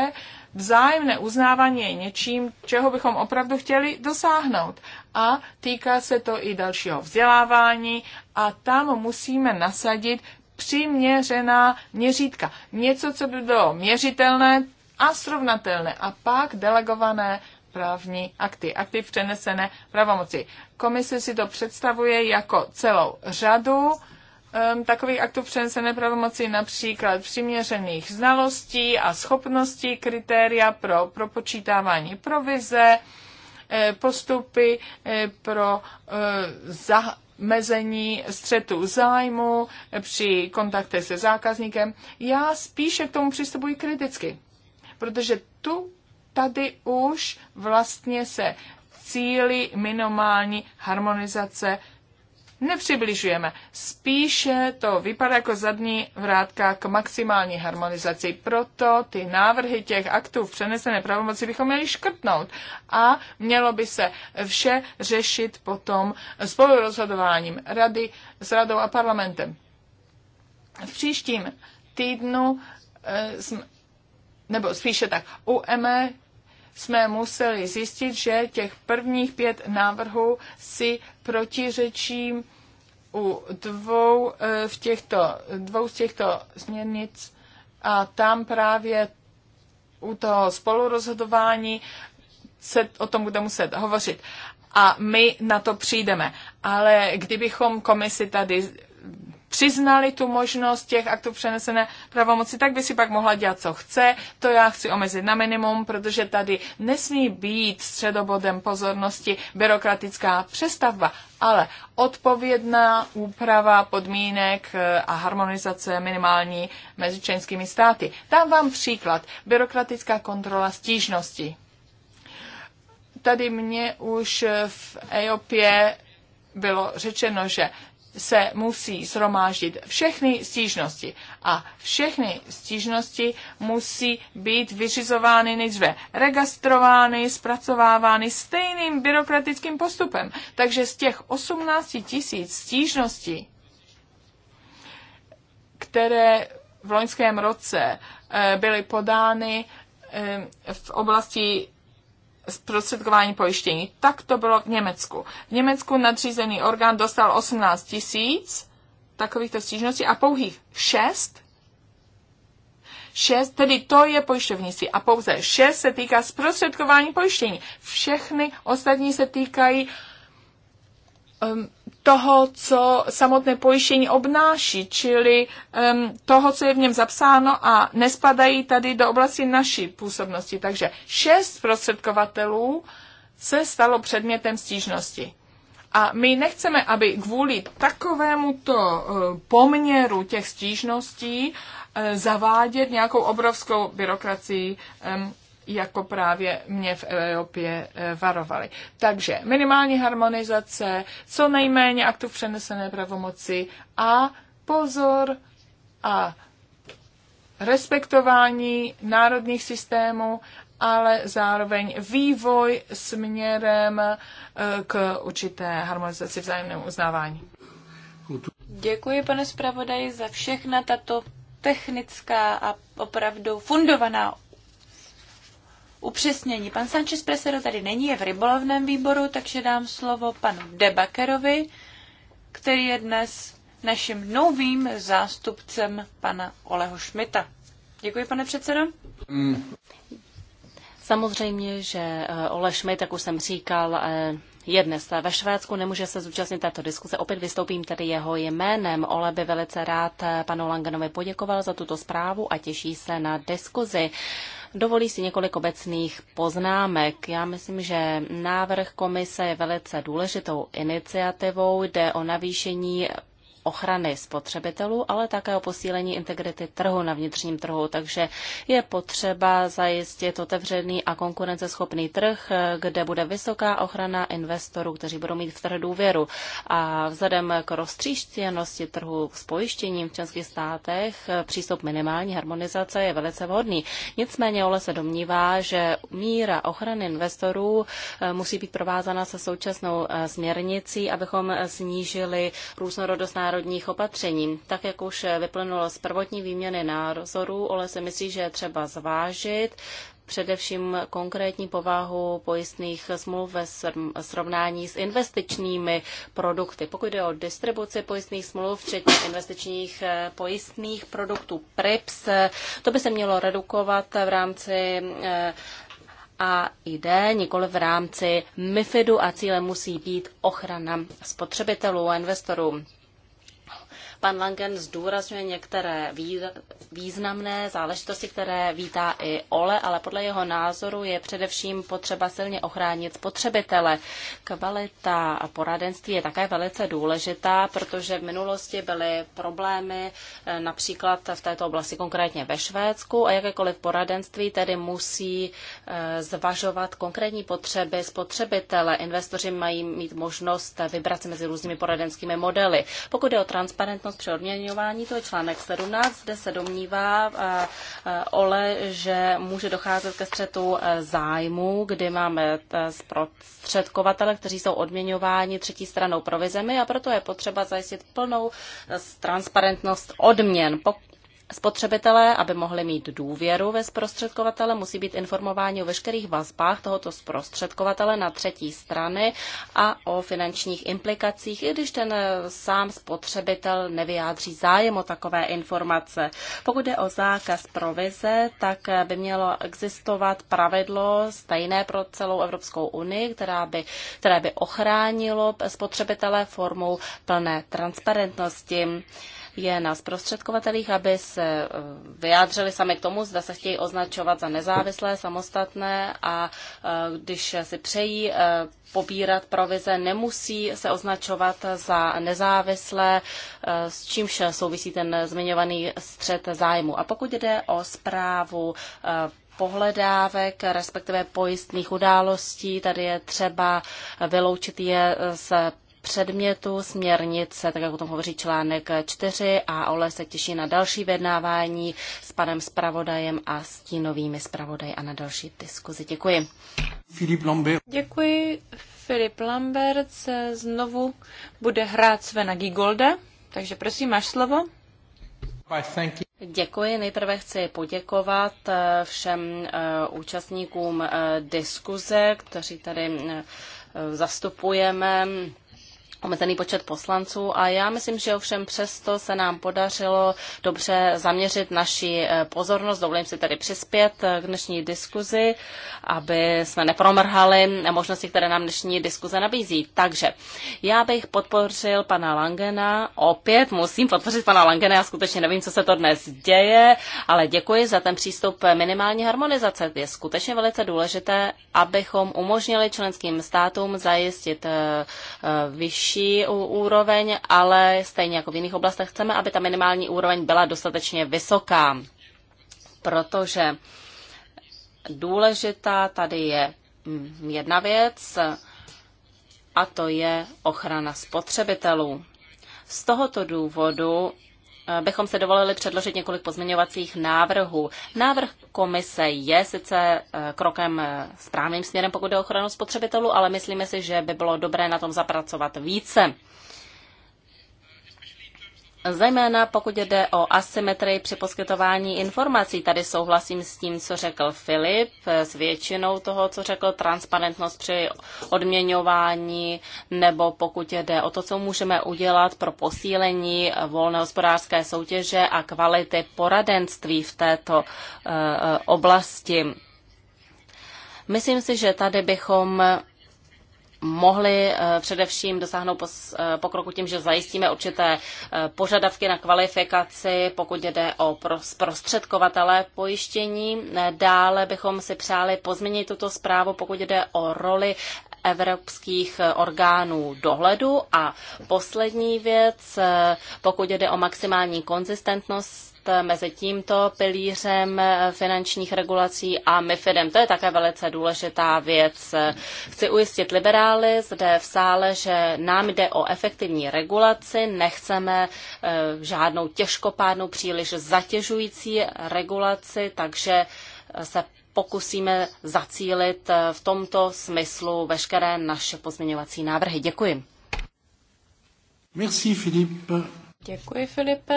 vzájemné uznávání je něčím, čeho bychom opravdu chtěli dosáhnout. A týká se to i dalšího vzdělávání a tam musíme nasadit přiměřená měřítka. Něco, co by bylo měřitelné a srovnatelné. A pak delegované právní akty, akty v přenesené pravomoci. Komise si to představuje jako celou řadu um, takových aktů přenesené pravomoci, například přiměřených znalostí a schopností, kritéria pro propočítávání provize, eh, postupy eh, pro eh, za, mezení střetu zájmu při kontakte se zákazníkem. Já spíše k tomu přistupuji kriticky, protože tu tady už vlastně se cíly minimální harmonizace nepřibližujeme. Spíše to vypadá jako zadní vrátka k maximální harmonizaci. Proto ty návrhy těch aktů v přenesené pravomoci bychom měli škrtnout a mělo by se vše řešit potom rozhodováním rady s radou a parlamentem. V příštím týdnu eh, nebo spíše tak, u EME jsme museli zjistit, že těch prvních pět návrhů si protiřečí u dvou, eh, v těchto, dvou z těchto směrnic a tam právě u toho spolurozhodování se o tom bude muset hovořit. A my na to přijdeme. Ale kdybychom komisi tady přiznali tu možnost těch aktů přenesené pravomoci, tak by si pak mohla dělat, co chce. To já chci omezit na minimum, protože tady nesmí být středobodem pozornosti byrokratická přestavba, ale odpovědná úprava podmínek eh, a harmonizace minimální mezi členskými státy. Dám vám příklad. Byrokratická kontrola stížnosti. Tady mě už v EOPě bylo řečeno, že se musí sromáždit všechny stížnosti a všechny stížnosti musí být vyřizovány nejdříve, registrovány, zpracovávány stejným byrokratickým postupem. Takže z těch 18 tisíc stížností, které v loňském roce eh, byly podány eh, v oblasti zprostředkování pojištění. Tak to bylo v Německu. V Německu nadřízený orgán dostal 18 tisíc takovýchto stížností a pouhých 6 6, tedy to je pojišťovnictví a pouze 6 se týká zprostředkování pojištění. Všechny ostatní se týkají uh, Um, toho, co samotné pojištění obnáší, čili um, toho, co je v něm zapsáno a nespadají tady do oblasti naší působnosti. Takže šest prostředkovatelů se stalo předmětem stížnosti. A my nechceme, aby kvůli takovémuto uh, poměru těch stížností uh, zavádět nějakou obrovskou byrokracii um, jako právě mě v Evropě eh, varovali. Takže minimální harmonizace, co nejméně aktu přenesené pravomoci a pozor a respektování národních systémů, ale zároveň vývoj směrem eh, k určité harmonizaci vzájemnému uznávání. Děkuji, pane zpravodaji, za všechna tato technická a opravdu fundovaná upřesnění. Pan Sanchez Presero tady není, je v rybolovném výboru, takže dám slovo panu Debakerovi, který je dnes naším novým zástupcem pana Oleho Šmita. Děkuji, pane předsedo. Mm. Samozřejmě, že eh, Ole Šmit, jak už jsem říkal, eh, je dnes ve Švédsku, nemůže se zúčastnit této diskuse. Opět vystoupím tedy jeho jménem. Ole by velice rád eh, panu Langanovi poděkoval za tuto zprávu a těší se na diskuzi dovolí si několik obecných poznámek. Já myslím, že návrh komise je velice důležitou iniciativou. Jde o navýšení ochrany spotřebitelů, ale také o posílení integrity trhu na vnitřním trhu. Takže je potřeba zajistit otevřený a konkurenceschopný trh, kde bude vysoká ochrana investorů, kteří budou mít v trh důvěru. A vzhledem k roztříštěnosti trhu s pojištěním v členských státech přístup minimální harmonizace je velice vhodný. Nicméně Ole se domnívá, že míra ochrany investorů eh, musí být provázána se současnou eh, směrnicí, abychom snížili různorodost národů národních opatření. Tak, jak už vyplynulo z prvotní výměny názorů, ale si myslí, že je třeba zvážit především konkrétní povahu pojistných smluv ve srovnání s investičními produkty. Pokud jde o distribuci pojistných smluv, včetně investičních eh, pojistných produktů PRIPS, eh, to by se mělo redukovat v rámci eh, a jde nikoli v rámci MIFIDu a cílem musí být ochrana spotřebitelů a investorů. Pan Langen zdůrazňuje některé významné záležitosti, které vítá i Ole, ale podle jeho názoru je především potřeba silně ochránit spotřebitele. Kvalita poradenství je také velice důležitá, protože v minulosti byly problémy eh, například v této oblasti konkrétně ve Švédsku a jakékoliv poradenství tedy musí eh, zvažovat konkrétní potřeby spotřebitele. Investoři mají mít možnost vybrat si mezi různými poradenskými modely. Pokud je o transparentnost, rovnost při odměňování, to je článek 17, kde se domnívá eh, eh, Ole, že může docházet ke střetu eh, zájmu, kdy máme zprostředkovatele, kteří jsou odměňováni třetí stranou provizemi a proto je potřeba zajistit plnou transparentnost odměn. Spotřebitelé, aby mohli mít důvěru ve zprostředkovatele, musí být informováni o veškerých vazbách tohoto zprostředkovatele na třetí strany a o finančních implikacích, i když ten eh, sám spotřebitel nevyjádří zájem o takové informace. Pokud je o zákaz provize, tak eh, by mělo existovat pravidlo stejné pro celou Evropskou unii, která by, které by ochránilo spotřebitele formou plné transparentnosti je na zprostředkovatelích, aby se eh, vyjádřili sami k tomu, zda se chtějí označovat za nezávislé, samostatné a eh, když si přejí eh, pobírat provize, nemusí se označovat za nezávislé, s čímž souvisí ten zmiňovaný střed zájmu. A pokud jde o zprávu pohledávek, respektive pojistných událostí. Tady je třeba vyloučit je z předmětu směrnice, tak jak o tom hovoří článek 4 a Ole se těší na další vyjednávání s panem zpravodajem a s stínovými zpravodaj a na další diskuzi. Děkuji. Filip Lambert. Děkuji. Filip Lambert se znovu bude hrát na gigolde, takže prosím, máš slovo. Děkuji. Nejprve chci poděkovat eh, všem eh, účastníkům eh, diskuze, kteří tady zastupujeme omezený počet poslanců a já myslím, že ovšem přesto se nám podařilo dobře zaměřit naši eh, pozornost, dovolím si tedy přispět eh, k dnešní diskuzi, aby jsme nepromrhali možnosti, které nám dnešní diskuze nabízí. Takže já bych podpořil pana Langena, opět musím podpořit pana Langena, já skutečně nevím, co se to dnes děje, ale děkuji za ten přístup minimální harmonizace. Je skutečně velice důležité, abychom umožnili členským státům zajistit eh, vyšší nižší úroveň, ale stejně jako v jiných oblastech chceme, aby ta minimální úroveň byla dostatečně vysoká, protože důležitá tady je mm, jedna věc, a to je ochrana spotřebitelů. Z tohoto důvodu bychom se dovolili předložit několik pozměňovacích návrhů. Návrh komise je sice eh, krokem eh, správným směrem, pokud je ochranu spotřebitelů, ale myslíme si, že by bylo dobré na tom zapracovat více. Zejména pokud jde o asymetrii při poskytování informací, tady souhlasím s tím, co řekl Filip, s většinou toho, co řekl transparentnost při odměňování, nebo pokud jde o to, co můžeme udělat pro posílení volné hospodářské soutěže a kvality poradenství v této eh, oblasti. Myslím si, že tady bychom mohli eh, především dosáhnout eh, pokroku tím, že zajistíme určité eh, požadavky na kvalifikaci, pokud jde o zprostředkovatele pojištění. Dále bychom si přáli pozměnit tuto zprávu, pokud jde o roli evropských orgánů dohledu. A poslední věc, pokud jde o maximální konzistentnost mezi tímto pilířem finančních regulací a MIFIDem. To je také velice důležitá věc. Chci ujistit liberály zde v sále, že nám jde o efektivní regulaci, nechceme eh, žádnou těžkopádnou, příliš zatěžující regulaci, takže se pokusíme zacílit eh, v tomto smyslu veškeré naše pozměňovací návrhy. Děkuji. Merci, Filip. Děkuji, Filipe.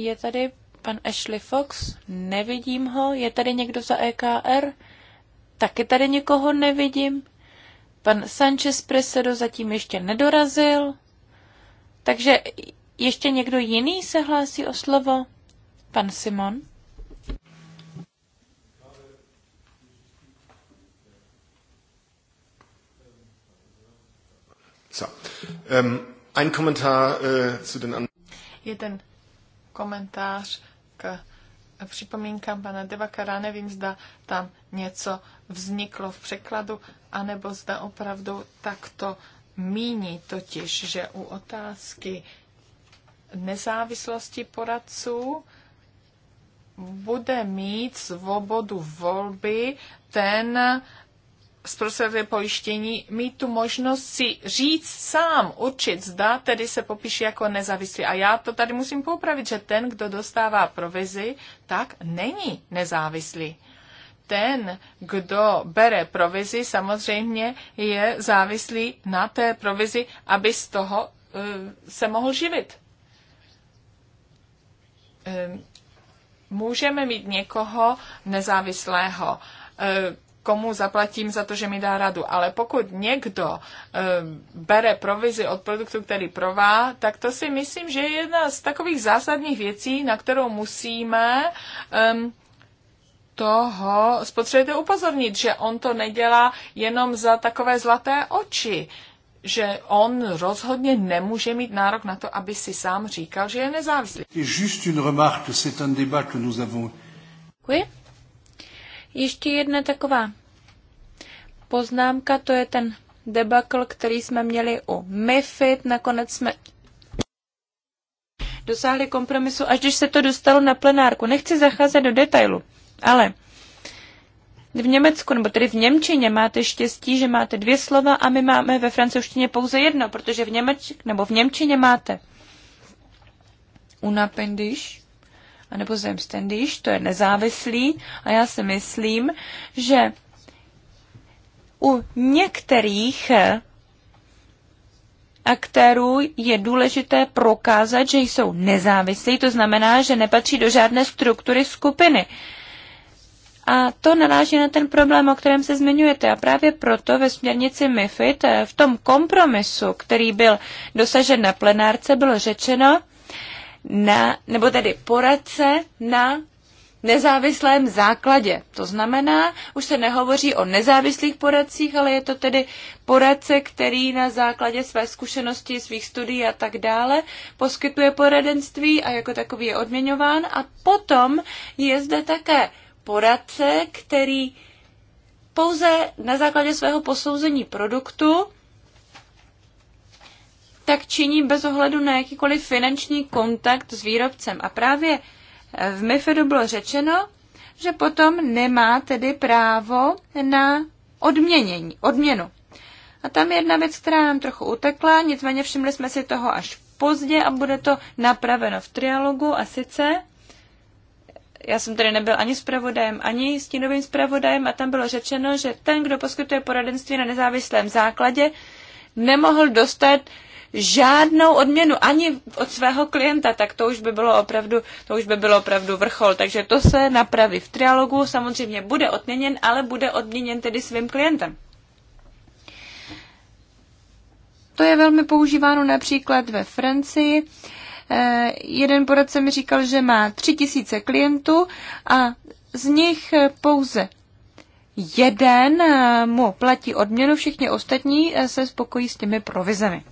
Je tady pan Ashley Fox? Nevidím ho. Je tady někdo za EKR? Taky tady někoho nevidím. Pan Sanchez Presedo zatím ještě nedorazil. Takže ještě někdo jiný se hlásí o slovo? Pan Simon? So. Um, ein Kommentar uh, zu den anderen. ten komentář k připomínkám pana Devakara. Nevím, zda tam něco vzniklo v překladu, anebo zda opravdu takto míní totiž, že u otázky nezávislosti poradců bude mít svobodu volby ten zprostředkové pojištění mít tu možnost si říct sám, určit, zda tedy se popíše jako nezávislý. A já to tady musím poupravit, že ten, kdo dostává provizi, tak není nezávislý. Ten, kdo bere provizi, samozřejmě je závislý na té provizi, aby z toho uh, se mohl živit. Uh, můžeme mít někoho nezávislého. Uh, komu zaplatím za to, že mi dá radu. Ale pokud někdo e, bere provizi od produktu, který prová, tak to si myslím, že je jedna z takových zásadních věcí, na kterou musíme e, toho spotřebujete upozornit, že on to nedělá jenom za takové zlaté oči že on rozhodně nemůže mít nárok na to, aby si sám říkal, že je nezávislý. Ještě jedna taková poznámka, to je ten debakl, který jsme měli u MIFID. Nakonec jsme dosáhli kompromisu, až když se to dostalo na plenárku. Nechci zacházet do detailu, ale v Německu, nebo tedy v Němčině máte štěstí, že máte dvě slova a my máme ve francouzštině pouze jedno, protože v, Němeč, nebo v Němčině máte unapendiš, anebo zemstendiš, to je nezávislý a já si myslím, že u některých aktérů je důležité prokázat, že jsou nezávislí, to znamená, že nepatří do žádné struktury skupiny. A to naráží na ten problém, o kterém se zmiňujete. A právě proto ve směrnici MIFID eh, v tom kompromisu, který byl dosažen na plenárce, bylo řečeno, na, nebo tedy poradce na nezávislém základě. To znamená, už se nehovoří o nezávislých poradcích, ale je to tedy poradce, který na základě své zkušenosti, svých studií a tak dále poskytuje poradenství a jako takový je odměňován. A potom je zde také poradce, který pouze na základě svého posouzení produktu tak činí bez ohledu na jakýkoliv finanční kontakt s výrobcem. A právě v MIFIDu bylo řečeno, že potom nemá tedy právo na odměnění, odměnu. A tam jedna věc, která nám trochu utekla, nicméně všimli jsme si toho až pozdě a bude to napraveno v trialogu a sice já jsem tedy nebyl ani zpravodajem, ani stínovým zpravodajem a tam bylo řečeno, že ten, kdo poskytuje poradenství na nezávislém základě, nemohl dostat žádnou odměnu ani od svého klienta, tak to už by bylo opravdu, to už by bylo opravdu vrchol. Takže to se napraví v trialogu, samozřejmě bude odměněn, ale bude odměněn tedy svým klientem. To je velmi používáno například ve Francii. Eh, jeden poradce mi říkal, že má tři tisíce klientů a z nich pouze jeden eh, mu platí odměnu, všichni ostatní eh, se spokojí s těmi provizemi.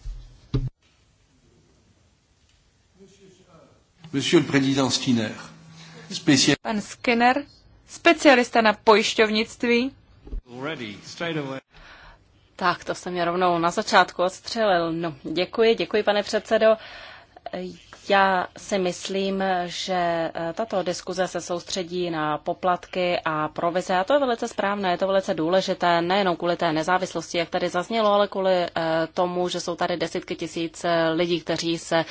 Monsieur le Président Skinner, Pan Skinner, specialista na pojišťovnictví. Already, tak, to jsem mě rovnou na začátku odstřelil. No, děkuji, děkuji, pane předsedo. Já si myslím, že eh, tato diskuze se soustředí na poplatky a provize a to je velice správné, je to velice důležité, nejenom kvůli té nezávislosti, jak tady zaznělo, ale kvůli eh, tomu, že jsou tady desítky tisíc eh, lidí, kteří se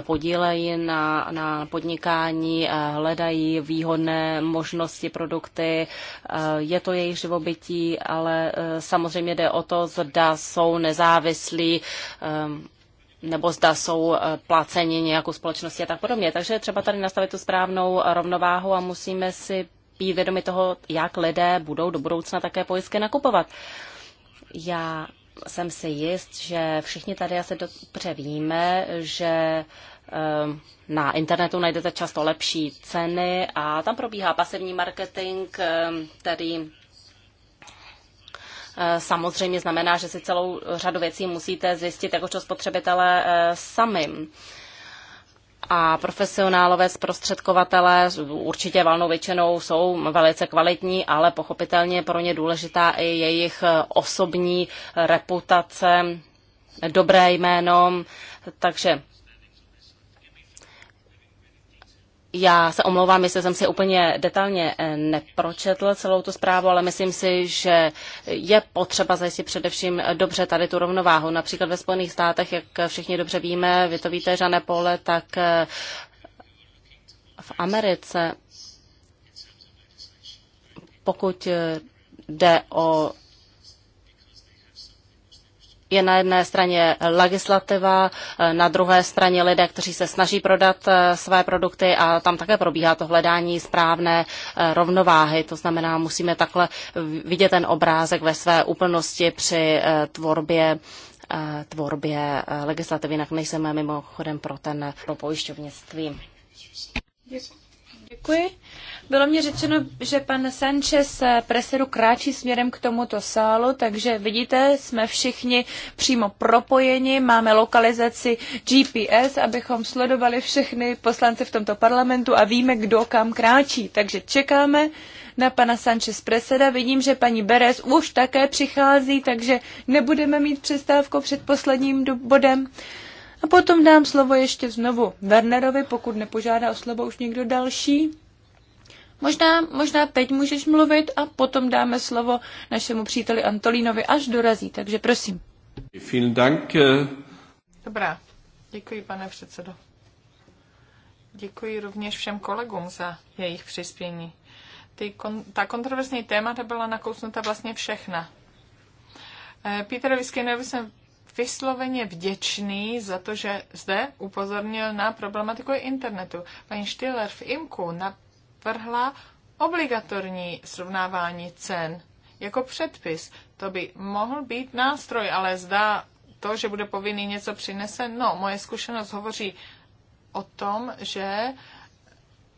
podílejí na, na podnikání, hledají výhodné možnosti, produkty, je to jejich živobytí, ale samozřejmě jde o to, zda jsou nezávislí nebo zda jsou eh, placeni nějakou společností a tak podobně. Takže třeba tady nastavit tu správnou rovnováhu a musíme si být vědomi toho, jak lidé budou do budoucna také pojistky nakupovat. Já jsem si jist, že všichni tady asi dobře víme, že eh, na internetu najdete často lepší ceny a tam probíhá pasivní marketing, který eh, Eh, samozřejmě znamená, že si celou řadu věcí musíte zjistit jakožto spotřebitelé eh, sami. A profesionálové zprostředkovatele určitě valnou většinou jsou velice kvalitní, ale pochopitelně pro ně důležitá i jejich eh, osobní reputace, dobré jméno. Takže Já se omlouvám, jestli jsem si úplně detailně eh, nepročetl celou tu zprávu, ale myslím si, že je potřeba zajistit především dobře tady tu rovnováhu. Například ve Spojených státech, jak všichni dobře víme, vy to víte, Žané Pole, tak eh, v Americe, pokud eh, jde o je na jedné straně legislativa, eh, na druhé straně lidé, kteří se snaží prodat eh, své produkty a tam také probíhá to hledání správné eh, rovnováhy. To znamená, musíme takhle vidět ten obrázek ve své úplnosti při tvorbě tvorbě legislativy, jinak nejsem mimochodem pro ten pro pojišťovnictví. Děkuji. Bylo mě řečeno, že pan Sanchez preseru kráčí směrem k tomuto sálu, takže vidíte, jsme všichni přímo propojeni, máme lokalizaci GPS, abychom sledovali všechny poslance v tomto parlamentu a víme, kdo kam kráčí. Takže čekáme na pana Sanchez Preseda. Vidím, že paní Beres už také přichází, takže nebudeme mít přestávku před posledním bodem. A potom dám slovo ještě znovu Wernerovi, pokud nepožádá o slovo už někdo další. Možná, možná teď můžeš mluvit a potom dáme slovo našemu příteli Antolínovi, až dorazí, takže prosím. Eh. Dobrá, děkuji pane předsedo. Děkuji rovněž všem kolegům za jejich přispění. Ty kon, ta kontroverzní témata byla nakousnuta vlastně všechna. Eh, Peterovi Skinnerovi jsem vysloveně vděčný za to, že zde upozornil na problematiku internetu. Paní Stiller v IMKU na navrhla obligatorní srovnávání cen jako předpis. To by mohl být nástroj, ale zdá to, že bude povinný něco přinese. No, moje zkušenost hovoří o tom, že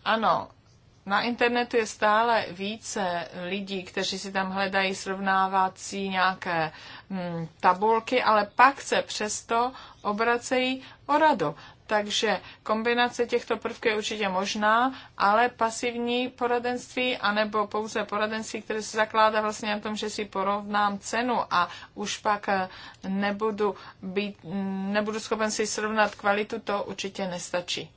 ano, na internetu je stále více lidí, kteří si tam hledají srovnávací nějaké mm, tabulky, ale pak se přesto obracejí o radu. Takže kombinace těchto prvků je určitě možná, ale pasivní poradenství, anebo pouze poradenství, které se zakládá vlastně na tom, že si porovnám cenu a už pak eh, nebudu, být, mm, nebudu schopen si srovnat kvalitu, to určitě nestačí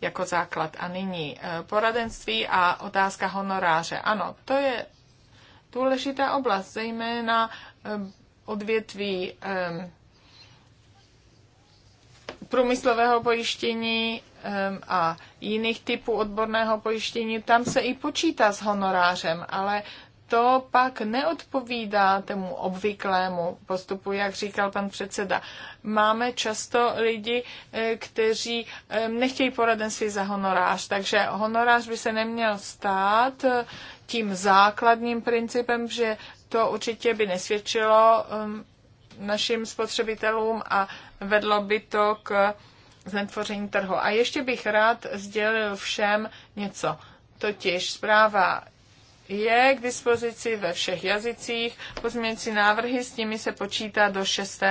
jako základ. A nyní eh, poradenství a otázka honoráře. Ano, to je důležitá oblast, zejména eh, odvětví um, průmyslového pojištění a jiných typů odborného pojištění, tam se i počítá s honorářem, ale to pak neodpovídá tomu obvyklému postupu, jak říkal pan předseda. Máme často lidi, eh, kteří nechtějí poradenství za honorář, takže honorář by se neměl stát eh, tím základním principem, že to určitě by nesvědčilo našim spotřebitelům a vedlo by to k znetvoření trhu. A ještě bych rád sdělil všem něco. Totiž zpráva je k dispozici ve všech jazycích. Pozměňující návrhy s nimi se počítá do 6.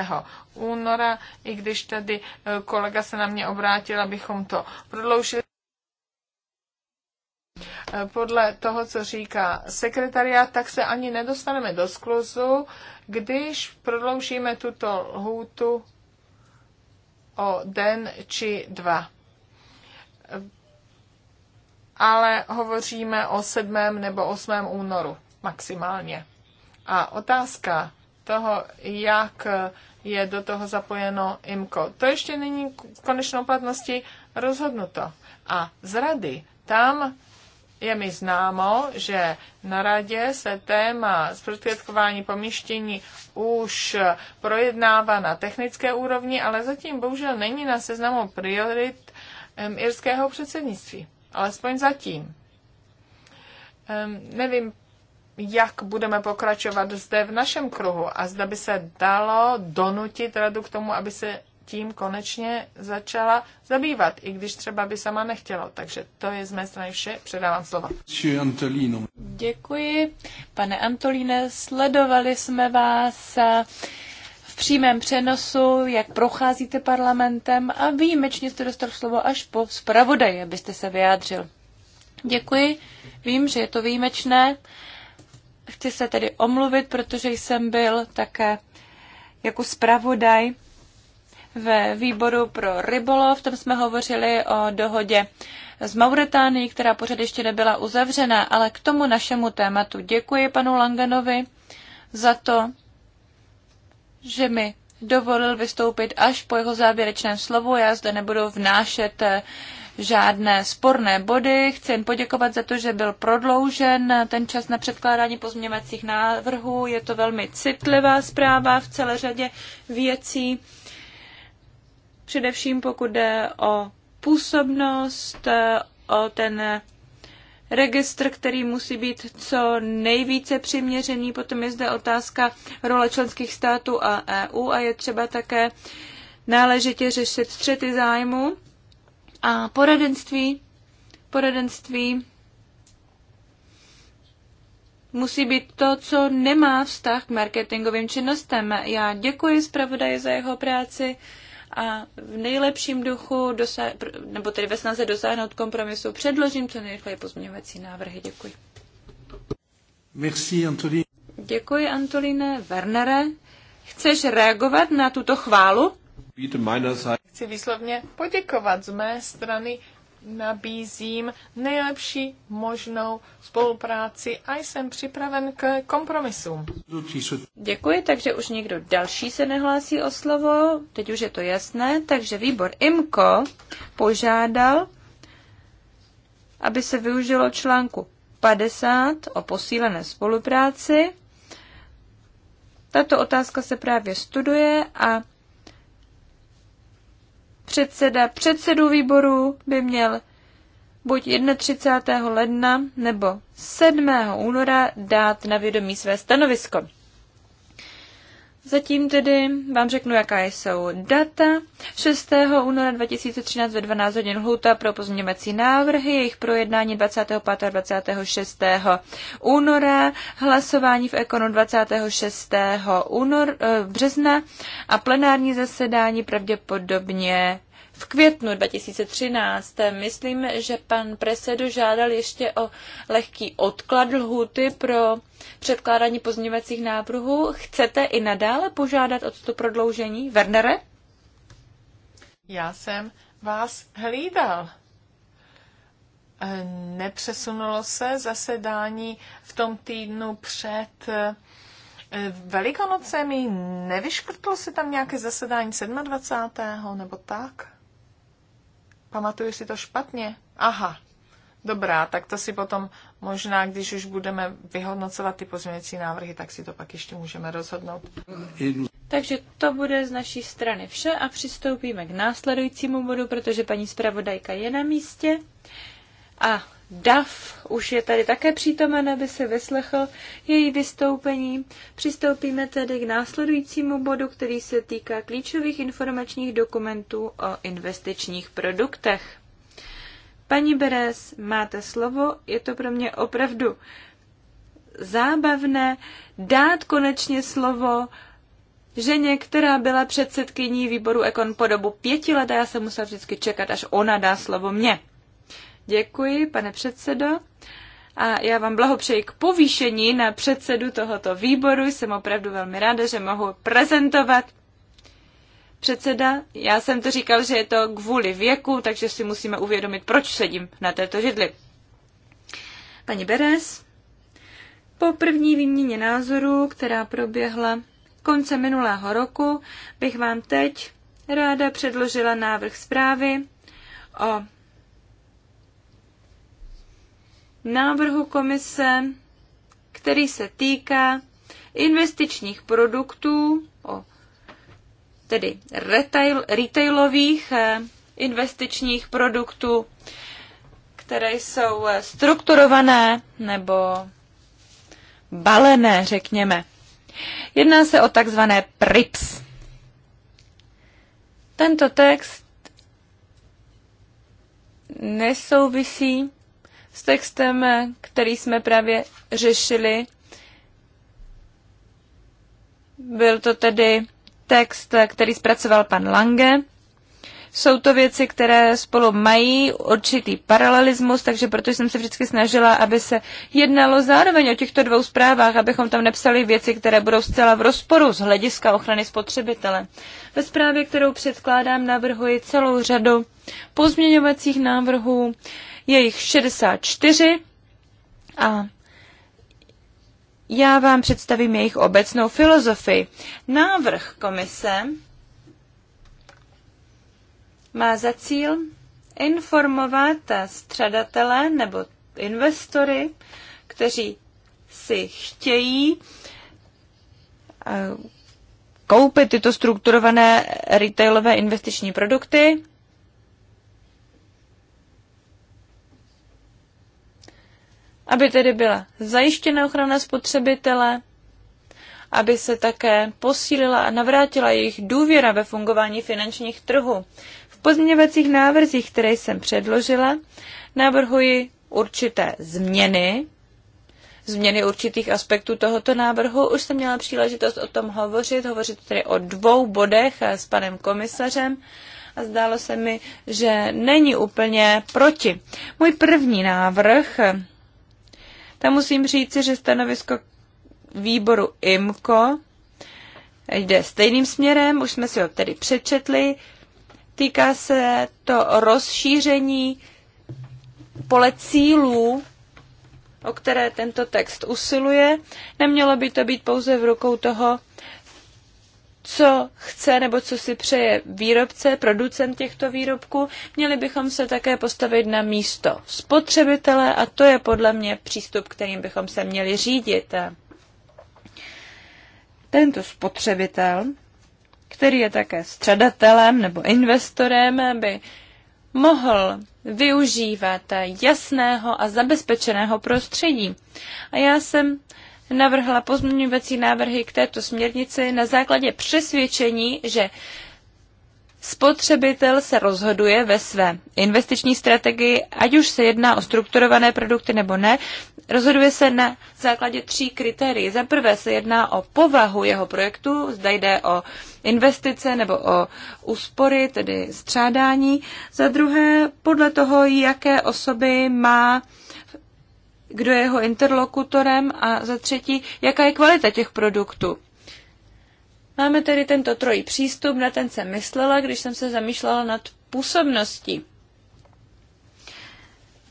února, i když tady eh, kolega se na mě obrátil, abychom to prodloužili. Eh, podle toho, co říká sekretariat, tak se ani nedostaneme do skluzu, když prodloužíme tuto lhůtu o den či dva. Eh, ale hovoříme o 7. nebo 8. únoru maximálně. A otázka toho, jak je do toho zapojeno IMCO. To ještě není v konečnou platnosti rozhodnuto. A z rady tam je mi známo, že na radě se téma zprostředkování pomištění už projednává na technické úrovni, ale zatím bohužel není na seznamu priorit irského předsednictví. Alespoň zatím. nevím, jak budeme pokračovat zde v našem kruhu a zda by se dalo donutit radu k tomu, aby se tím konečně začala zabývat, i když třeba by sama nechtěla. Takže to je z mé strany vše. Předávám slova. Děkuji. Pane Antolíne, sledovali jsme vás eh, v přímém přenosu, jak procházíte parlamentem a výjimečně jste dostal slovo až po zpravodaji, abyste se vyjádřil. Děkuji. Vím, že je to výjimečné. Chci se tedy omluvit, protože jsem byl také jako zpravodaj ve výboru pro rybolov, tam jsme hovořili o dohodě z Mauritánii, která pořád ještě nebyla uzavřena, ale k tomu našemu tématu děkuji panu Langanovi za to, že mi dovolil vystoupit až po jeho závěrečném slovu. Já zde nebudu vnášet eh, žádné sporné body. Chci jen poděkovat za to, že byl prodloužen ten čas na předkládání pozměňovacích návrhů. Je to velmi citlivá zpráva v celé řadě věcí především pokud jde o působnost, e, o ten registr, který musí být co nejvíce přiměřený. Potom je zde otázka role členských států a EU a je třeba také náležitě řešit střety zájmu a poradenství. Poradenství musí být to, co nemá vztah k marketingovým činnostem. Já děkuji zpravodaji za jeho práci a v nejlepším duchu, dosa- nebo tedy ve snaze dosáhnout kompromisu, předložím co nejrychleji pozměňovací návrhy. Děkuji. Merci, Antoline. Děkuji, Antoline. Wernere, chceš reagovat na tuto chválu? Chci výslovně poděkovat z mé strany nabízím nejlepší možnou spolupráci a jsem připraven k kompromisům. Děkuji, takže už někdo další se nehlásí o slovo, teď už je to jasné, takže výbor IMKO požádal, aby se využilo článku 50 o posílené spolupráci. Tato otázka se právě studuje a předseda předsedů výboru by měl buď 31. ledna nebo 7. února dát na vědomí své stanovisko. Zatím tedy vám řeknu, jaká jsou data. 6. února 2013 ve 12 hodin lhůta pro pozměňovací návrhy, jejich projednání 25. a 26. února, hlasování v Ekonu 26. Únor, eh, března a plenární zasedání pravděpodobně v květnu 2013. Myslím, že pan Presedo žádal ještě o lehký odklad lhuty pro předkládání pozměňovacích návrhů. Chcete i nadále požádat o toto prodloužení? Wernere? Já jsem vás hlídal e, nepřesunulo se zasedání v tom týdnu před e, Velikonocemi? Nevyškrtlo se tam nějaké zasedání 27. nebo tak? Pamatuju si to špatně? Aha, dobrá, tak to si potom možná, když už budeme vyhodnocovat ty pozměňující návrhy, tak si to pak ještě můžeme rozhodnout. Takže to bude z naší strany vše a přistoupíme k následujícímu bodu, protože paní zpravodajka je na místě. A DAF už je tady také přítomen, aby se vyslechl její vystoupení. Přistoupíme tedy k následujícímu bodu, který se týká klíčových informačních dokumentů o investičních produktech. Paní Beres, máte slovo, je to pro mě opravdu zábavné dát konečně slovo ženě, která byla předsedkyní výboru Ekon po dobu pěti let a já jsem musela vždycky čekat, až ona dá slovo mně. Děkuji, pane předsedo. A já vám blahopřeji k povýšení na předsedu tohoto výboru. Jsem opravdu velmi ráda, že mohu prezentovat předseda. Já jsem to říkal, že je to kvůli věku, takže si musíme uvědomit, proč sedím na této židli. Paní Beres, po první výměně názorů, která proběhla konce minulého roku, bych vám teď ráda předložila návrh zprávy o návrhu komise, který se týká investičních produktů, o, tedy retail, retailových eh, investičních produktů, které jsou eh, strukturované nebo balené, řekněme. Jedná se o takzvané PRIPS. Tento text nesouvisí s textem, který jsme právě řešili. Byl to tedy text, který zpracoval pan Lange. Jsou to věci, které spolu mají určitý paralelismus, takže proto jsem se vždycky snažila, aby se jednalo zároveň o těchto dvou zprávách, abychom tam nepsali věci, které budou zcela v rozporu z hlediska ochrany spotřebitele. Ve zprávě, kterou předkládám, navrhuji celou řadu pozměňovacích návrhů, je jich 64 a já vám představím jejich obecnou filozofii. Návrh komise má za cíl informovat střadatele nebo investory, kteří si chtějí eh, koupit tyto strukturované retailové investiční produkty, aby tedy byla zajištěna ochrana spotřebitele, aby se také posílila a navrátila jejich důvěra ve fungování finančních trhů. V pozměňovacích návrzích, které jsem předložila, navrhuji určité změny, změny určitých aspektů tohoto návrhu. Už jsem měla příležitost o tom hovořit, hovořit tedy o dvou bodech eh, s panem komisařem a zdálo se mi, že není úplně proti. Můj první návrh tam musím říci, že stanovisko výboru IMCO jde stejným směrem, už jsme si ho tedy přečetli. Týká se to rozšíření pole cílů, o které tento text usiluje. Nemělo by to být pouze v rukou toho, co chce nebo co si přeje výrobce, producent těchto výrobků. Měli bychom se také postavit na místo spotřebitele a to je podle mě přístup, kterým bychom se měli řídit. Tento spotřebitel, který je také středatelem nebo investorem, by mohl využívat jasného a zabezpečeného prostředí. A já jsem navrhla pozměňovací návrhy k této směrnici na základě přesvědčení, že Spotřebitel se rozhoduje ve své investiční strategii, ať už se jedná o strukturované produkty nebo ne, rozhoduje se na základě tří kritérií. Za prvé se jedná o povahu jeho projektu, zda jde o investice nebo o úspory, tedy střádání. Za druhé podle toho, jaké osoby má kdo je jeho interlokutorem a za třetí, jaká je kvalita těch produktů. Máme tedy tento trojí přístup, na ten jsem myslela, když jsem se zamýšlela nad působností.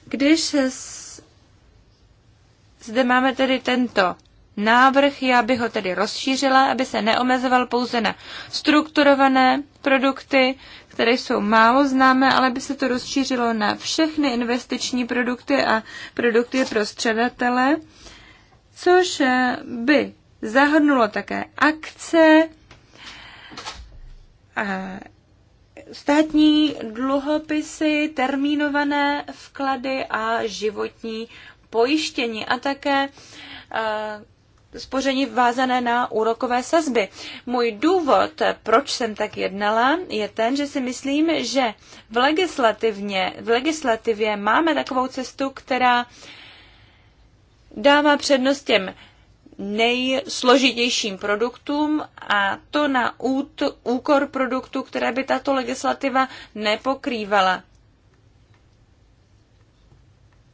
Když zde máme tedy tento návrh, já bych ho tedy rozšířila, aby se neomezoval pouze na strukturované produkty, které jsou málo známé, ale by se to rozšířilo na všechny investiční produkty a produkty pro středatele, což eh, by zahrnulo také akce, eh, státní dluhopisy, termínované vklady a životní pojištění a také eh, spoření vázané na úrokové sazby. Můj důvod, proč jsem tak jednala, je ten, že si myslím, že v, legislativně, v legislativě máme takovou cestu, která dává přednost těm nejsložitějším produktům a to na út, úkor produktů, které by tato legislativa nepokrývala.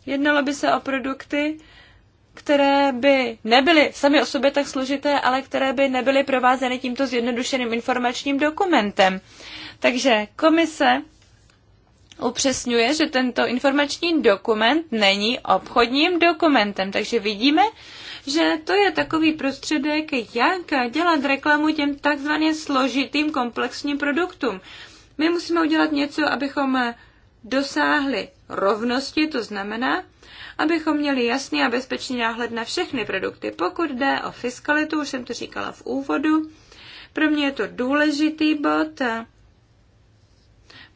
Jednalo by se o produkty, které by nebyly sami o sobě tak složité, ale které by nebyly provázeny tímto zjednodušeným informačním dokumentem. Takže komise upřesňuje, že tento informační dokument není obchodním dokumentem. Takže vidíme, že to je takový prostředek, jak dělat reklamu těm takzvaně složitým komplexním produktům. My musíme udělat něco, abychom dosáhli rovnosti, to znamená, abychom měli jasný a bezpečný náhled na všechny produkty. Pokud jde o fiskalitu, už jsem to říkala v úvodu, pro mě je to důležitý bod.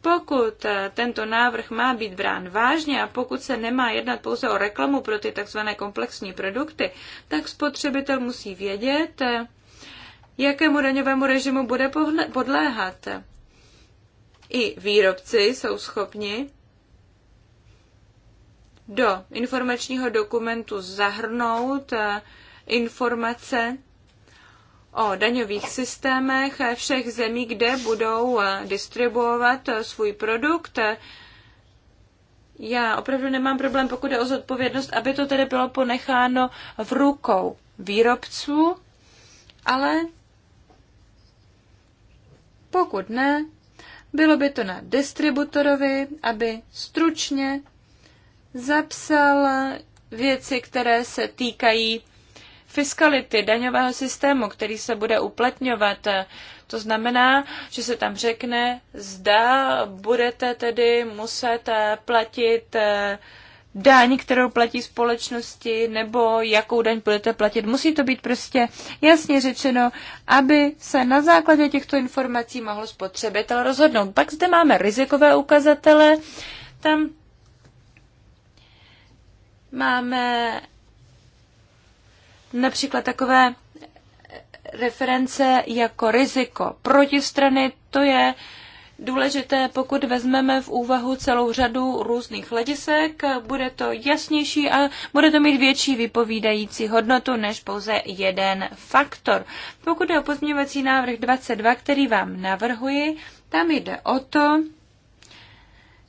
Pokud tento návrh má být brán vážně a pokud se nemá jednat pouze o reklamu pro ty tzv. komplexní produkty, tak spotřebitel musí vědět, jakému daňovému režimu bude podléhat. I výrobci jsou schopni do informačního dokumentu zahrnout eh, informace o daňových systémech všech zemí, kde budou eh, distribuovat eh, svůj produkt. Já opravdu nemám problém, pokud je o zodpovědnost, aby to tedy bylo ponecháno v rukou výrobců, ale pokud ne, bylo by to na distributorovi, aby stručně zapsal věci, které se týkají fiskality daňového systému, který se bude uplatňovat. To znamená, že se tam řekne, zda budete tedy muset eh, platit eh, daň, kterou platí společnosti, nebo jakou daň budete platit. Musí to být prostě jasně řečeno, aby se na základě těchto informací mohl spotřebitel rozhodnout. Pak zde máme rizikové ukazatele, tam Máme například takové reference jako riziko protistrany. To je důležité, pokud vezmeme v úvahu celou řadu různých hledisek, bude to jasnější a bude to mít větší vypovídající hodnotu než pouze jeden faktor. Pokud je o pozměňovací návrh 22, který vám navrhuji, tam jde o to,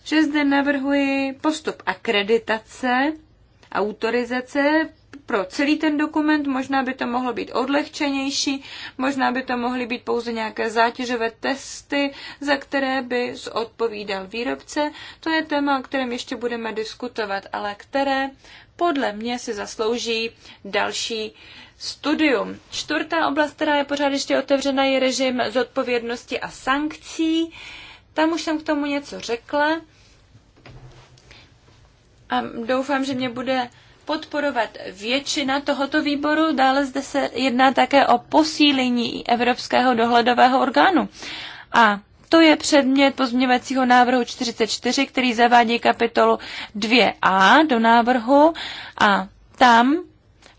že zde navrhuji postup akreditace autorizace pro celý ten dokument, možná by to mohlo být odlehčenější, možná by to mohly být pouze nějaké zátěžové testy, za které by odpovídal výrobce. To je téma, o kterém ještě budeme diskutovat, ale které podle mě si zaslouží další studium. Čtvrtá oblast, která je pořád ještě otevřena, je režim zodpovědnosti a sankcí. Tam už jsem k tomu něco řekla a doufám, že mě bude podporovat většina tohoto výboru. Dále zde se jedná také o posílení Evropského dohledového orgánu. A to je předmět pozměňovacího návrhu 44, který zavádí kapitolu 2a do návrhu a tam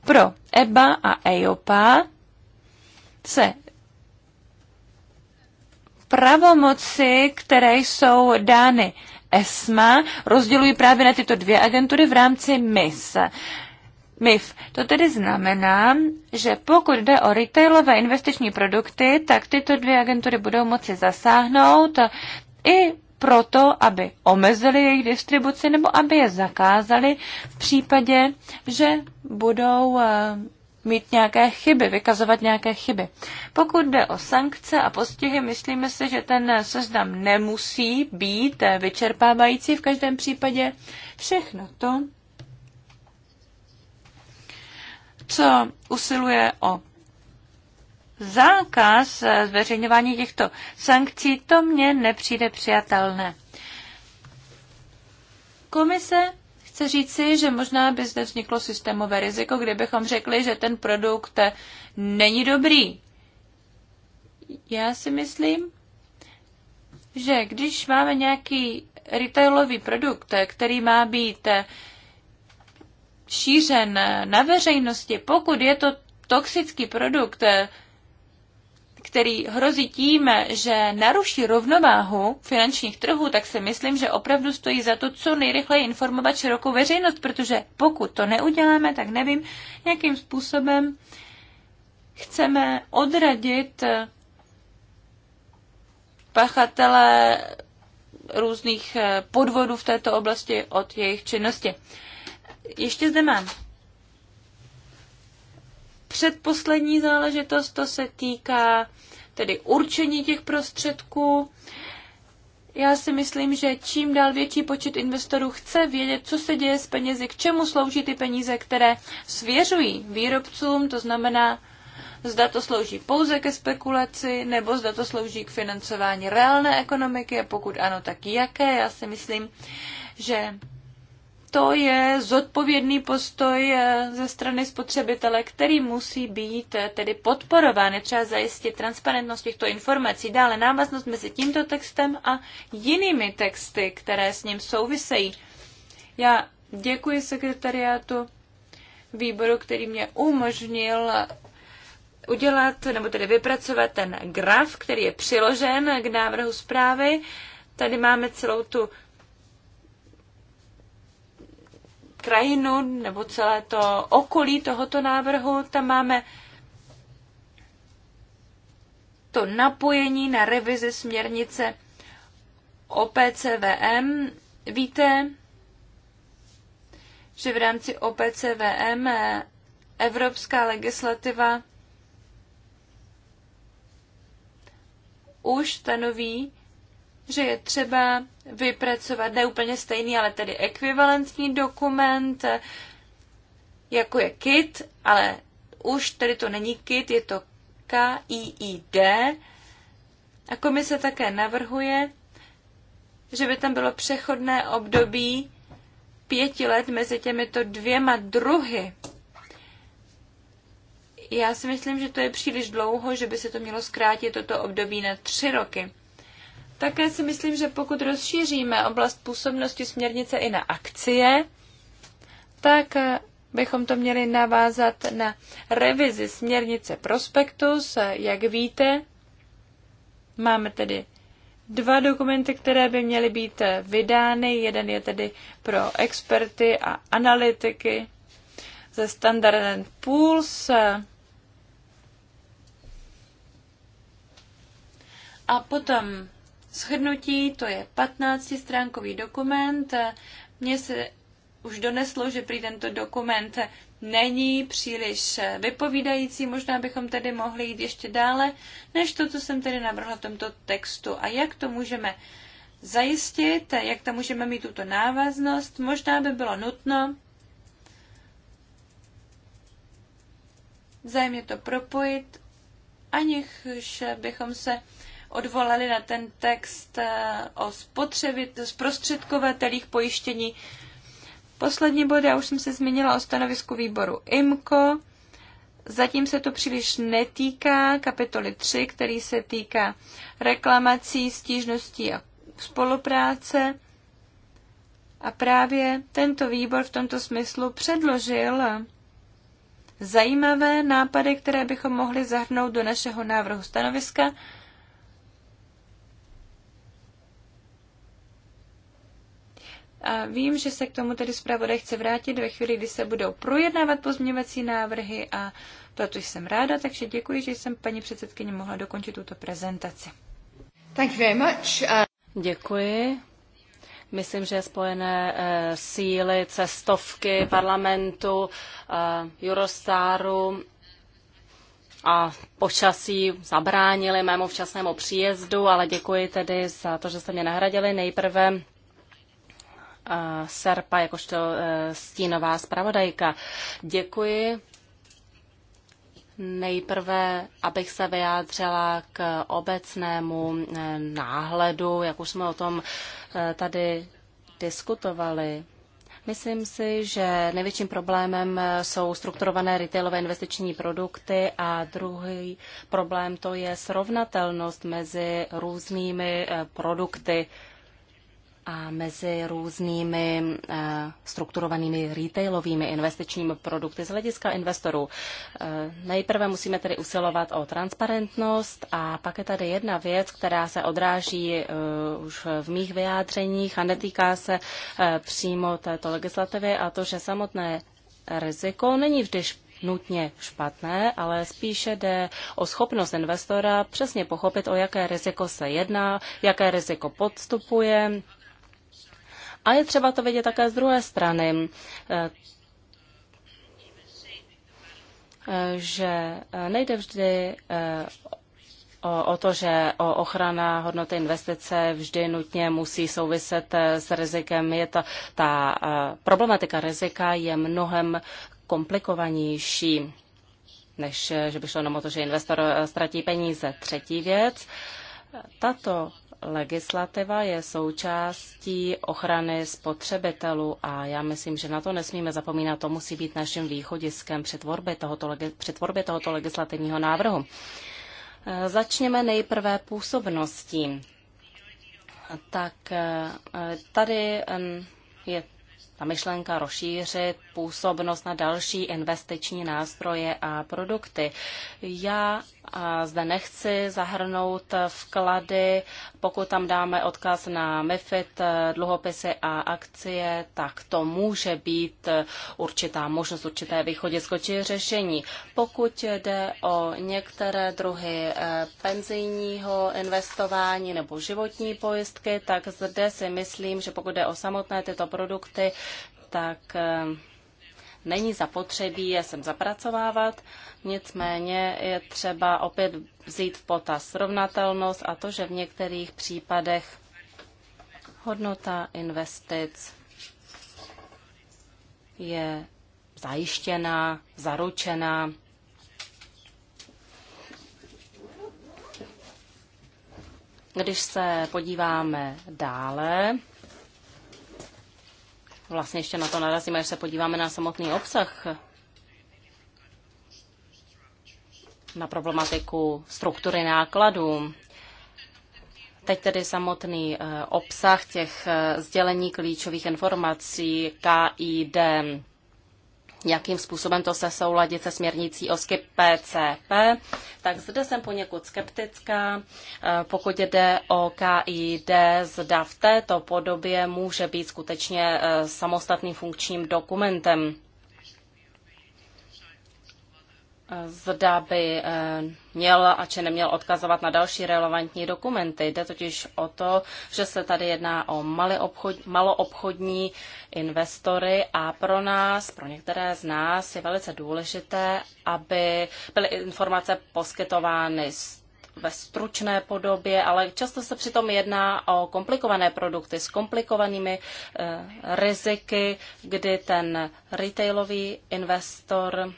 pro EBA a EIOPA e se pravomoci, které jsou dány ESMA rozdělují právě na tyto dvě agentury v rámci MIS. MIF. To tedy znamená, že pokud jde o retailové investiční produkty, tak tyto dvě agentury budou moci zasáhnout i proto, aby omezili jejich distribuci nebo aby je zakázali v případě, že budou eh, mít nějaké chyby, vykazovat nějaké chyby. Pokud jde o sankce a postihy, myslíme si, že ten seznam nemusí být vyčerpávající v každém případě. Všechno to, co usiluje o zákaz zveřejňování těchto sankcí, to mně nepřijde přijatelné. Komise chci říci, že možná by zde vzniklo systémové riziko, kdybychom řekli, že ten produkt není dobrý. Já si myslím, že když máme nějaký retailový produkt, který má být šířen na veřejnosti, pokud je to toxický produkt, který hrozí tím, že naruší rovnováhu finančních trhů, tak si myslím, že opravdu stojí za to, co nejrychleji informovat širokou veřejnost, protože pokud to neuděláme, tak nevím, jakým způsobem chceme odradit eh, pachatele různých eh, podvodů v této oblasti od jejich činnosti. Ještě zde mám předposlední záležitost, to se týká tedy určení těch prostředků. Já si myslím, že čím dál větší počet investorů chce vědět, co se děje s penězi, k čemu slouží ty peníze, které svěřují výrobcům, to znamená, zda to slouží pouze ke spekulaci, nebo zda to slouží k financování reálné ekonomiky a pokud ano, tak jaké. Já si myslím, že to je zodpovědný postoj eh, ze strany spotřebitele, který musí být eh, tedy podporován. Je třeba zajistit transparentnost těchto informací, dále návaznost mezi tímto textem a jinými texty, které s ním souvisejí. Já děkuji sekretariátu výboru, který mě umožnil udělat, nebo tedy vypracovat ten graf, který je přiložen k návrhu zprávy. Tady máme celou tu krajinu nebo celé to okolí tohoto návrhu. Tam máme to napojení na revizi směrnice OPCVM. Víte, že v rámci OPCVM eh, evropská legislativa už stanoví, že je třeba vypracovat neúplně stejný, ale tedy ekvivalentní dokument, eh, jako je KIT, ale už tedy to není KIT, je to KIID. A komise také navrhuje, že by tam bylo přechodné období pěti let mezi těmito dvěma druhy. Já si myslím, že to je příliš dlouho, že by se to mělo zkrátit toto období na tři roky. Také si myslím, že pokud rozšíříme oblast působnosti směrnice i na akcie, tak eh, bychom to měli navázat na revizi směrnice Prospektus. Jak víte, máme tedy dva dokumenty, které by měly být eh, vydány. Jeden je tedy pro experty a analytiky ze Standard Pools. A potom shrnutí, to je 15-stránkový dokument. Mně se už doneslo, že prý tento dokument není příliš vypovídající. Možná bychom tedy mohli jít ještě dále, než to, co jsem tedy navrhla v tomto textu. A jak to můžeme zajistit, jak tam můžeme mít tuto návaznost, možná by bylo nutno vzájemně to propojit, aniž bychom se odvolali na ten text eh, o spotřebit, zprostředkovatelích pojištění. Poslední bod, já už jsem se zmínila o stanovisku výboru IMCO. Zatím se to příliš netýká kapitoly 3, který se týká reklamací, stížností a spolupráce. A právě tento výbor v tomto smyslu předložil zajímavé nápady, které bychom mohli zahrnout do našeho návrhu stanoviska A vím, že se k tomu tedy zpravodaj chce vrátit ve chvíli, kdy se budou projednávat pozměňovací návrhy a proto jsem ráda, takže děkuji, že jsem paní předsedkyně mohla dokončit tuto prezentaci. Thank you very much. Uh... Děkuji. Myslím, že spojené e, síly, cestovky parlamentu, e, Eurostaru a počasí zabránili mému včasnému příjezdu, ale děkuji tedy za to, že jste mě nahradili. Nejprve Serpa jakožto e, stínová zpravodajka. Děkuji. Nejprve, abych se vyjádřila k obecnému e, náhledu, jak už jsme o tom e, tady diskutovali. Myslím si, že největším problémem jsou strukturované retailové investiční produkty a druhý problém to je srovnatelnost mezi různými produkty a mezi různými eh, strukturovanými retailovými investičními produkty z hlediska investorů. Eh, nejprve musíme tedy usilovat o transparentnost a pak je tady jedna věc, která se odráží eh, už v mých vyjádřeních a netýká se přímo této legislativy a to, že samotné riziko není vždy nutně špatné, ale spíše jde o schopnost investora přesně pochopit, o jaké riziko se jedná, jaké riziko podstupuje a je třeba to vidět také z druhé strany, eh, že eh, nejde vždy eh, o to, že ochrana hodnoty investice vždy nutně musí souviset s rizikem. Je ta, ta problematika rizika je mnohem komplikovanější, než že by šlo jenom o to, že investor ztratí peníze. Třetí věc, tato legislativa je součástí ochrany spotřebitelů a já myslím, že na to nesmíme zapomínat. To musí být naším východiskem při tvorbě tohoto, při tvorbě tohoto legislativního návrhu. Eh, začněme nejprve působností. Tak eh, tady je ta myšlenka rozšířit působnost na další investiční nástroje a produkty. Já zde nechci zahrnout vklady. Pokud tam dáme odkaz na MIFID, eh, dluhopisy a akcie, tak to může být eh, určitá možnost, určité východisko či řešení. Pokud jde o některé druhy eh, penzijního investování nebo životní pojistky, tak zde si myslím, že pokud jde o samotné tyto produkty, tak není zapotřebí je sem zapracovávat, nicméně je třeba opět vzít v potaz srovnatelnost a to, že v některých případech hodnota investic je zajištěná, zaručená. Když se podíváme dále, vlastně ještě na to narazíme, až se podíváme na samotný obsah, na problematiku struktury nákladů. Teď tedy samotný eh, obsah těch eh, sdělení klíčových informací KID jakým způsobem to se souladit se směrnicí o SKIP PCP, tak zde jsem poněkud skeptická. Eh, pokud jde o KID, zda v této podobě může být skutečně eh, samostatným funkčním dokumentem zda by eh, měl a či neměl odkazovat na další relevantní dokumenty. Jde totiž o to, že se tady jedná o obchod, maloobchodní investory a pro nás, pro některé z nás je velice důležité, aby byly informace poskytovány ve stručné podobě, ale často se přitom jedná o komplikované produkty s komplikovanými eh, riziky, kdy ten retailový investor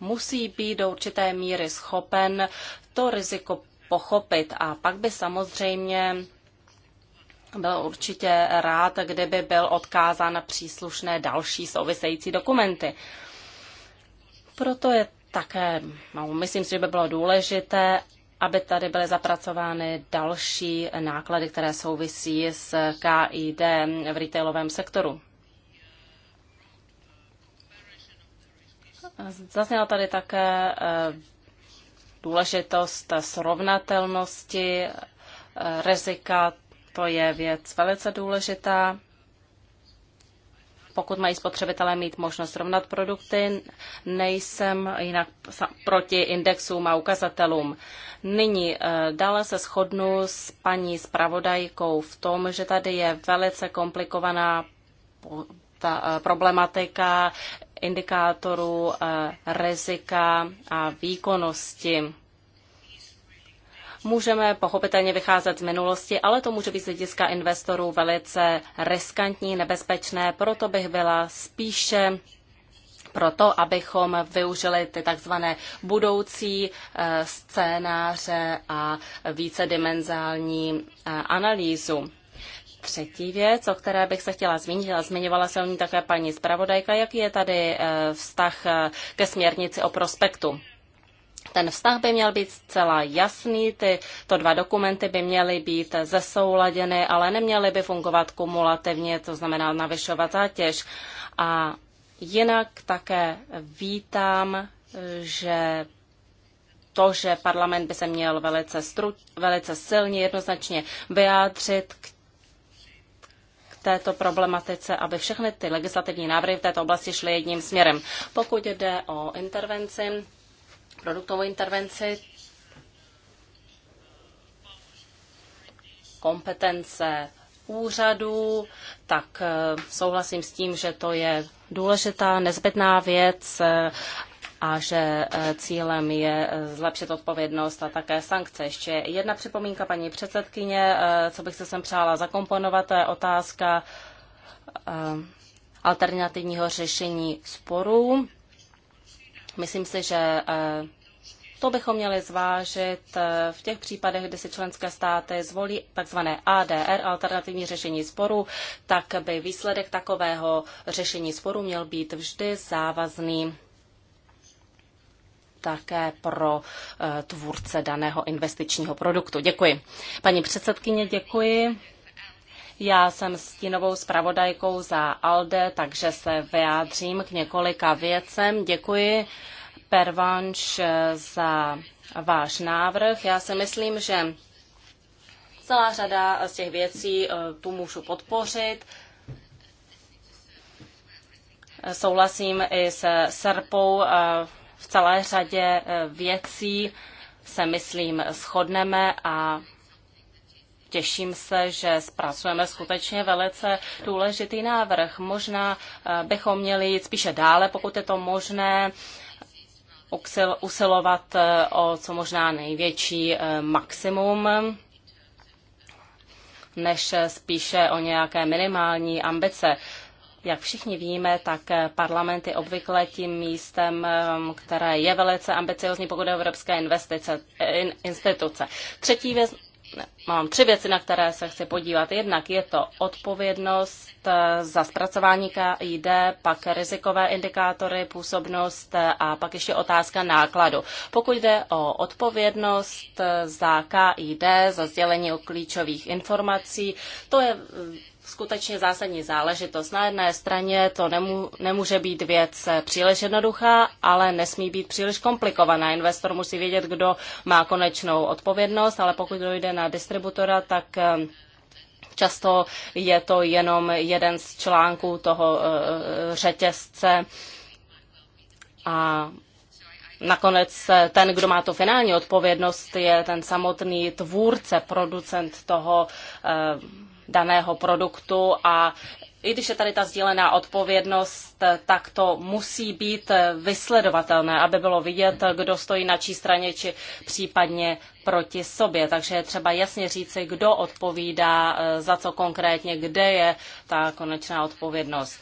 musí být do určité míry schopen to riziko pochopit. A pak by samozřejmě byl určitě rád, kdyby byl odkázán na příslušné další související dokumenty. Proto je také, no, myslím si, že by bylo důležité, aby tady byly zapracovány další náklady, které souvisí s KID v retailovém sektoru. Zazněla tady také eh, důležitost srovnatelnosti eh, rizika. To je věc velice důležitá. Pokud mají spotřebitelé mít možnost srovnat produkty, nejsem jinak proti indexům a ukazatelům. Nyní eh, dále se shodnu s paní zpravodajkou v tom, že tady je velice komplikovaná ta problematika indikátorů eh, rizika a výkonnosti. Můžeme pochopitelně vycházet z minulosti, ale to může být z hlediska investorů velice riskantní, nebezpečné, proto bych byla spíše proto, abychom využili ty takzvané budoucí eh, scénáře a vícedimenzální eh, analýzu. Třetí věc, o které bych se chtěla zmínit, a zmiňovala se o ní také paní zpravodajka, jaký je tady eh, vztah eh, ke směrnici o prospektu. Ten vztah by měl být zcela jasný, ty to dva dokumenty by měly být zesouladěny, ale neměly by fungovat kumulativně, to znamená navyšovat zátěž. A jinak také vítám, že to, že parlament by se měl velice, stru, velice silně jednoznačně vyjádřit k této problematice, aby všechny ty legislativní návrhy v této oblasti šly jedním směrem. Pokud jde o intervenci, produktovou intervenci, kompetence úřadů, tak eh, souhlasím s tím, že to je důležitá, nezbytná věc a že e, cílem je e, zlepšit odpovědnost a také sankce. Ještě jedna připomínka paní předsedkyně, e, co bych se sem přála zakomponovat, to je otázka alternativního řešení sporů. Myslím si, že to bychom měli zvážit v těch případech, kdy si členské státy zvolí tzv. ADR, alternativní řešení sporu, tak by výsledek takového řešení sporu měl být vždy závazný také pro eh, tvůrce daného investičního produktu. Děkuji. Paní předsedkyně, děkuji. Já jsem stínovou zpravodajkou za ALDE, takže se vyjádřím k několika věcem. Děkuji, Pervanš, eh, za váš návrh. Já si myslím, že celá řada z těch věcí eh, tu můžu podpořit. Souhlasím i se Serpou v celé řadě eh, věcí se, myslím, shodneme a Těším se, že zpracujeme skutečně velice důležitý návrh. Možná eh, bychom měli jít spíše dále, pokud je to možné, usilovat eh, o co možná největší maximum, než spíše o nějaké minimální ambice. Jak všichni víme, tak parlament je obvykle tím místem, um, které je velice ambiciozní, pokud je evropské investice, in, instituce. Třetí věc, mám tři věci, na které se chci podívat. Jednak je to odpovědnost eh, za zpracování KID, pak rizikové indikátory, působnost eh, a pak ještě otázka nákladu. Pokud jde o odpovědnost eh, za KID, za sdělení o klíčových informací, to je skutečně zásadní záležitost. Na jedné straně to nemů- nemůže být věc příliš jednoduchá, ale nesmí být příliš komplikovaná. Investor musí vědět, kdo má konečnou odpovědnost, ale pokud dojde na distributora, tak eh, často je to jenom jeden z článků toho eh, eh, řetězce a Nakonec ten, kdo má tu finální odpovědnost, je ten samotný tvůrce, producent toho daného produktu a i když je tady ta sdílená odpovědnost, tak to musí být vysledovatelné, aby bylo vidět, kdo stojí na čí straně, či případně proti sobě. Takže je třeba jasně říci, kdo odpovídá eh, za co konkrétně, kde je ta konečná odpovědnost.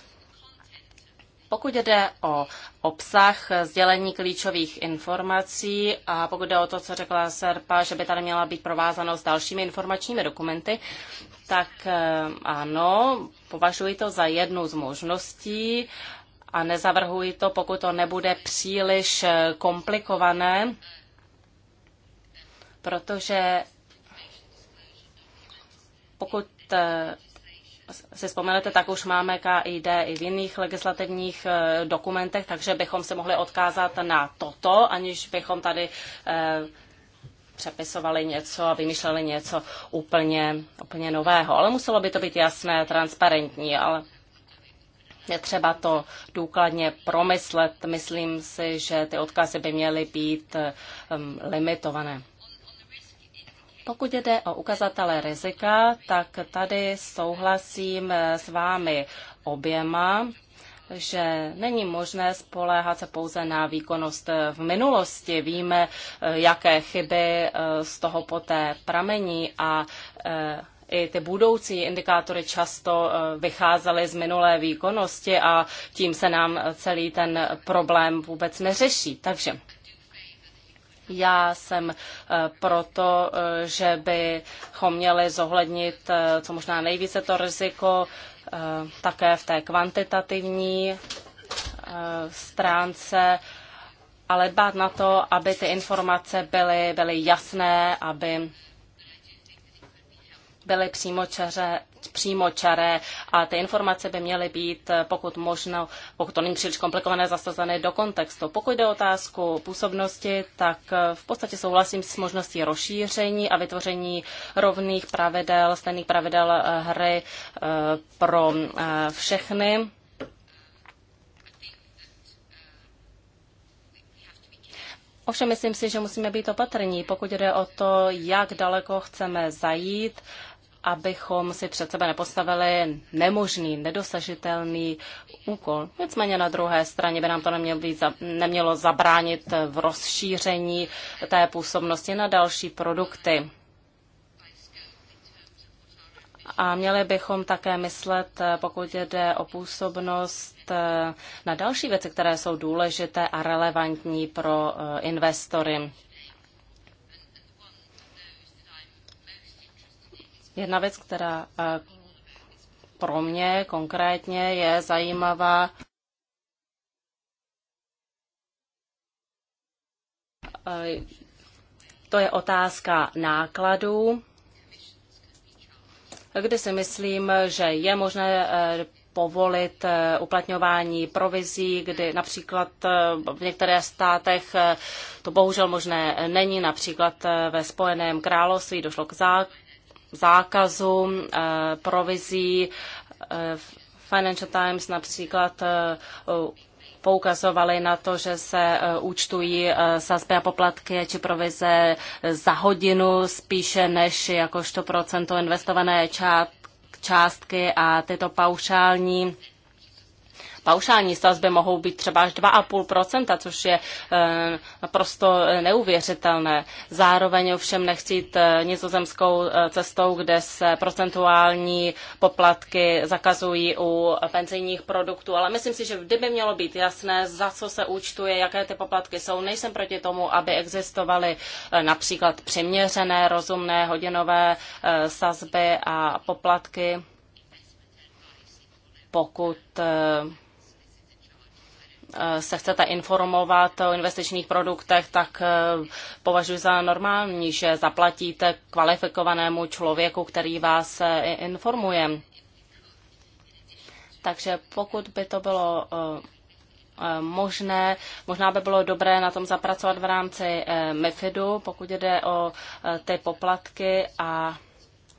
Pokud jde o obsah sdělení klíčových informací a pokud jde o to, co řekla Serpa, že by tady měla být provázanost s dalšími informačními dokumenty, tak eh, ano, považuji to za jednu z možností a nezavrhuji to, pokud to nebude příliš eh, komplikované, protože pokud eh, si vzpomenete, tak už máme KID i v jiných legislativních dokumentech, takže bychom se mohli odkázat na toto, aniž bychom tady přepisovali něco a vymýšleli něco úplně, úplně nového. Ale muselo by to být jasné, transparentní, ale je třeba to důkladně promyslet. Myslím si, že ty odkazy by měly být um, limitované. Pokud jde o ukazatele rizika, tak tady souhlasím eh, s vámi oběma že není možné spoléhat se pouze na výkonnost v minulosti. Víme, eh, jaké chyby eh, z toho poté pramení a eh, i ty budoucí indikátory často vycházely z minulé výkonnosti a tím se nám celý ten problém vůbec neřeší. Takže já jsem proto, že bychom měli zohlednit co možná nejvíce to riziko Eh, také v té kvantitativní eh, stránce, ale dbát na to, aby ty informace byly, byly jasné, aby byly přímo přímo čaré a ty informace by měly být, eh, pokud možno, pokud to není příliš komplikované, zasazené do kontextu. Pokud jde o otázku působnosti, tak eh, v podstatě souhlasím s možností rozšíření a vytvoření rovných pravidel, stejných pravidel eh, hry pro všechny. Ovšem myslím si, že musíme být opatrní, pokud jde o to, jak daleko chceme zajít. Uh, abychom si před sebe nepostavili nemožný, nedosažitelný úkol. Nicméně na druhé straně by nám to nemělo, být, nemělo zabránit v rozšíření té působnosti na další produkty. A měli bychom také myslet, pokud jde o působnost, eh, na další věci, které jsou důležité a relevantní pro eh, investory. Jedna věc, která eh, pro mě konkrétně je zajímavá, eh, to je otázka nákladů, kdy si myslím, že je možné eh, povolit uplatňování provizí, kdy například v některých státech to bohužel možné není, například ve Spojeném království došlo k zákonu, zákazu eh, provizí. Eh, Financial Times například eh, poukazovali na to, že se účtují sazby a poplatky či provize za hodinu spíše než jakožto procento investované částky a tyto paušální paušální sazby mohou být třeba až 2,5%, což je eh, naprosto neuvěřitelné. Zároveň ovšem nechci jít eh, nizozemskou eh, cestou, kde se procentuální poplatky zakazují u penzijních produktů, ale myslím si, že vždy by mělo být jasné, za co se účtuje, jaké ty poplatky jsou. Nejsem proti tomu, aby existovaly například přiměřené, rozumné hodinové sazby a poplatky, pokud Eh, se chcete informovat o investičních produktech, tak eh, považuji za normální, že zaplatíte kvalifikovanému člověku, který vás eh, informuje. Takže pokud by to bylo možné. Možná by bylo dobré na tom zapracovat v rámci MIFIDu, pokud jde o ty poplatky a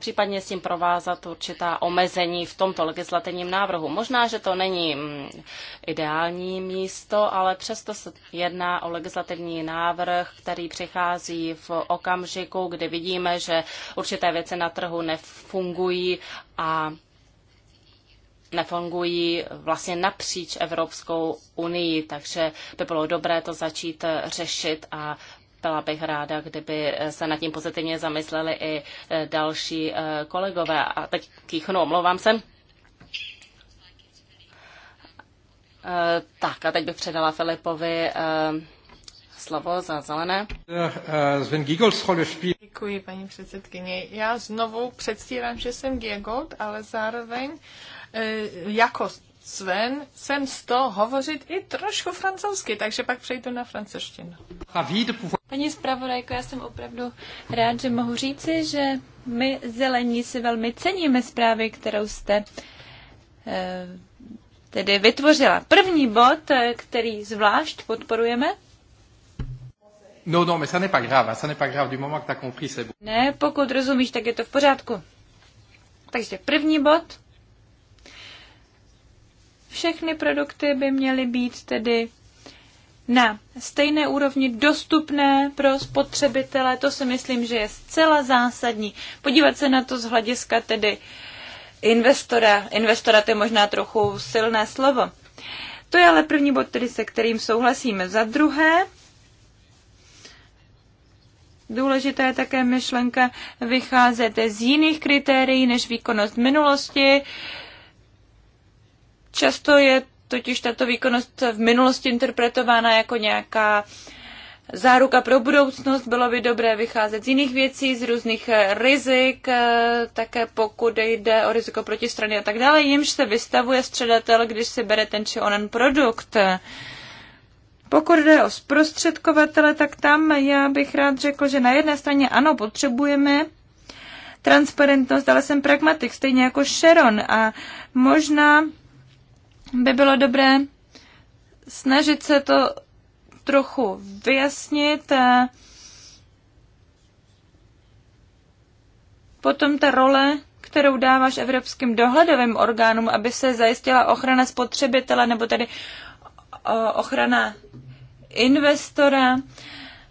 případně s tím provázat určitá omezení v tomto legislativním návrhu. Možná, že to není mm, ideální místo, ale přesto se jedná o legislativní návrh, který přichází v okamžiku, kdy vidíme, že určité věci na trhu nefungují a nefungují vlastně napříč Evropskou unii, takže by bylo dobré to začít řešit a byla bych ráda, kdyby se nad tím pozitivně zamysleli i e, další e, kolegové. A teď kýchnu, omlouvám se. E, tak a teď bych předala Filipovi slovo za zelené. Eh, eh, Děkuji, paní předsedkyně. Já znovu předstírám, že jsem Giegold, ale zároveň eh, jako Sven, jsem z toho hovořit i trošku francouzsky, takže pak přejdu na francouzštinu. Paní zpravodajko, já jsem opravdu rád, že mohu říci, že my zelení si velmi ceníme zprávy, kterou jste eh, tedy vytvořila. První bod, eh, který zvlášť podporujeme, No, no, mais ça n'est pas grave, ça n'est pas grave, du moment que t'as compris, c'est bon. Ne, pokud rozumíš, tak je to v pořádku. Takže první bod, všechny produkty by měly být tedy na stejné úrovni dostupné pro spotřebitele. To si myslím, že je zcela zásadní. Podívat se na to z hlediska tedy investora. Investora to je možná trochu silné slovo. To je ale první bod, tedy se kterým souhlasíme. Za druhé, Důležitá je také myšlenka vycházet z jiných kritérií než výkonnost minulosti. Často je totiž tato výkonnost v minulosti interpretována jako nějaká záruka pro budoucnost. Bylo by dobré vycházet z jiných věcí, z různých rizik, eh, také pokud jde o riziko protistrany a tak dále, jimž se vystavuje středatel, když si bere ten či onen produkt. Pokud jde o zprostředkovatele, tak tam já bych rád řekl, že na jedné straně ano, potřebujeme transparentnost, ale jsem pragmatik, stejně jako Sharon a možná by bylo dobré snažit se to trochu vyjasnit. Eh, potom ta role, kterou dáváš evropským dohledovým orgánům, aby se zajistila ochrana spotřebitele nebo tedy eh, ochrana investora.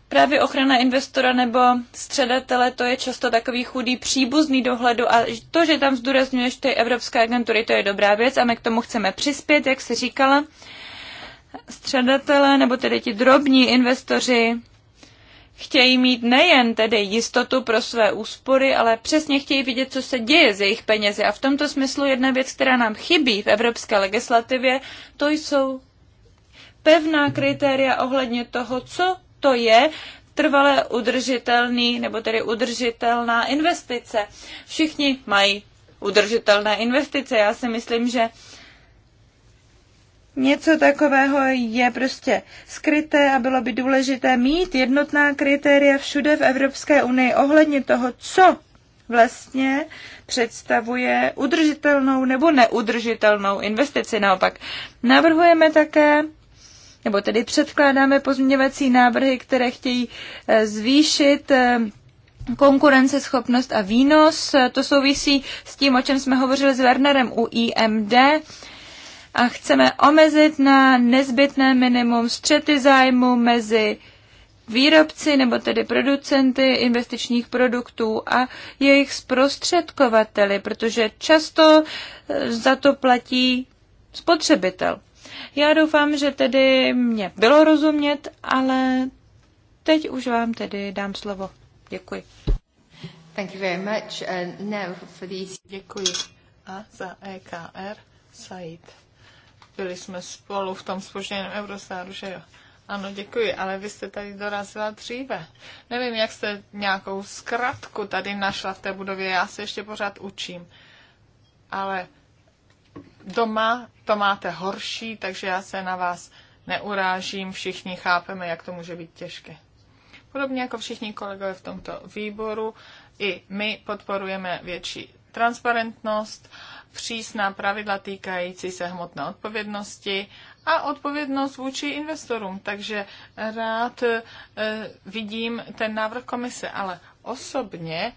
Právě ochrana investora nebo středatele, to je často takový chudý příbuzný dohledu a to, že tam zdůrazňuješ ty evropské agentury, to je dobrá věc a my k tomu chceme přispět, jak jsi říkala. Středatele nebo tedy ti drobní investoři chtějí mít nejen tedy jistotu pro své úspory, ale přesně chtějí vidět, co se děje s jejich penězi. A v tomto smyslu jedna věc, která nám chybí v evropské legislativě, to jsou pevná kritéria ohledně toho, co to je trvalé udržitelný, nebo tedy udržitelná investice. Všichni mají udržitelné investice. Já si myslím, že něco takového je prostě skryté a bylo by důležité mít jednotná kritéria všude v Evropské unii ohledně toho, co vlastně představuje udržitelnou nebo neudržitelnou investici. Naopak navrhujeme také nebo tedy předkládáme pozměňovací návrhy, které chtějí eh, zvýšit eh, konkurenceschopnost a výnos. To souvisí s tím, o čem jsme hovořili s Wernerem u IMD a chceme omezit na nezbytné minimum střety zájmu mezi výrobci nebo tedy producenty investičních produktů a jejich zprostředkovateli, protože často eh, za to platí spotřebitel. Já doufám, že tedy mě bylo rozumět, ale teď už vám tedy dám slovo. Děkuji. Thank you very much. And uh, now for these... Děkuji. A za EKR Said. Byli jsme spolu v tom spožděném Eurostaru, že jo? Ano, děkuji, ale vy jste tady dorazila dříve. Nevím, jak jste nějakou zkratku tady našla v té budově, já se ještě pořád učím. Ale Doma to máte horší, takže já se na vás neurážím, všichni chápeme, jak to může být těžké. Podobně jako všichni kolegové v tomto výboru, i my podporujeme větší transparentnost, přísná pravidla týkající se hmotné odpovědnosti a odpovědnost vůči investorům. Takže rád eh, vidím ten návrh komise, ale osobně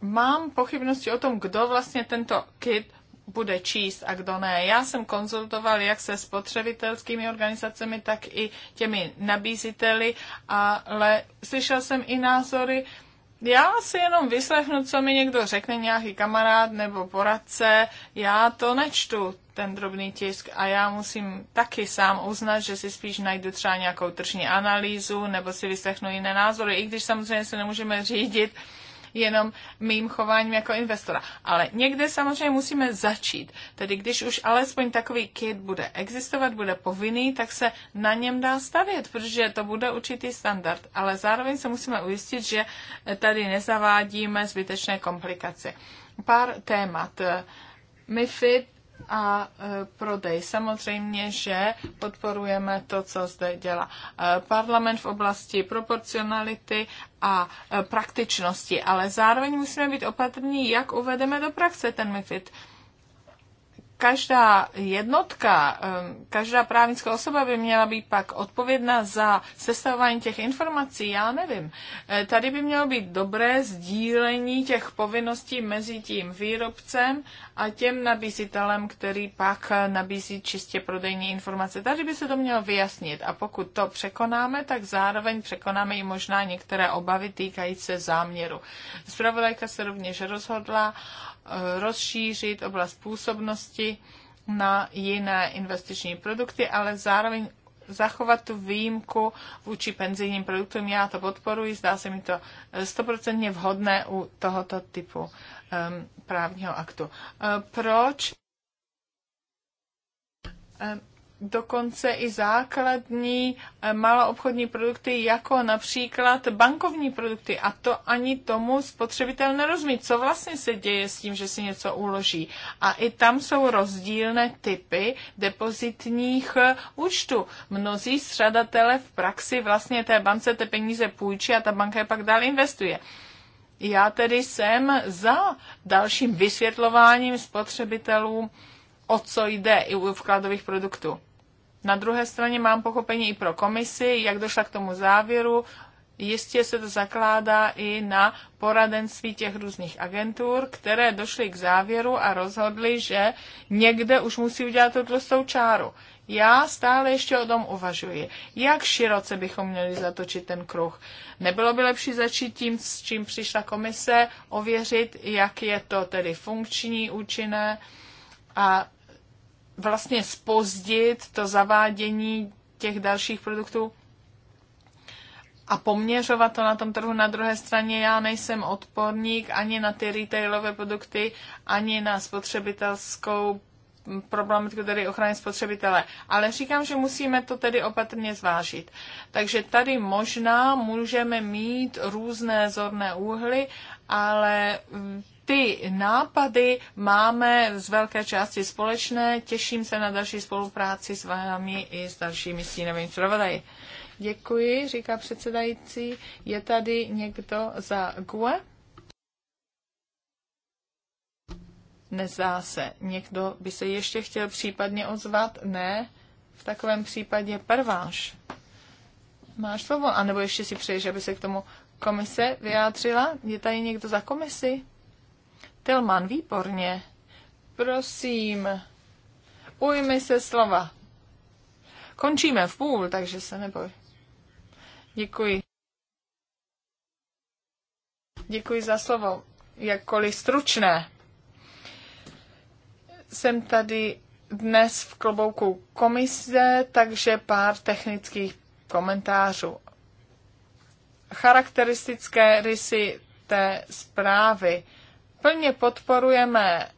mám pochybnosti o tom, kdo vlastně tento kit bude číst a kdo ne. Já jsem konzultoval jak se spotřebitelskými organizacemi, tak i těmi nabíziteli, ale slyšel jsem i názory, já si jenom vyslechnu, co mi někdo řekne, nějaký kamarád nebo poradce, já to nečtu, ten drobný tisk a já musím taky sám uznat, že si spíš najdu třeba nějakou tržní analýzu nebo si vyslechnu jiné názory, i když samozřejmě se nemůžeme řídit uh, jenom mým chováním jako investora. Ale někde samozřejmě musíme začít. Tedy když už alespoň takový kit bude existovat, bude povinný, tak se na něm dá stavět, protože to bude určitý standard. Ale zároveň se musíme ujistit, že tady nezavádíme zbytečné komplikace. Pár témat. Eh, MIFID a e, prodej. Samozřejmě, že podporujeme to, co zde dělá e, parlament v oblasti proporcionality a e, praktičnosti, ale zároveň musíme být opatrní, jak uvedeme do praxe ten MIFID každá jednotka, um, každá právnická osoba by měla být pak odpovědná za sestavování těch informací, já nevím. Eh, tady by mělo být dobré sdílení těch povinností mezi tím výrobcem a těm nabízitelem, který pak eh, nabízí čistě prodejní informace. Tady by se to mělo vyjasnit a pokud to překonáme, tak zároveň překonáme i možná některé obavy týkající se záměru. Zpravodajka se rovněž rozhodla rozšířit oblast působnosti na jiné investiční produkty, ale zároveň zachovat tu výjimku vůči penzijním produktům. Já to podporuji, zdá se mi to eh, stoprocentně vhodné u tohoto typu um, právního aktu. Uh, proč? Um, dokonce i základní eh, maloobchodní produkty, jako například bankovní produkty. A to ani tomu spotřebitel nerozumí, co vlastně se děje s tím, že si něco uloží. A i tam jsou rozdílné typy depozitních eh, účtů. Mnozí střadatele v praxi vlastně té bance ty peníze půjčí a ta banka je pak dál investuje. Já tedy jsem za dalším vysvětlováním spotřebitelů, o co jde i u vkladových produktů. Na druhé straně mám pochopení i pro komisi, jak došla k tomu závěru. Jistě se to zakládá i na poradenství těch různých agentur, které došly k závěru a rozhodly, že někde už musí udělat tu tlustou čáru. Já stále ještě o tom uvažuji. Jak široce bychom měli zatočit ten kruh? Nebylo by lepší začít tím, s čím přišla komise, ověřit, jak je to tedy funkční, účinné a vlastně spozdit to zavádění těch dalších produktů a poměřovat to na tom trhu. Na druhé straně já nejsem odporník ani na ty retailové produkty, ani na spotřebitelskou problematiku tedy ochrany spotřebitele. Ale říkám, že musíme to tedy opatrně zvážit. Takže tady možná můžeme mít různé zorné úhly, ale ty nápady máme z velké části společné. Těším se na další spolupráci s vámi i s dalšími stínovými zpravodaji. Děkuji, říká předsedající. Je tady někdo za GUE? Nezdá se. Někdo by se ještě chtěl případně ozvat? Ne. V takovém případě prváš. Máš slovo? A nebo ještě si přeješ, aby se k tomu komise vyjádřila? Je tady někdo za komisi? Tilman, výborně. Prosím, ujmi se slova. Končíme v půl, takže se neboj. Děkuji. Děkuji za slovo, jakkoliv stručné. Jsem tady dnes v klobouku komise, takže pár technických komentářů. Charakteristické rysy té zprávy Plně podporujeme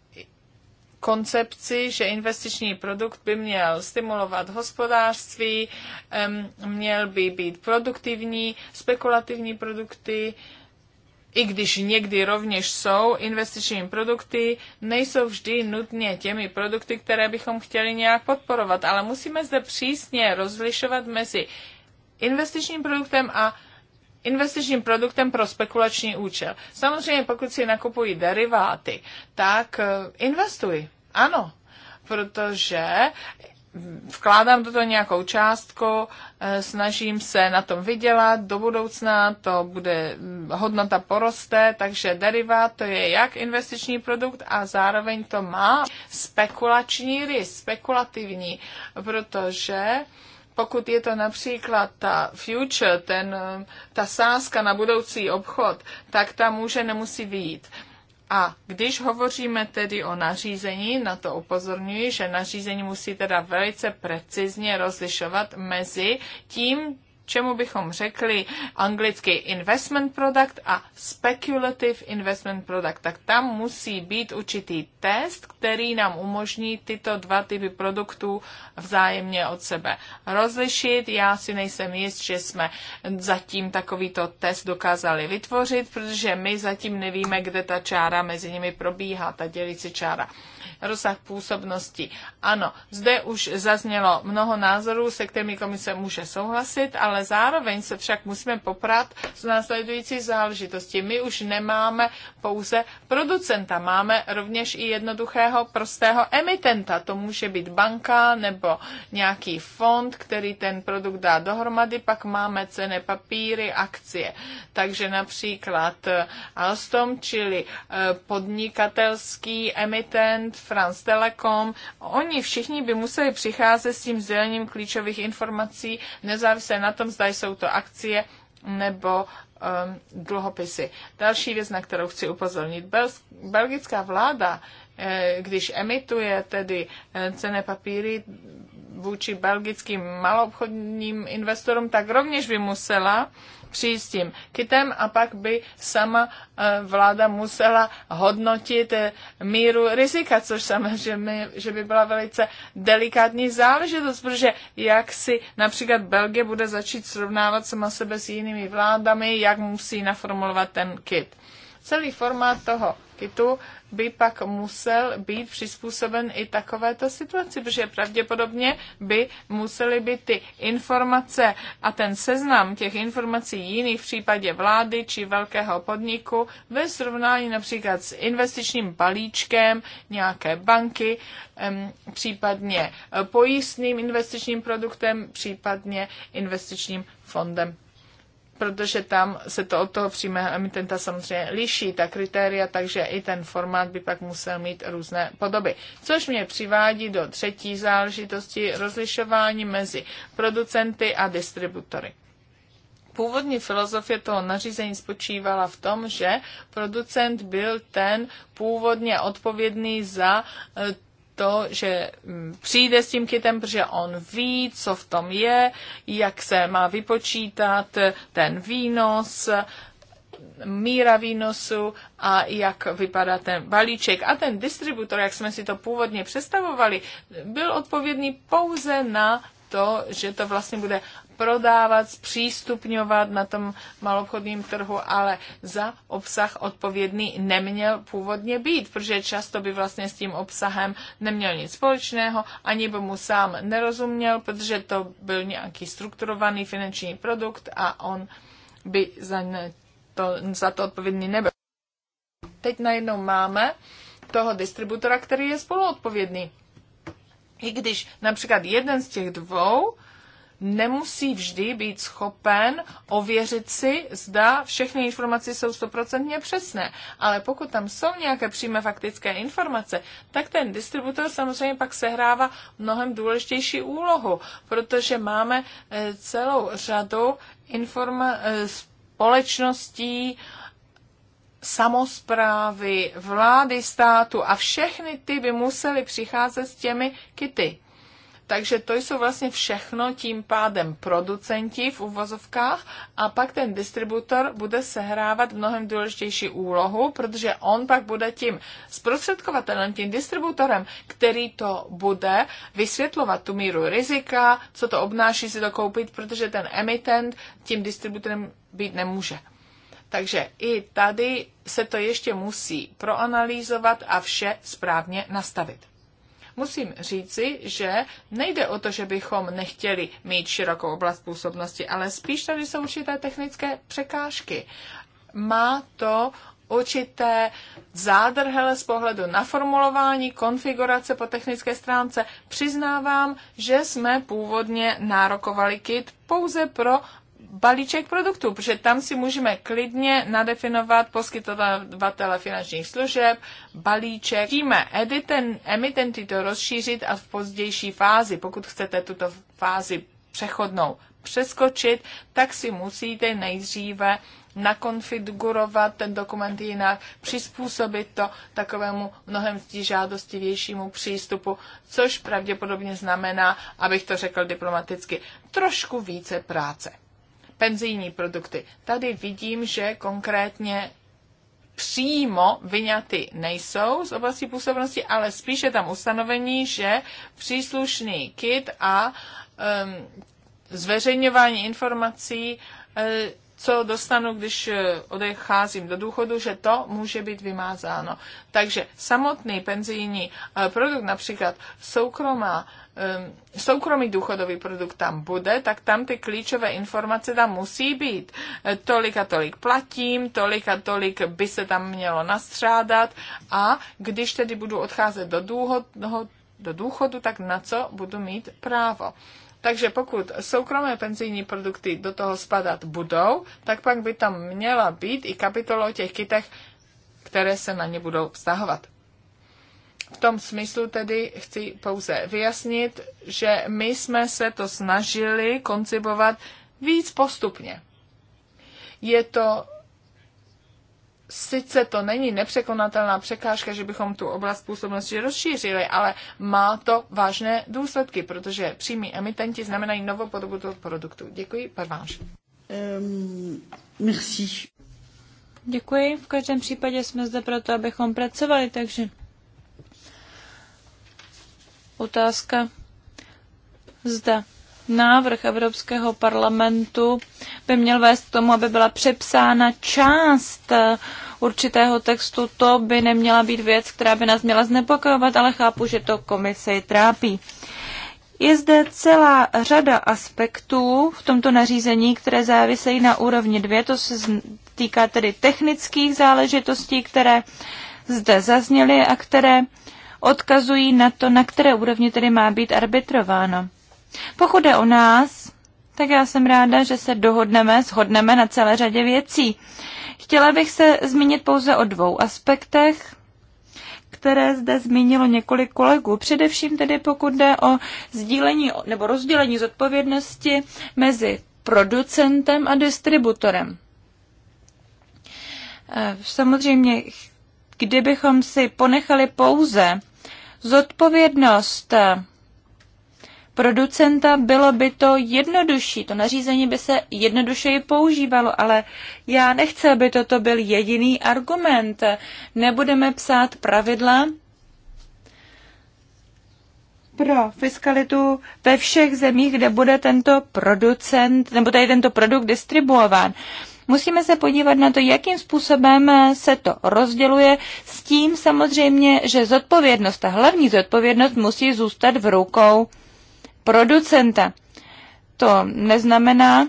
koncepci, že investiční produkt by měl stimulovat hospodářství, měl by být produktivní, spekulativní produkty, i když někdy rovněž jsou investiční produkty, nejsou vždy nutně těmi produkty, které bychom chtěli nějak podporovat, ale musíme zde přísně rozlišovat mezi investičním produktem a investičním produktem pro spekulační účel. Samozřejmě, pokud si nakupují deriváty, tak eh, investuji. Ano, protože vkládám do toho nějakou částku, eh, snažím se na tom vydělat, do budoucna to bude, hm, hodnota poroste, takže derivát to je jak investiční produkt a zároveň to má spekulační risk, spekulativní, protože pokud je to například ta future, ten, ta sázka na budoucí obchod, tak ta může nemusí vyjít. A když hovoříme tedy o nařízení, na to upozorňuji, že nařízení musí teda velice precizně rozlišovat mezi tím, čemu bychom řekli anglicky investment product a speculative investment product, tak tam musí být určitý test, který nám umožní tyto dva typy produktů vzájemně od sebe rozlišit. Já si nejsem jist, že jsme zatím takovýto test dokázali vytvořit, protože my zatím nevíme, kde ta čára mezi nimi probíhá, ta dělící čára rozsah působnosti. Ano, zde už zaznělo mnoho názorů, se kterými komise může souhlasit, ale zároveň se však musíme poprat s následující záležitosti. My už nemáme pouze producenta, máme rovněž i jednoduchého prostého emitenta. To může být banka nebo nějaký fond, který ten produkt dá dohromady, pak máme cené papíry, akcie. Takže například Alstom, čili eh, podnikatelský emitent, France Telecom, oni všichni by museli přicházet s tím sdělením klíčových informací, nezávisle na tom, zda jsou to akcie nebo um, dluhopisy. Další věc, na kterou chci upozornit. Bel, belgická vláda, eh, když emituje tedy eh, cené papíry, vůči belgickým maloobchodním investorům, tak rovněž by musela přijít s tím kytem a pak by sama eh, vláda musela hodnotit eh, míru rizika, což samozřejmě, že by byla velice delikátní záležitost, protože jak si například Belgie bude začít srovnávat sama sebe s jinými vládami, jak musí naformulovat ten kit. Celý formát toho Kytu by pak musel být přizpůsoben i takovéto situaci, protože pravděpodobně by musely být ty informace a ten seznam těch informací jiných v případě vlády či velkého podniku ve srovnání například s investičním balíčkem nějaké banky, případně pojistným investičním produktem, případně investičním fondem protože tam se to od toho přímého emitenta samozřejmě liší, ta kritéria, takže i ten formát by pak musel mít různé podoby. Což mě přivádí do třetí záležitosti rozlišování mezi producenty a distributory. Původní filozofie toho nařízení spočívala v tom, že producent byl ten původně odpovědný za eh, to, že mm, přijde s tím kitem, protože on ví, co v tom je, jak se má vypočítat ten výnos, míra výnosu a jak vypadá ten balíček. A ten distributor, jak jsme si to původně představovali, byl odpovědný pouze na to, že to vlastně bude prodávat, zpřístupňovat na tom malobchodním trhu, ale za obsah odpovědný neměl původně být, protože často by vlastně s tím obsahem neměl nic společného, ani by mu sám nerozuměl, protože to byl nějaký strukturovaný finanční produkt a on by za, ne, to, za to odpovědný nebyl. Teď najednou máme toho distributora, který je spoluodpovědný. I když například jeden z těch dvou nemusí vždy být schopen ověřit si, zda všechny informace jsou stoprocentně přesné. Ale pokud tam jsou nějaké přímé faktické informace, tak ten distributor samozřejmě pak sehrává mnohem důležitější úlohu, protože máme eh, celou řadu informa- eh, společností, samozprávy, vlády státu a všechny ty by museli přicházet s těmi kity. Takže to jsou vlastně všechno tím pádem producenti v uvozovkách a pak ten distributor bude sehrávat mnohem důležitější úlohu, protože on pak bude tím zprostředkovatelem, tím distributorem, který to bude vysvětlovat tu míru rizika, co to obnáší si to koupit, protože ten emitent tím distributorem být nemůže. Takže i tady se to ještě musí proanalýzovat a vše správně nastavit. Musím říci, že nejde o to, že bychom nechtěli mít širokou oblast působnosti, ale spíš tady jsou určité technické překážky. Má to určité zádrhele z pohledu na formulování, konfigurace po technické stránce. Přiznávám, že jsme původně nárokovali kit pouze pro balíček produktů, protože tam si můžeme klidně nadefinovat poskytovatele finančních služeb, balíček. editen, emitenty to rozšířit a v pozdější fázi, pokud chcete tuto fázi přechodnou přeskočit, tak si musíte nejdříve nakonfigurovat ten dokument jinak, přizpůsobit to takovému mnohem žádostivějšímu přístupu, což pravděpodobně znamená, abych to řekl diplomaticky, trošku více práce penzijní produkty. Tady vidím, že konkrétně přímo vyňaty nejsou z oblasti působnosti, ale spíše tam ustanovení, že příslušný KIT a um, zveřejňování informací, e, co dostanu, když e, odecházím do důchodu, že to může být vymázáno. Takže samotný penzijní e, produkt, například soukromá Ehm, soukromý důchodový produkt tam bude, tak tam ty klíčové informace tam musí být. E, tolik a tolik platím, tolik a tolik by se tam mělo nastřádat a když tedy budu odcházet do, důhod, do důchodu, tak na co budu mít právo. Takže pokud soukromé penzijní produkty do toho spadat budou, tak pak by tam měla být i kapitola o těch kytech, které se na ně budou vztahovat. V tom smyslu tedy chci pouze vyjasnit, že my jsme se to snažili koncipovat víc postupně. Je to sice to není nepřekonatelná překážka, že bychom tu oblast působnosti rozšířili, ale má to vážné důsledky, protože přímí emitenti znamenají novou podobu toho produktu. Děkuji, Parváš. Um, ehm, merci. Děkuji. V každém případě jsme zde proto, abychom pracovali, takže otázka, zda návrh Evropského parlamentu by měl vést k tomu, aby byla přepsána část eh, určitého textu. To by neměla být věc, která by nás měla znepokojovat, ale chápu, že to komise trápí. Je zde celá řada aspektů v tomto nařízení, které závisejí na úrovni dvě. To se týká tedy technických záležitostí, které zde zazněly a které odkazují na to, na které úrovni tedy má být arbitrováno. Pokud je o nás, tak já jsem ráda, že se dohodneme, shodneme na celé řadě věcí. Chtěla bych se zmínit pouze o dvou aspektech, které zde zmínilo několik kolegů. Především tedy pokud jde o sdílení nebo rozdělení zodpovědnosti mezi producentem a distributorem. Eh, samozřejmě, kdybychom si ponechali pouze zodpovědnost producenta, bylo by to jednodušší. To nařízení by se jednodušeji používalo, ale já nechci, aby toto byl jediný argument. Nebudeme psát pravidla pro fiskalitu ve všech zemích, kde bude tento producent nebo tady tento produkt distribuován. Uh, Musíme se podívat na to, jakým způsobem eh, se to rozděluje, s tím samozřejmě, že zodpovědnost, ta hlavní zodpovědnost musí zůstat v rukou producenta. To neznamená,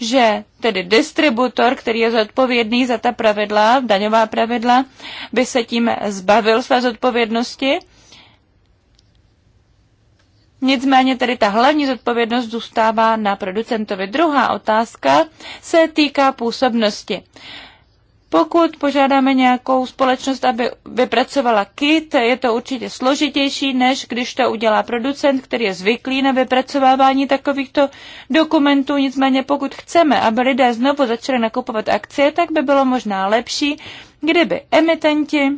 že tedy distributor, který je zodpovědný za ta pravidla, daňová pravidla, by se tím zbavil své zodpovědnosti, Nicméně tedy ta hlavní zodpovědnost zůstává na producentovi. Druhá otázka se týká působnosti. Pokud požádáme nějakou společnost, aby vypracovala kit, je to určitě složitější, než když to udělá producent, který je zvyklý na vypracovávání takovýchto dokumentů. Nicméně pokud chceme, aby lidé znovu začali nakupovat akcie, tak by bylo možná lepší, kdyby emitenti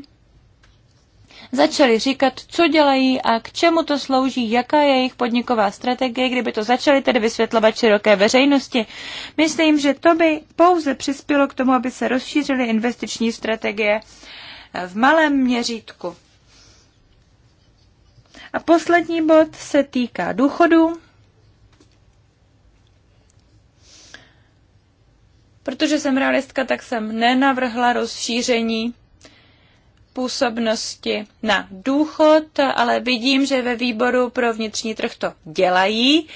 začali říkat, co dělají a k čemu to slouží, jaká je jejich podniková strategie, kdyby to začali tedy vysvětlovat široké veřejnosti. Myslím, že to by pouze přispělo k tomu, aby se rozšířily investiční strategie v malém měřítku. A poslední bod se týká důchodů. Protože jsem realistka, tak jsem nenavrhla rozšíření působnosti na důchod, ale vidím, že ve výboru pro vnitřní trh to dělají.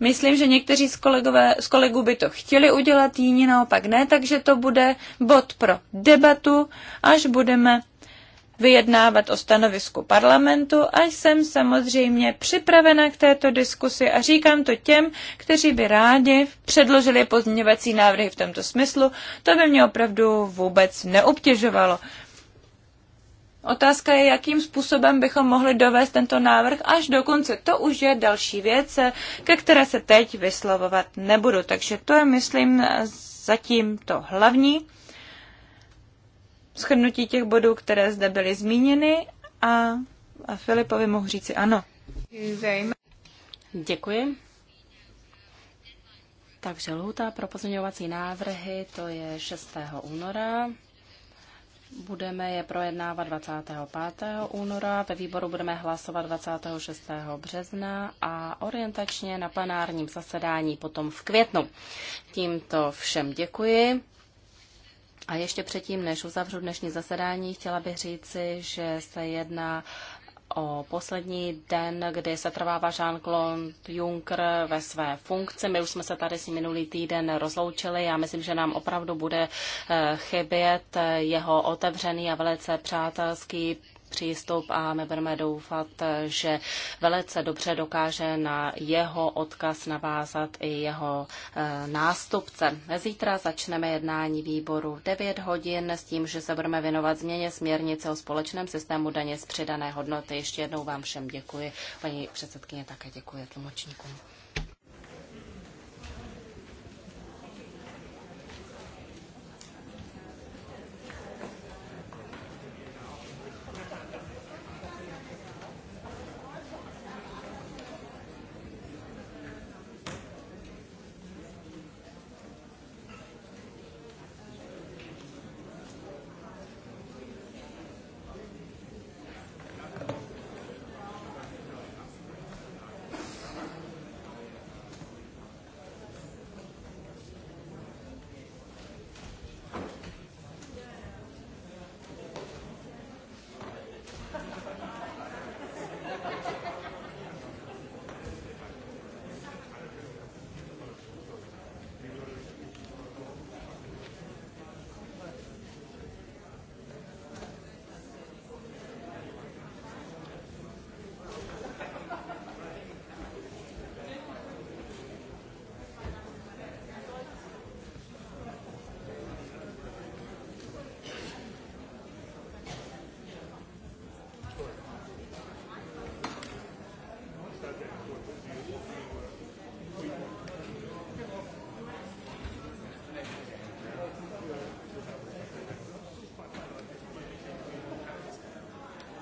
Myslím, že někteří z, kolegové, z kolegů by to chtěli udělat, jiní naopak ne, takže to bude bod pro debatu, až budeme vyjednávat o stanovisku parlamentu a jsem samozřejmě připravena k této diskusi a říkám to těm, kteří by rádi předložili pozměňovací návrhy v tomto smyslu. To by mě opravdu vůbec neobtěžovalo. Otázka je, jakým způsobem bychom mohli dovést tento návrh až do konce. To už je další věc, ke které se teď vyslovovat nebudu. Takže to je, myslím, zatím to hlavní schrnutí těch bodů, které zde byly zmíněny a, a Filipovi mohu říci ano. Děkuji. Takže lhůta pro pozměňovací návrhy to je 6. února Budeme je projednávat 25. února, ve výboru budeme hlasovat 26. března a orientačně na plenárním zasedání potom v květnu. Tímto všem děkuji. A ještě předtím, než uzavřu dnešní zasedání, chtěla bych říci, že se jedná o poslední den, kdy se trvává Jean-Claude Juncker ve své funkci. My už jsme se tady si minulý týden rozloučili. Já myslím, že nám opravdu bude eh, chybět eh, jeho otevřený a velice přátelský přístup a my budeme doufat, že velice dobře dokáže na jeho odkaz navázat i jeho eh, nástupce. Zítra začneme jednání výboru v 9 hodin s tím, že se budeme věnovat změně směrnice o společném systému daně z přidané hodnoty. Ještě jednou vám všem děkuji. Paní předsedkyně také děkuji tlumočníkům.